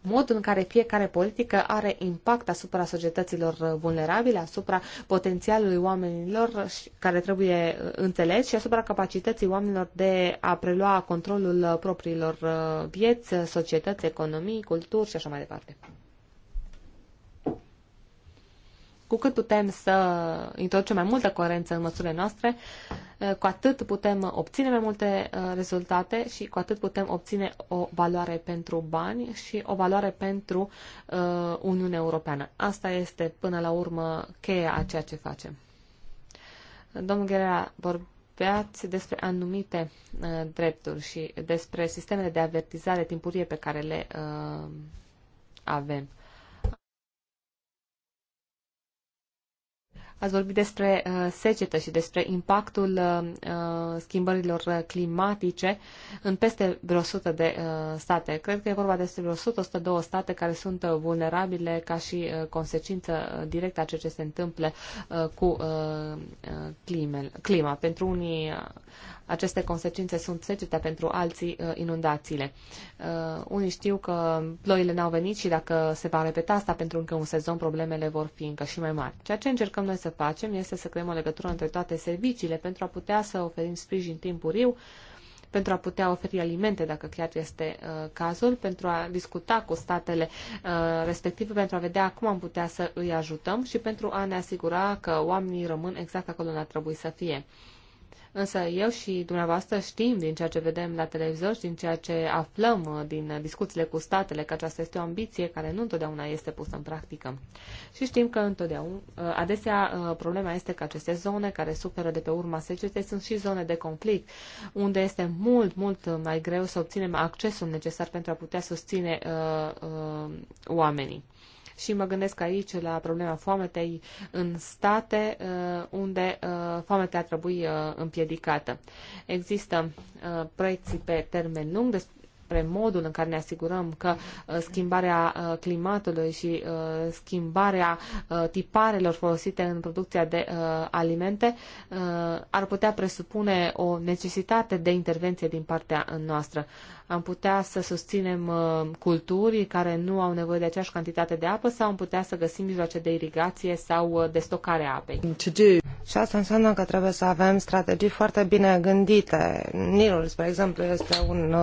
modul în care fiecare politică are impact asupra societăților vulnerabile, asupra potențialului oamenilor care trebuie uh, înțeles și asupra capacității oamenilor de a prelua controlul uh, propriilor vieți, societăți, economii, culturi și așa mai departe cu cât putem să introducem mai multă coerență în măsurile noastre, eh, cu atât putem obține mai multe eh, rezultate și cu atât putem obține o valoare pentru bani și o valoare pentru eh, Uniunea Europeană. Asta este, până la urmă, cheia a ceea ce facem. Domnul Gherea, vorbeați despre anumite drepturi și despre sistemele de avertizare timpurie pe care le avem. Ați vorbit despre uh, secetă și despre impactul uh, uh schimbărilor uh, climatice în peste vreo 100 de uh, state. Cred că e vorba despre vreo 100-102 state care sunt uh, vulnerabile ca și uh, consecință uh, directă a ceea ce se întâmplă uh, cu uh, climel, clima. Pentru unii uh, aceste consecințe sunt secete, pentru alții uh, inundațiile. Uh, unii știu că ploile n-au venit și dacă se va repeta asta pentru încă un sezon, problemele vor fi încă și mai mari. Ceea ce încercăm noi să facem este să creăm o legătură între toate serviciile pentru a putea să oferim sprijin timpuriu, pentru a putea oferi alimente, dacă chiar este uh, cazul, pentru a discuta cu statele uh, respective, pentru a vedea cum am putea să îi ajutăm și pentru a ne asigura că oamenii rămân exact acolo unde ar trebui să fie. Uh, Însă eu și dumneavoastră știm din ceea ce vedem la televizor și din ceea ce aflăm uh, din discuțiile cu statele că aceasta este o ambiție care nu întotdeauna este pusă în practică. Și știm că întotdeauna, uh, adesea uh, problema este că aceste zone care suferă de pe urma secetei sunt și zone de conflict, unde este mult, mult mai greu să obținem accesul necesar pentru a putea susține uh, uh, oamenii și mă gândesc aici la problema foametei în state uh, unde uh, foametea trebuie uh, împiedicată. Există proiecții pe termen lung despre modul în care ne asigurăm că uh, schimbarea uh, climatului și uh, schimbarea tiparelor folosite în producția de alimente ar putea presupune o necesitate de intervenție din partea noastră. Am putea să susținem culturi care nu au nevoie de aceeași cantitate de apă sau am putea să găsim mijloace de irigație sau de stocare a apei. Și asta înseamnă că trebuie să avem strategii foarte bine gândite. Nilul, spre exemplu, este un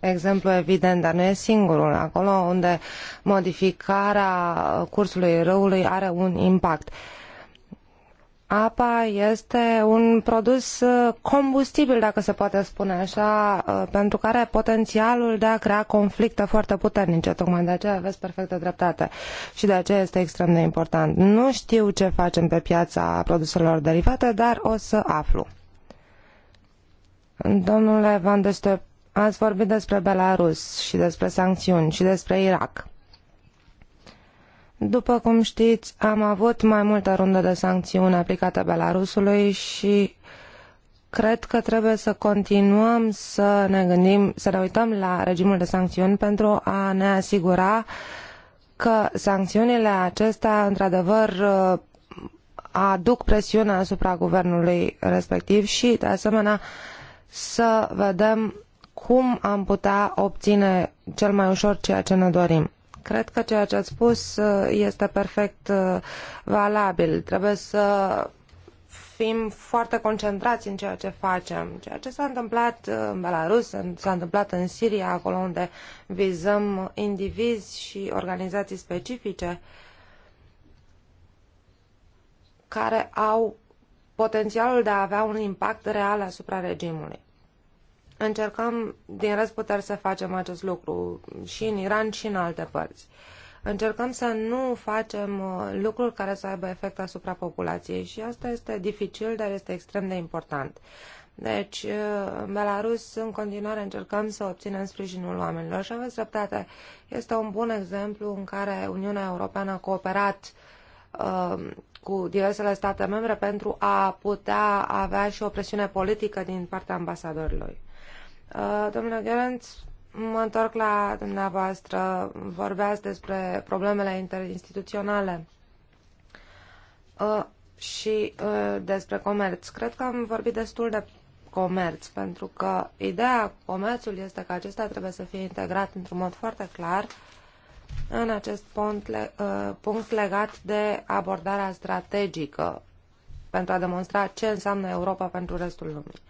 exemplu evident, dar nu e singurul. Acolo unde modificarea cursului râului are un impact. Apa este un produs uh, combustibil, dacă se poate spune așa, uh, pentru care are potențialul de a crea conflicte foarte puternice. Tocmai de aceea aveți perfectă dreptate și de aceea este extrem de important. Nu știu ce facem pe piața produselor derivate, dar o să aflu. Domnule Van de Step, Ați vorbit despre Belarus și despre sancțiuni și despre Irak. După cum știți, am avut mai multe runde de sancțiuni aplicate Belarusului și cred că trebuie să continuăm să ne gândim, să ne uităm la regimul de sancțiuni pentru a ne asigura că sancțiunile acestea, într-adevăr, aduc presiune asupra guvernului respectiv și, de asemenea, să vedem cum am putea obține cel mai ușor ceea ce ne dorim. Cred că ceea ce ați spus uh, este perfect uh, valabil. Trebuie să fim foarte concentrați în ceea ce facem. Ceea ce s-a întâmplat uh, în Belarus, s-a întâmplat în Siria, acolo unde vizăm indivizi și organizații specifice care au potențialul de a avea un impact real asupra regimului încercăm din răzputeri să facem acest lucru și în Iran și în alte părți. Încercăm să nu facem uh, lucruri care să aibă efect asupra populației și asta este dificil, dar este extrem de important. Deci, în uh, Belarus, în continuare, încercăm să obținem sprijinul oamenilor și aveți dreptate. Este un bun exemplu în care Uniunea Europeană a cooperat uh, cu diversele state membre pentru a putea avea și o presiune politică din partea ambasadorilor. Uh, domnule Gerenț, mă întorc la dumneavoastră. Vorbeați despre problemele interinstituționale uh, și uh, despre comerț. Cred că am vorbit destul de comerț, pentru că ideea comerțului este că acesta trebuie să fie integrat într-un mod foarte clar în acest punct, punct legat de abordarea strategică pentru a demonstra ce înseamnă Europa pentru restul lumii.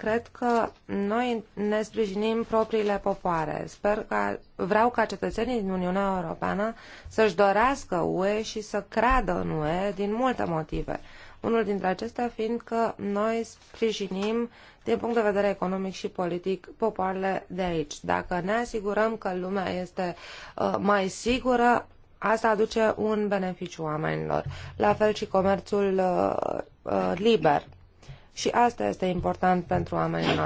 Cred că noi ne sprijinim propriile popoare. Sper că vreau ca cetățenii din Uniunea Europeană să-și dorească UE și să creadă în UE din multe motive. Unul dintre acestea fiind că noi sprijinim, din punct de vedere economic și politic, popoarele de aici. Dacă ne asigurăm că lumea este uh, mai sigură, asta aduce un beneficiu oamenilor. La fel și comerțul uh, uh, liber și asta este important pentru oamenii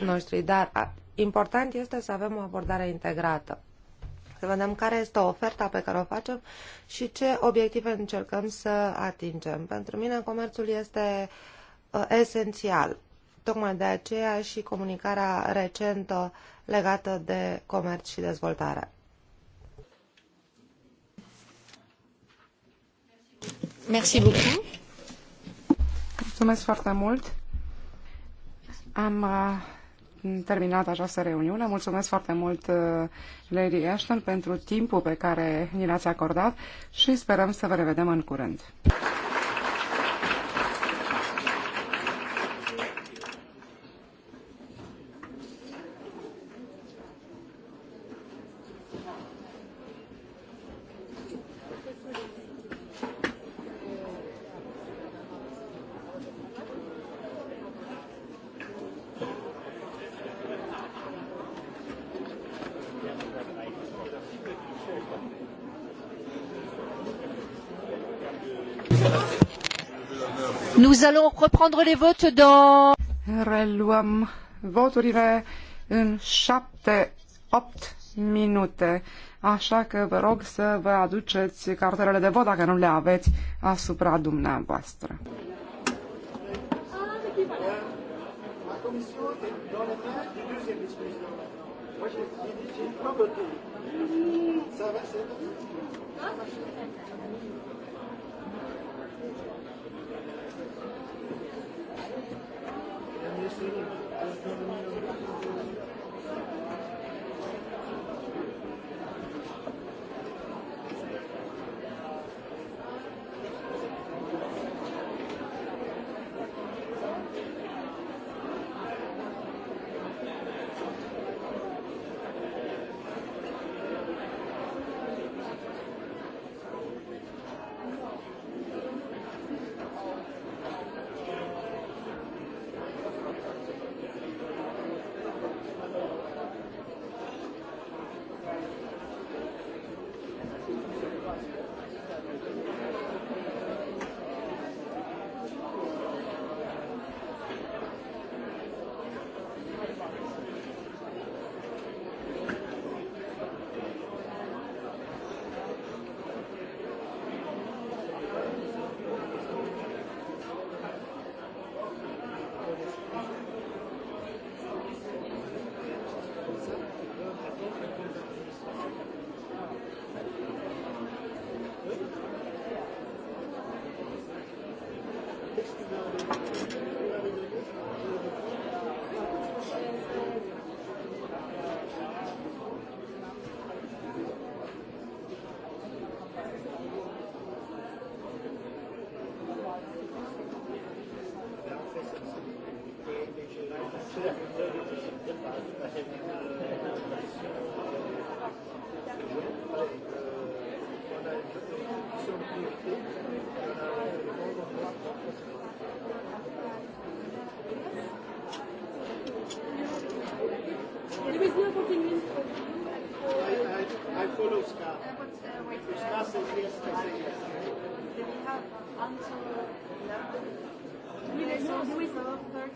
noștri, dar important este să avem o abordare integrată. Să vedem care este oferta pe care o facem și ce obiective încercăm să atingem. Pentru mine comerțul este ă, esențial. Tocmai de aceea și comunicarea recentă legată de comerț și dezvoltare. beaucoup. Mulțumesc foarte mult. Am uh, terminat această reuniune. Mulțumesc foarte mult, uh, Lady Ashton, pentru timpul pe care ni l-ați acordat și sperăm să vă revedem în curând. allons reprendre les votes dans... Reluăm voturile în 7-8 minute, așa că vă rog să vă aduceți cartelele de vot dacă nu le aveți asupra dumneavoastră. Спасибо.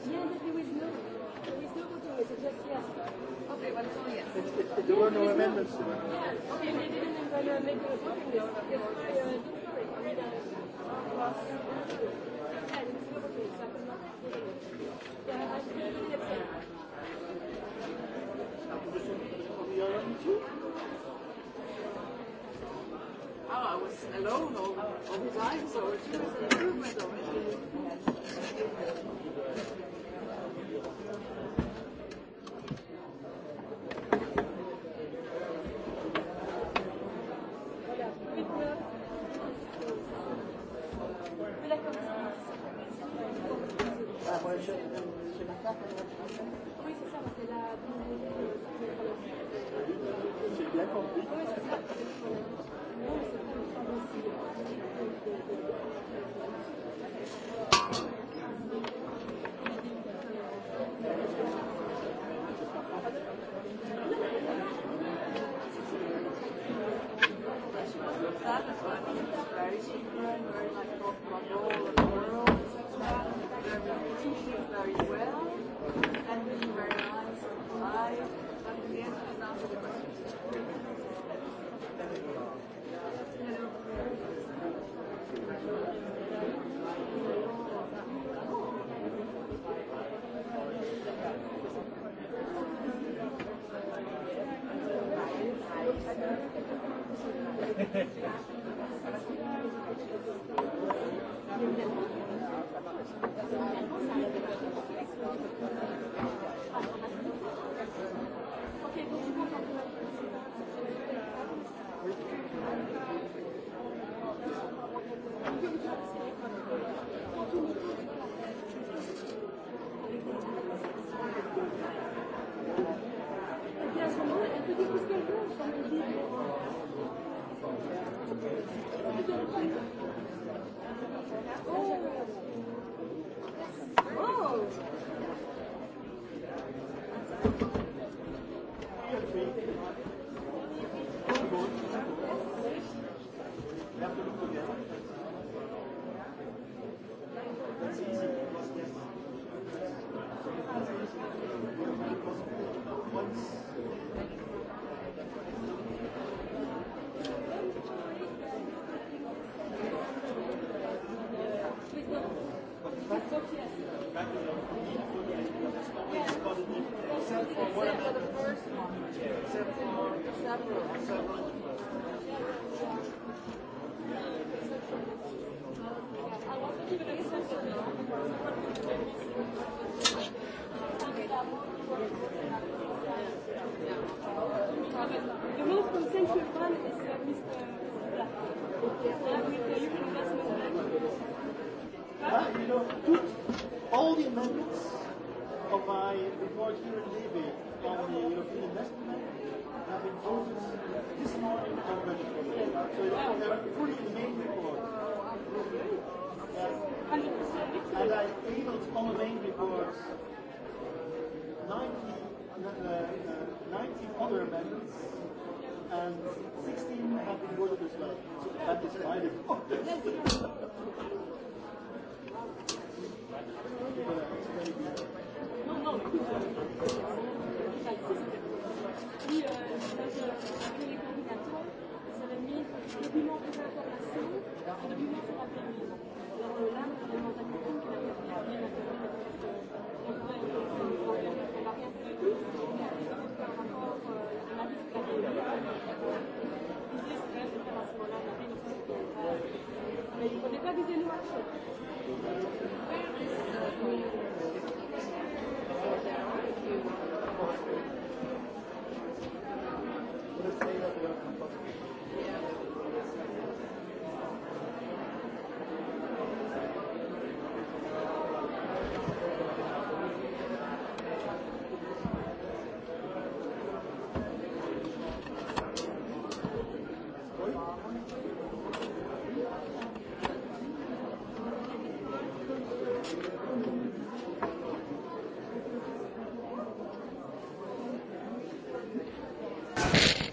Yeah, but there is no, there is no voting list. It's just yes. Okay, well, it's all yes. It, it, it, there were no amendments. No. Yeah, okay, they didn't even uh, make a voting list. Yes, I, uh, sorry, I mean, uh, last, uh, yeah, there was no voting list. I could not vote. Yeah, I still didn't accept. Oh, I was alone all, all the time, so it was an improvement over the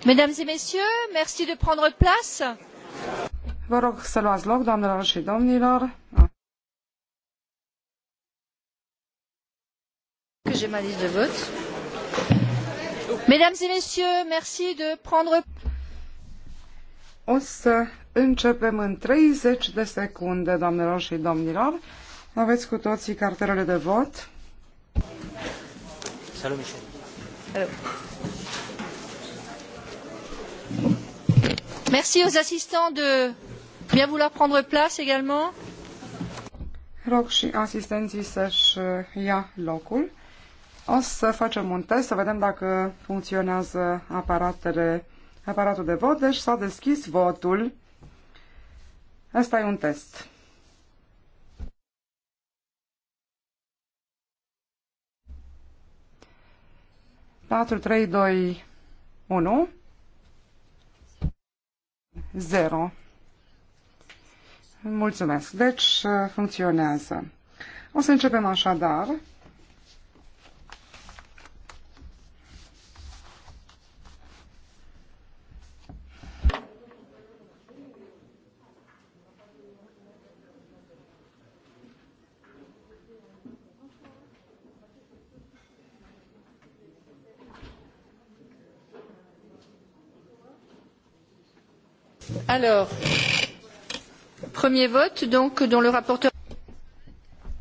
Mesdames et messieurs, merci de prendre place. Vă rog să luați loc, doamnelor și domnilor. Que j'ai ma liste de vote. Mesdames et messieurs, merci de prendre o să începem în 30 de secunde, doamnelor și domnilor. Aveți cu toții cartelele de vot. Salut, Michel. Merci aux assistants de bien vouloir prendre place également. Rog și asistenții să-și uh, ia locul. O să facem un test să vedem dacă funcționează aparatele, aparatul de vot. Deci s-a deschis votul. Asta e un test. Patru, trei, doi, unu. 0. Mulțumesc. Deci uh, funcționează. O să începem așadar.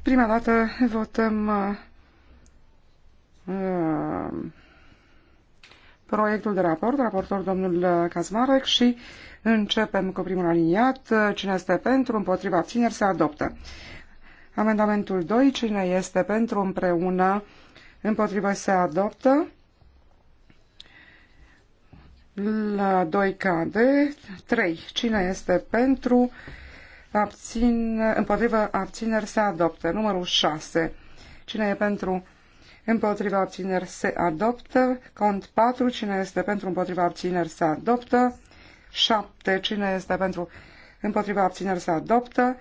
Prima dată votăm uh, uh, proiectul de raport, raportor domnul uh, Kazmarek și începem cu primul aliniat. Uh, cine este pentru, împotriva abțineri, se adoptă. Amendamentul 2. Cine este pentru, împreună, împotriva, se adoptă. La 2 cade. 3. Cine este pentru? Abțin, împotriva abțineri se adoptă. Numărul 6. Cine e pentru? Împotriva abțineri se adoptă. Cont 4. Cine este pentru? Împotriva abțineri se adoptă. 7. Cine este pentru? Împotriva abțineri se adoptă.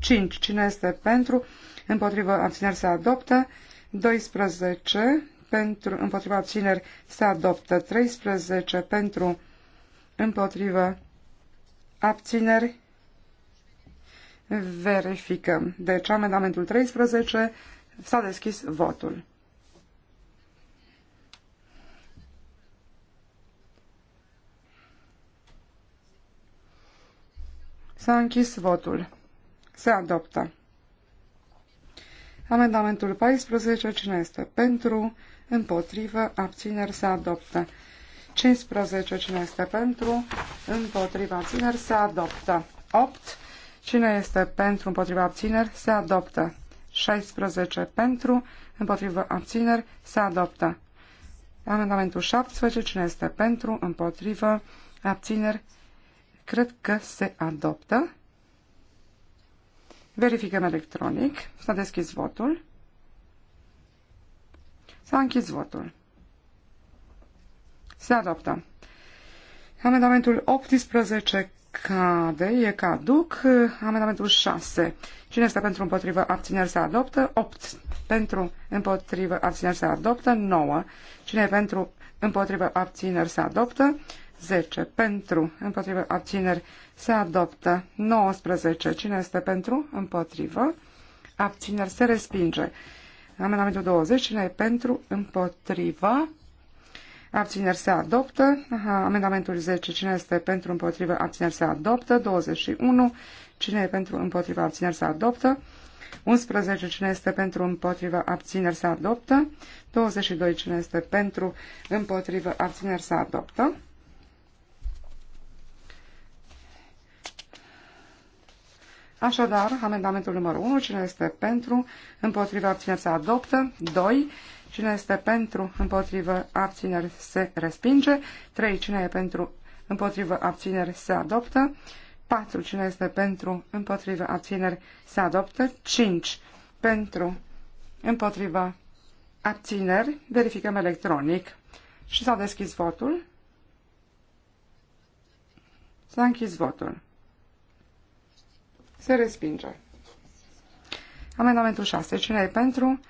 5. Cine este pentru? Împotriva abțineri se adoptă. 12 pentru, împotriva abțineri se adoptă. 13 pentru, împotriva abțineri verificăm. Deci amendamentul 13 s-a deschis votul. S-a închis votul. Se adoptă. Amendamentul 14. Cine este pentru? împotrivă, abțineri se adoptă. 15. Cine este pentru, împotrivă, abțineri se adoptă. 8. Cine este pentru, împotrivă, abțineri se adoptă. 16. Pentru, împotrivă, abțineri se adoptă. Amendamentul 17. Cine este pentru, împotrivă, abțineri cred că se adoptă. Verificăm electronic. S-a deschis votul. S-a închis votul. Se adoptă. Amendamentul 18 cade, e caduc. Amendamentul 6. Cine este pentru împotrivă abțineri se adoptă? 8. Pentru împotrivă abțineri se adoptă? 9. Cine e pentru împotrivă abțineri se adoptă? 10. Pentru împotrivă abțineri se adoptă? 19. Cine este pentru împotrivă? Abțineri se respinge. Amendamentul 20. Cine e pentru? Împotriva. Abțineri se adoptă. Aha, amendamentul 10. Cine este pentru? Împotriva. Abțineri se adoptă. 21. Cine e pentru? Împotriva. Abțineri se adoptă. 11. Cine este pentru? Împotriva. Abțineri se adoptă. 22. Cine este pentru? Împotriva. Abțineri se adoptă. Așadar, amendamentul numărul 1, cine este pentru, împotriva abțineri se adoptă. 2. Cine este pentru, împotrivă, abțineri se respinge. 3. Cine e pentru, împotrivă, abțineri se adoptă. 4. Cine este pentru, împotrivă, abțineri se adoptă. 5. Pentru, împotriva, abțineri. Verificăm electronic. Și s-a deschis votul. S-a închis votul. Se respinge. Amendamentul 6. Cine e pentru?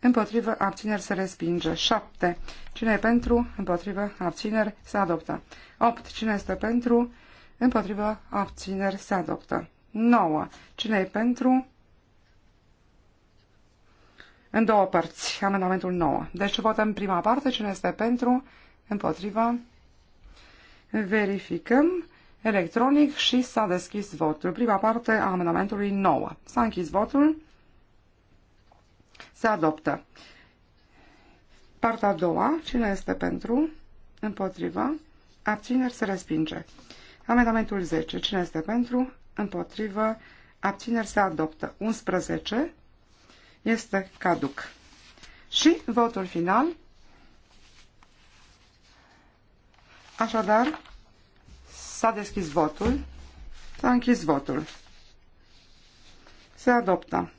Împotrivă, abțineri, se respinge. 7. Cine e pentru? Împotrivă, abțineri, se adoptă. 8. Cine este pentru? Împotrivă, abțineri, se adoptă. 9. Cine e pentru? În două părți, amendamentul 9. Deci votăm prima parte, cine este pentru, împotriva. Verificăm electronic și s-a deschis votul. Prima parte a amendamentului 9. S-a închis votul. Se adoptă. Partea a doua. Cine este pentru? Împotrivă. Abțineri se respinge. Amendamentul 10. Cine este pentru? Împotrivă. Abțineri se adoptă. 11. Este caduc. Și votul final. Așadar, S-a deschis votul. S-a închis votul. Se adoptă.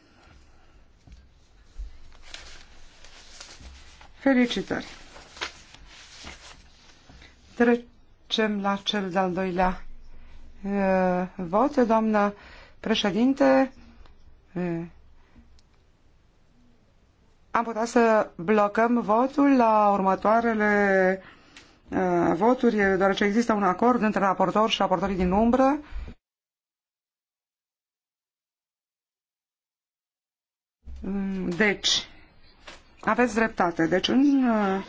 Felicitări! Trecem la cel de-al doilea uh, vot. Doamnă președinte, uh, am putea să blocăm votul la următoarele Uh, voturi, deoarece există un acord între raportor și raportorii din umbră. Mm, deci, aveți dreptate. Deci, în, uh,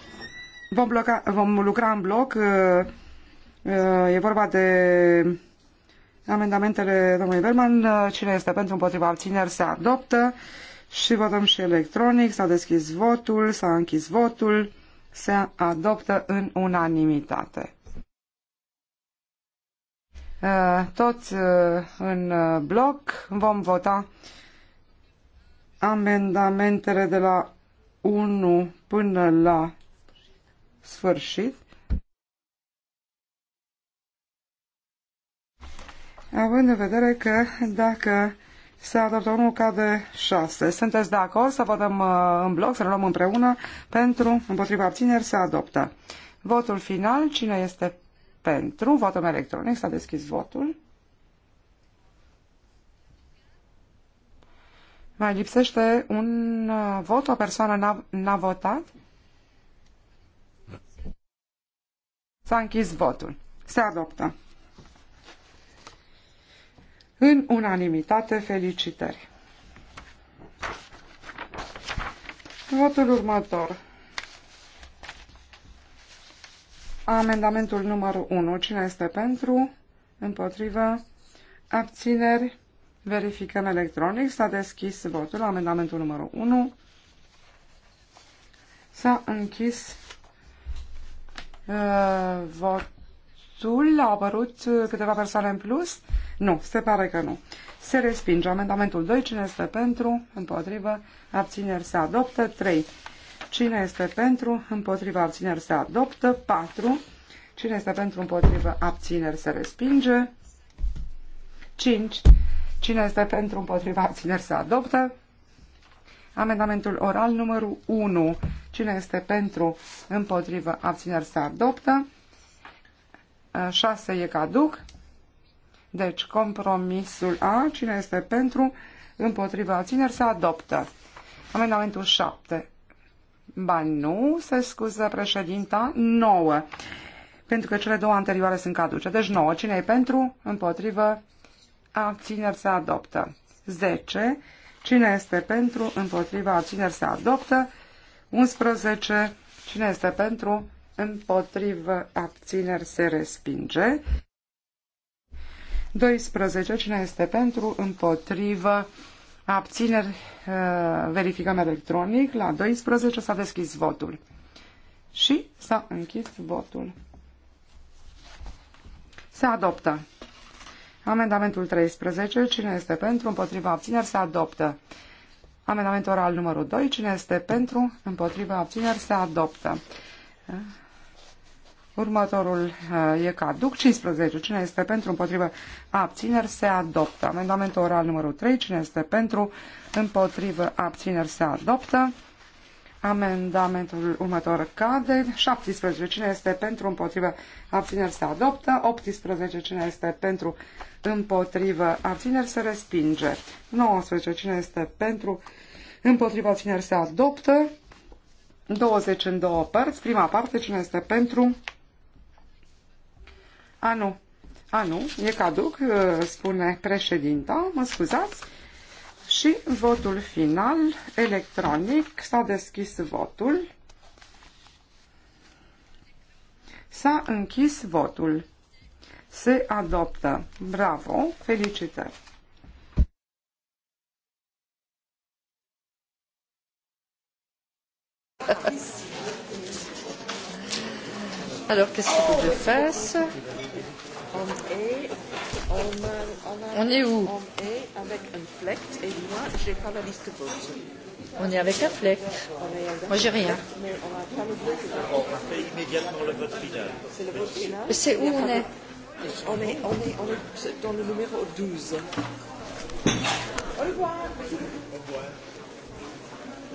vom, bloca, vom lucra în bloc. Uh, e vorba de amendamentele domnului Berman. Cine este pentru împotriva abțineri se adoptă și votăm și electronic. S-a deschis votul, s-a închis votul se adoptă în unanimitate. Uh, Toți uh, în uh, bloc vom vota amendamentele de la 1 până la sfârșit. Având în vedere că dacă se adoptă unul cade 6. Sunteți de acord să votăm uh, în bloc, să luăm împreună pentru, împotriva abțineri, se adoptă. Votul final, cine este pentru? Votăm electronic, s-a deschis votul. Mai lipsește un uh, vot, o persoană n-a votat. S-a închis votul. Se adoptă. În unanimitate, felicitări! Votul următor. Amendamentul numărul 1. Cine este pentru? Împotrivă? Abțineri? Verificăm electronic. S-a deschis votul. Amendamentul numărul 1. S-a închis uh, votul. Au apărut uh, câteva persoane în plus. Nu, se pare că nu. Se respinge. Amendamentul 2. Cine este pentru? Împotrivă. Abțineri se adoptă. 3. Cine este pentru? Împotrivă. Abțineri se adoptă. 4. Cine este pentru? Împotrivă. Abțineri se respinge. 5. Cine este pentru? Împotrivă. Abțineri se adoptă. Amendamentul oral numărul 1. Cine este pentru? Împotrivă. Abțineri se adoptă. 6 e caduc. Deci, compromisul A, cine este pentru, împotriva țineri, se adoptă. Amendamentul 7. Ba nu, se scuză președinta, 9. Pentru că cele două anterioare sunt caduce. Deci 9. Cine e pentru, împotrivă, abțineri, se adoptă. 10. Cine este pentru, împotriva, abțineri, se adoptă. 11. Cine este pentru, împotrivă, abțineri, se respinge. 12. Cine este pentru? Împotrivă. Abțineri. Uh, verificăm electronic. La 12 s-a deschis votul. Și s-a închis votul. Se adoptă. Amendamentul 13. Cine este pentru? Împotriva abțineri se adoptă. Amendamentul oral numărul 2. Cine este pentru? Împotriva abțineri se adoptă. Următorul uh, e caduc. 15. Cine este pentru, împotrivă, abțineri, se adoptă. Amendamentul oral numărul 3. Cine este pentru, împotrivă, abțineri, se adoptă. Amendamentul următor cade. 17. Cine este pentru, împotrivă, abțineri, se adoptă. 18. Cine este pentru, împotrivă, abțineri, se respinge. 19. Cine este pentru, împotrivă, abțineri, se adoptă. 20 în două părți. Prima parte, cine este pentru, a, nu. A, nu, e caduc, uh, spune președinta, mă scuzați. Și votul final, electronic, s-a deschis votul. S-a închis votul. Se adoptă. Bravo, felicitări! Alors, qu'est-ce que je fasse on est, on, on, on est où On est avec un flect et moi, j'ai pas la liste vote. On est avec un flect. Moi, j'ai rien. on fait immédiatement le vote final. C'est le vote final C'est où on est on est, on, est, on est dans le numéro 12. Au revoir. Au revoir.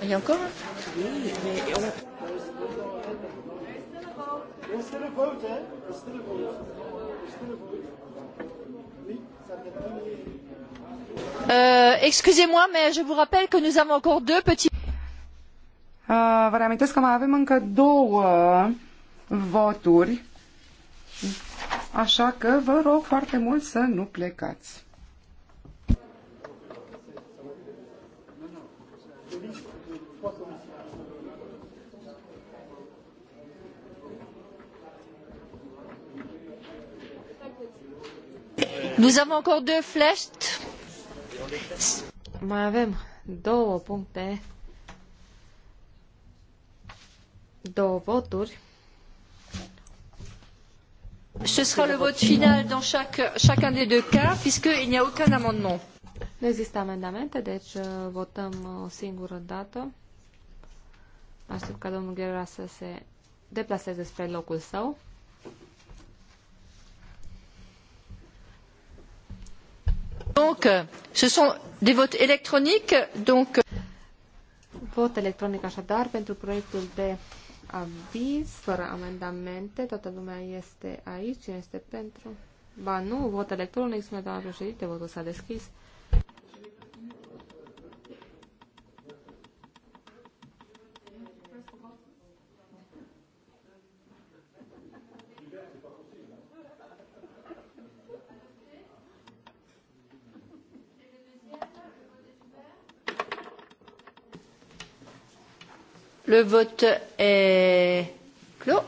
Il y a encore un Oui, mais on a... There's still a vote, eh? Euh, excusez-moi, mais je vous rappelle que nous avons encore deux petits. Euh, vă reamintesc că mai avem încă două voturi, așa că vă rog foarte mult să nu plecați. Nous avons encore deux flèches. Mai avem două puncte, două voturi. Ce sera le vote final dans chaque, chacun des deux cas, puisqu'il n'y a aucun amendement. Nu există amendamente, deci uh, votăm uh, o singură dată. Aștept ca domnul Ghera să se deplaseze spre locul său. Donc, euh, ce sont des votes euh, Vot electronic așadar pentru proiectul de aviz, fără amendamente. Toată lumea este aici. Cine este pentru? Ba nu, vot electronic, spune doamna președinte, votul s-a deschis. Le vote est clos.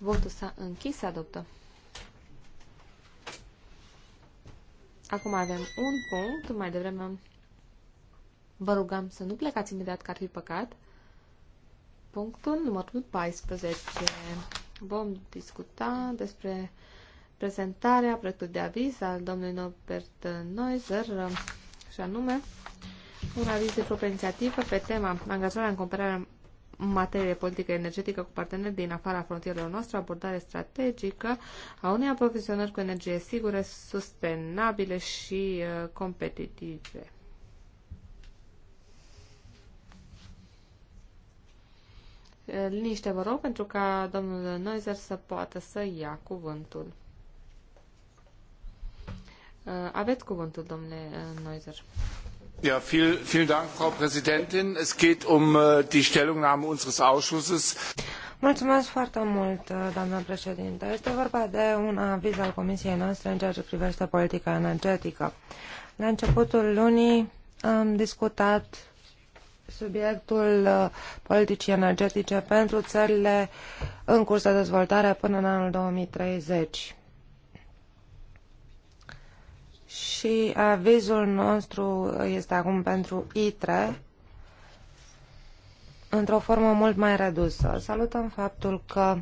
Votul s-a închis, adoptă. Acum avem un punct, mai devreme vă rugam să nu plecați imediat, că ar fi păcat. Punctul numărul 14. Vom discuta despre prezentarea proiectului de aviz al domnului Norbert Neuser și anume un aviz de propria inițiativă pe tema angajarea în cooperare în materie de politică energetică cu parteneri din afara frontierelor noastre, abordare strategică a unei aprovizionări cu energie sigure, sustenabile și uh, competitive. Uh, liniște, vă rog, pentru ca domnul Noizer să poată să ia cuvântul. Uh, aveți cuvântul, domnule uh, Noizer. Frau Präsidentin. Es geht um äh, die Stellungnahme unseres Ausschusses. Mulțumesc foarte mult, uh, doamna președinte. Este vorba de un aviz al Comisiei noastre în ceea ce privește politica energetică. La începutul lunii am discutat subiectul uh, politicii energetice pentru țările în curs de dezvoltare până în anul 2030 și uh, avizul nostru este acum pentru ITRE într-o formă mult mai redusă. Salutăm faptul că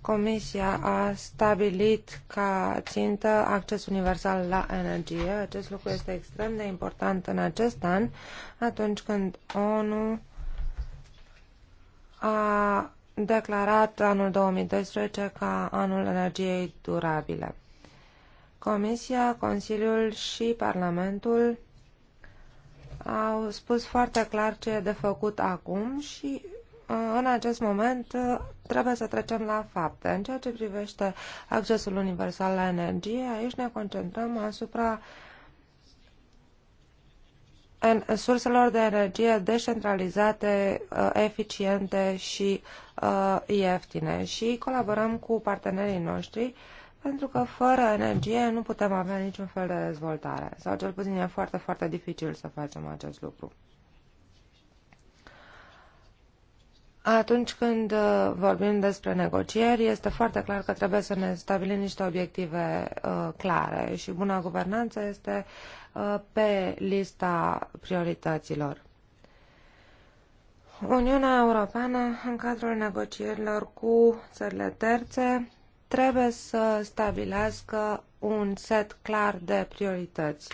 Comisia a stabilit ca țintă acces universal la energie. Acest lucru este extrem de important în acest an, atunci când ONU a declarat anul 2012 ca anul energiei durabile. Comisia, Consiliul și Parlamentul au spus foarte clar ce e de făcut acum și uh, în acest moment uh, trebuie să trecem la fapte. În ceea ce privește accesul universal la energie, aici ne concentrăm asupra surselor de energie descentralizate, uh, eficiente și ieftine și colaborăm cu partenerii noștri uh, pentru că fără energie nu putem avea niciun fel de dezvoltare. Sau cel puțin e foarte, foarte dificil să facem acest lucru. Atunci când uh, vorbim despre negocieri, este foarte clar că trebuie să ne stabilim niște obiective uh, clare și buna guvernanță este uh, pe lista priorităților. Uniunea Europeană, în cadrul negocierilor cu țările terțe, trebuie să stabilească un set clar de priorități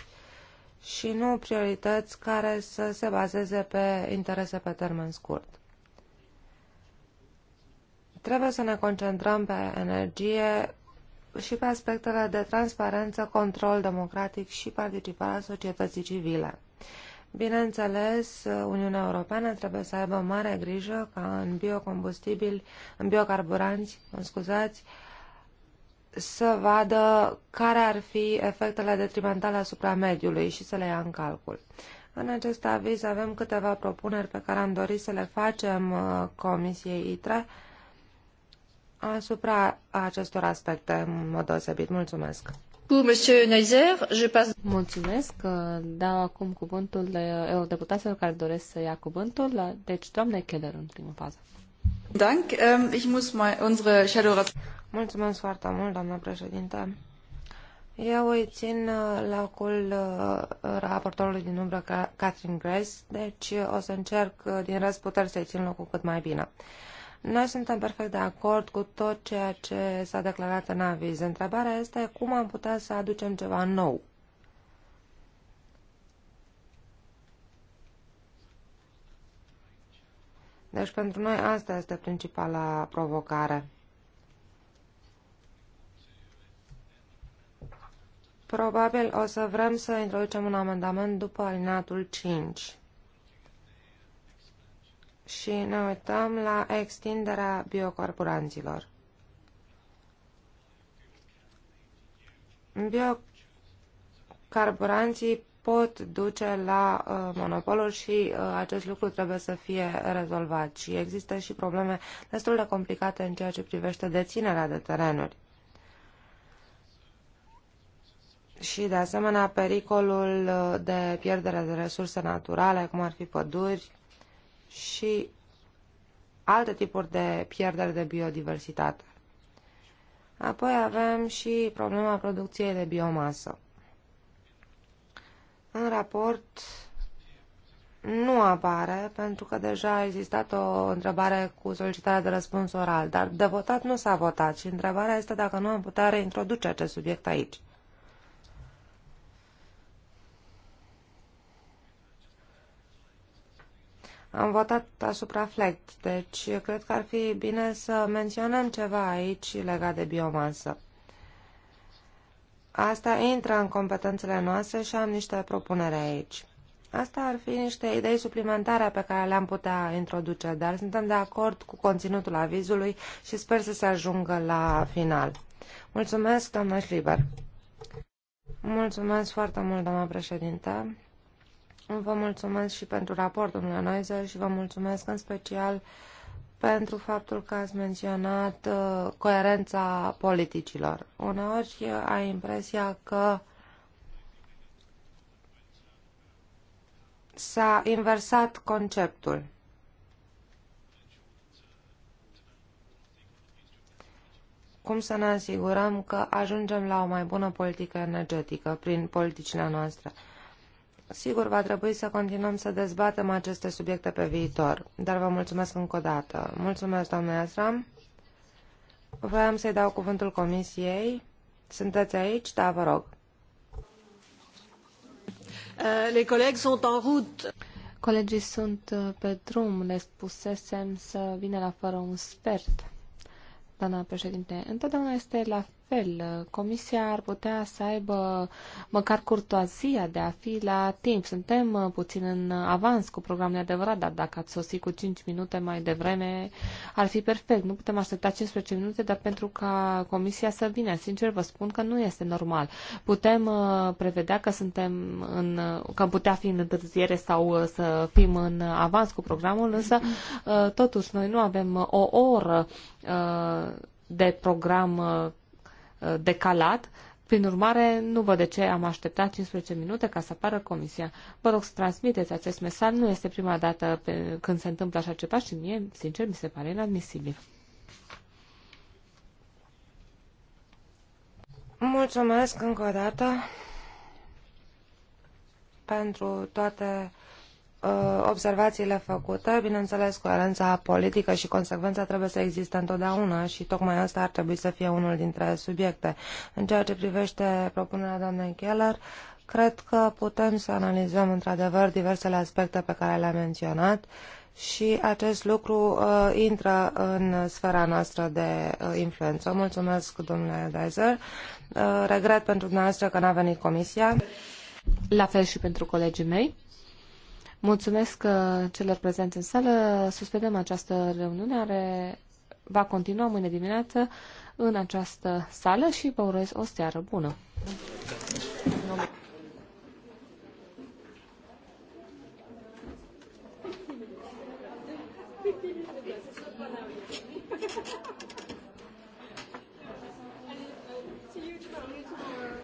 și nu priorități care să se bazeze pe interese pe termen scurt. Trebuie să ne concentrăm pe energie și pe aspectele de transparență, control democratic și participarea societății civile. Bineînțeles, Uniunea Europeană trebuie să aibă mare grijă ca în biocombustibili, în biocarburanți, în scuzați, uh, să vadă care ar fi efectele detrimentale asupra mediului și să le ia în calcul. În acest aviz avem câteva propuneri pe care am dorit să le facem uh, Comisiei ITRE asupra acestor aspecte în mod deosebit. Mulțumesc! Mulțumesc. Uh, dau acum cuvântul de eurodeputaților care doresc să ia cuvântul. Deci, doamne Keller, în primă fază. Dank. Ähm, ich muss mal unsere Shadow Mulțumesc foarte mult, doamnă președinte. Eu îi țin uh, locul uh, raportorului din umbră, Catherine Grace, deci o să încerc uh, din răzputeri să-i țin locul cât mai bine. Noi suntem perfect de acord cu tot ceea ce s-a declarat în aviz. Întrebarea este cum am putea să aducem ceva nou Deci pentru noi asta este principala provocare. Probabil o să vrem să introducem un amendament după alineatul 5 și ne uităm la extinderea biocorporanților. Biocarburanții pot duce la uh, monopoluri și uh, acest lucru trebuie să fie rezolvat. Și există și probleme destul de complicate în ceea ce privește deținerea de terenuri. Și, de asemenea, pericolul uh, de pierdere de resurse naturale, cum ar fi păduri și alte tipuri de pierdere de biodiversitate. Apoi avem și problema producției de biomasă în raport nu apare, pentru că deja a existat o întrebare cu solicitarea de răspuns oral, dar de votat nu s-a votat și întrebarea este dacă nu am putea reintroduce acest subiect aici. Am votat asupra FLECT, deci cred că ar fi bine să menționăm ceva aici legat de biomasă. Asta intră în competențele noastre și am niște propunere aici. Asta ar fi niște idei suplimentare pe care le-am putea introduce, dar suntem de acord cu conținutul avizului și sper să se ajungă la final. Mulțumesc, doamna Schlieber. Mulțumesc foarte mult, doamna președinte. Vă mulțumesc și pentru raportul domnule și vă mulțumesc în special uh, pentru faptul că ați menționat uh, coerența politicilor. Uneori uh, ai impresia că s-a inversat conceptul. Cum să ne asigurăm că ajungem la o mai bună politică energetică prin politicile noastre? Sigur, va trebui să continuăm să dezbatem aceste subiecte pe viitor, dar vă mulțumesc încă o dată. Mulțumesc, doamne Asram. Vreau să-i dau cuvântul comisiei. Sunteți aici? Da, vă rog. Eh, les collègues sont en route. Colegii sunt eh, pe drum, le spusesem să vină la fără un sfert. Doamna președinte, întotdeauna este la fel. Comisia ar putea să aibă măcar curtoazia de a fi la timp. Suntem uh, puțin în avans cu programul adevărat, dar dacă ați sosit cu 5 minute mai devreme, ar fi perfect. Nu putem aștepta 15 minute, dar pentru ca Comisia să vină. Sincer, vă spun că nu este normal. Putem uh, prevedea că suntem în, uh, că putea fi în întârziere sau să fim în avans cu programul, însă totuși noi nu avem o oră de program Uh, decalat. Prin urmare, nu văd de ce am așteptat 15 minute ca să apară comisia. Vă rog să transmiteți acest mesaj. Nu este prima dată pe, când se întâmplă așa ceva și mie, sincer, mi se pare inadmisibil. Mulțumesc încă o dată pentru toate Uh, observațiile făcute, bineînțeles, coerența politică și consecvența trebuie să existe întotdeauna și tocmai asta ar trebui să fie unul dintre subiecte. În ceea ce privește propunerea doamnei Keller, cred că putem să analizăm într-adevăr diversele aspecte pe care le-a menționat și acest lucru uh, intră în sfera noastră de uh, influență. Mulțumesc, domnule Deiser. Uh, regret pentru dumneavoastră că n-a venit comisia. La fel și pentru colegii mei. Mulțumesc uh, celor prezenți în sală. Suspendăm această reuniune. care Va continua mâine dimineață în această sală și vă urez o seară bună.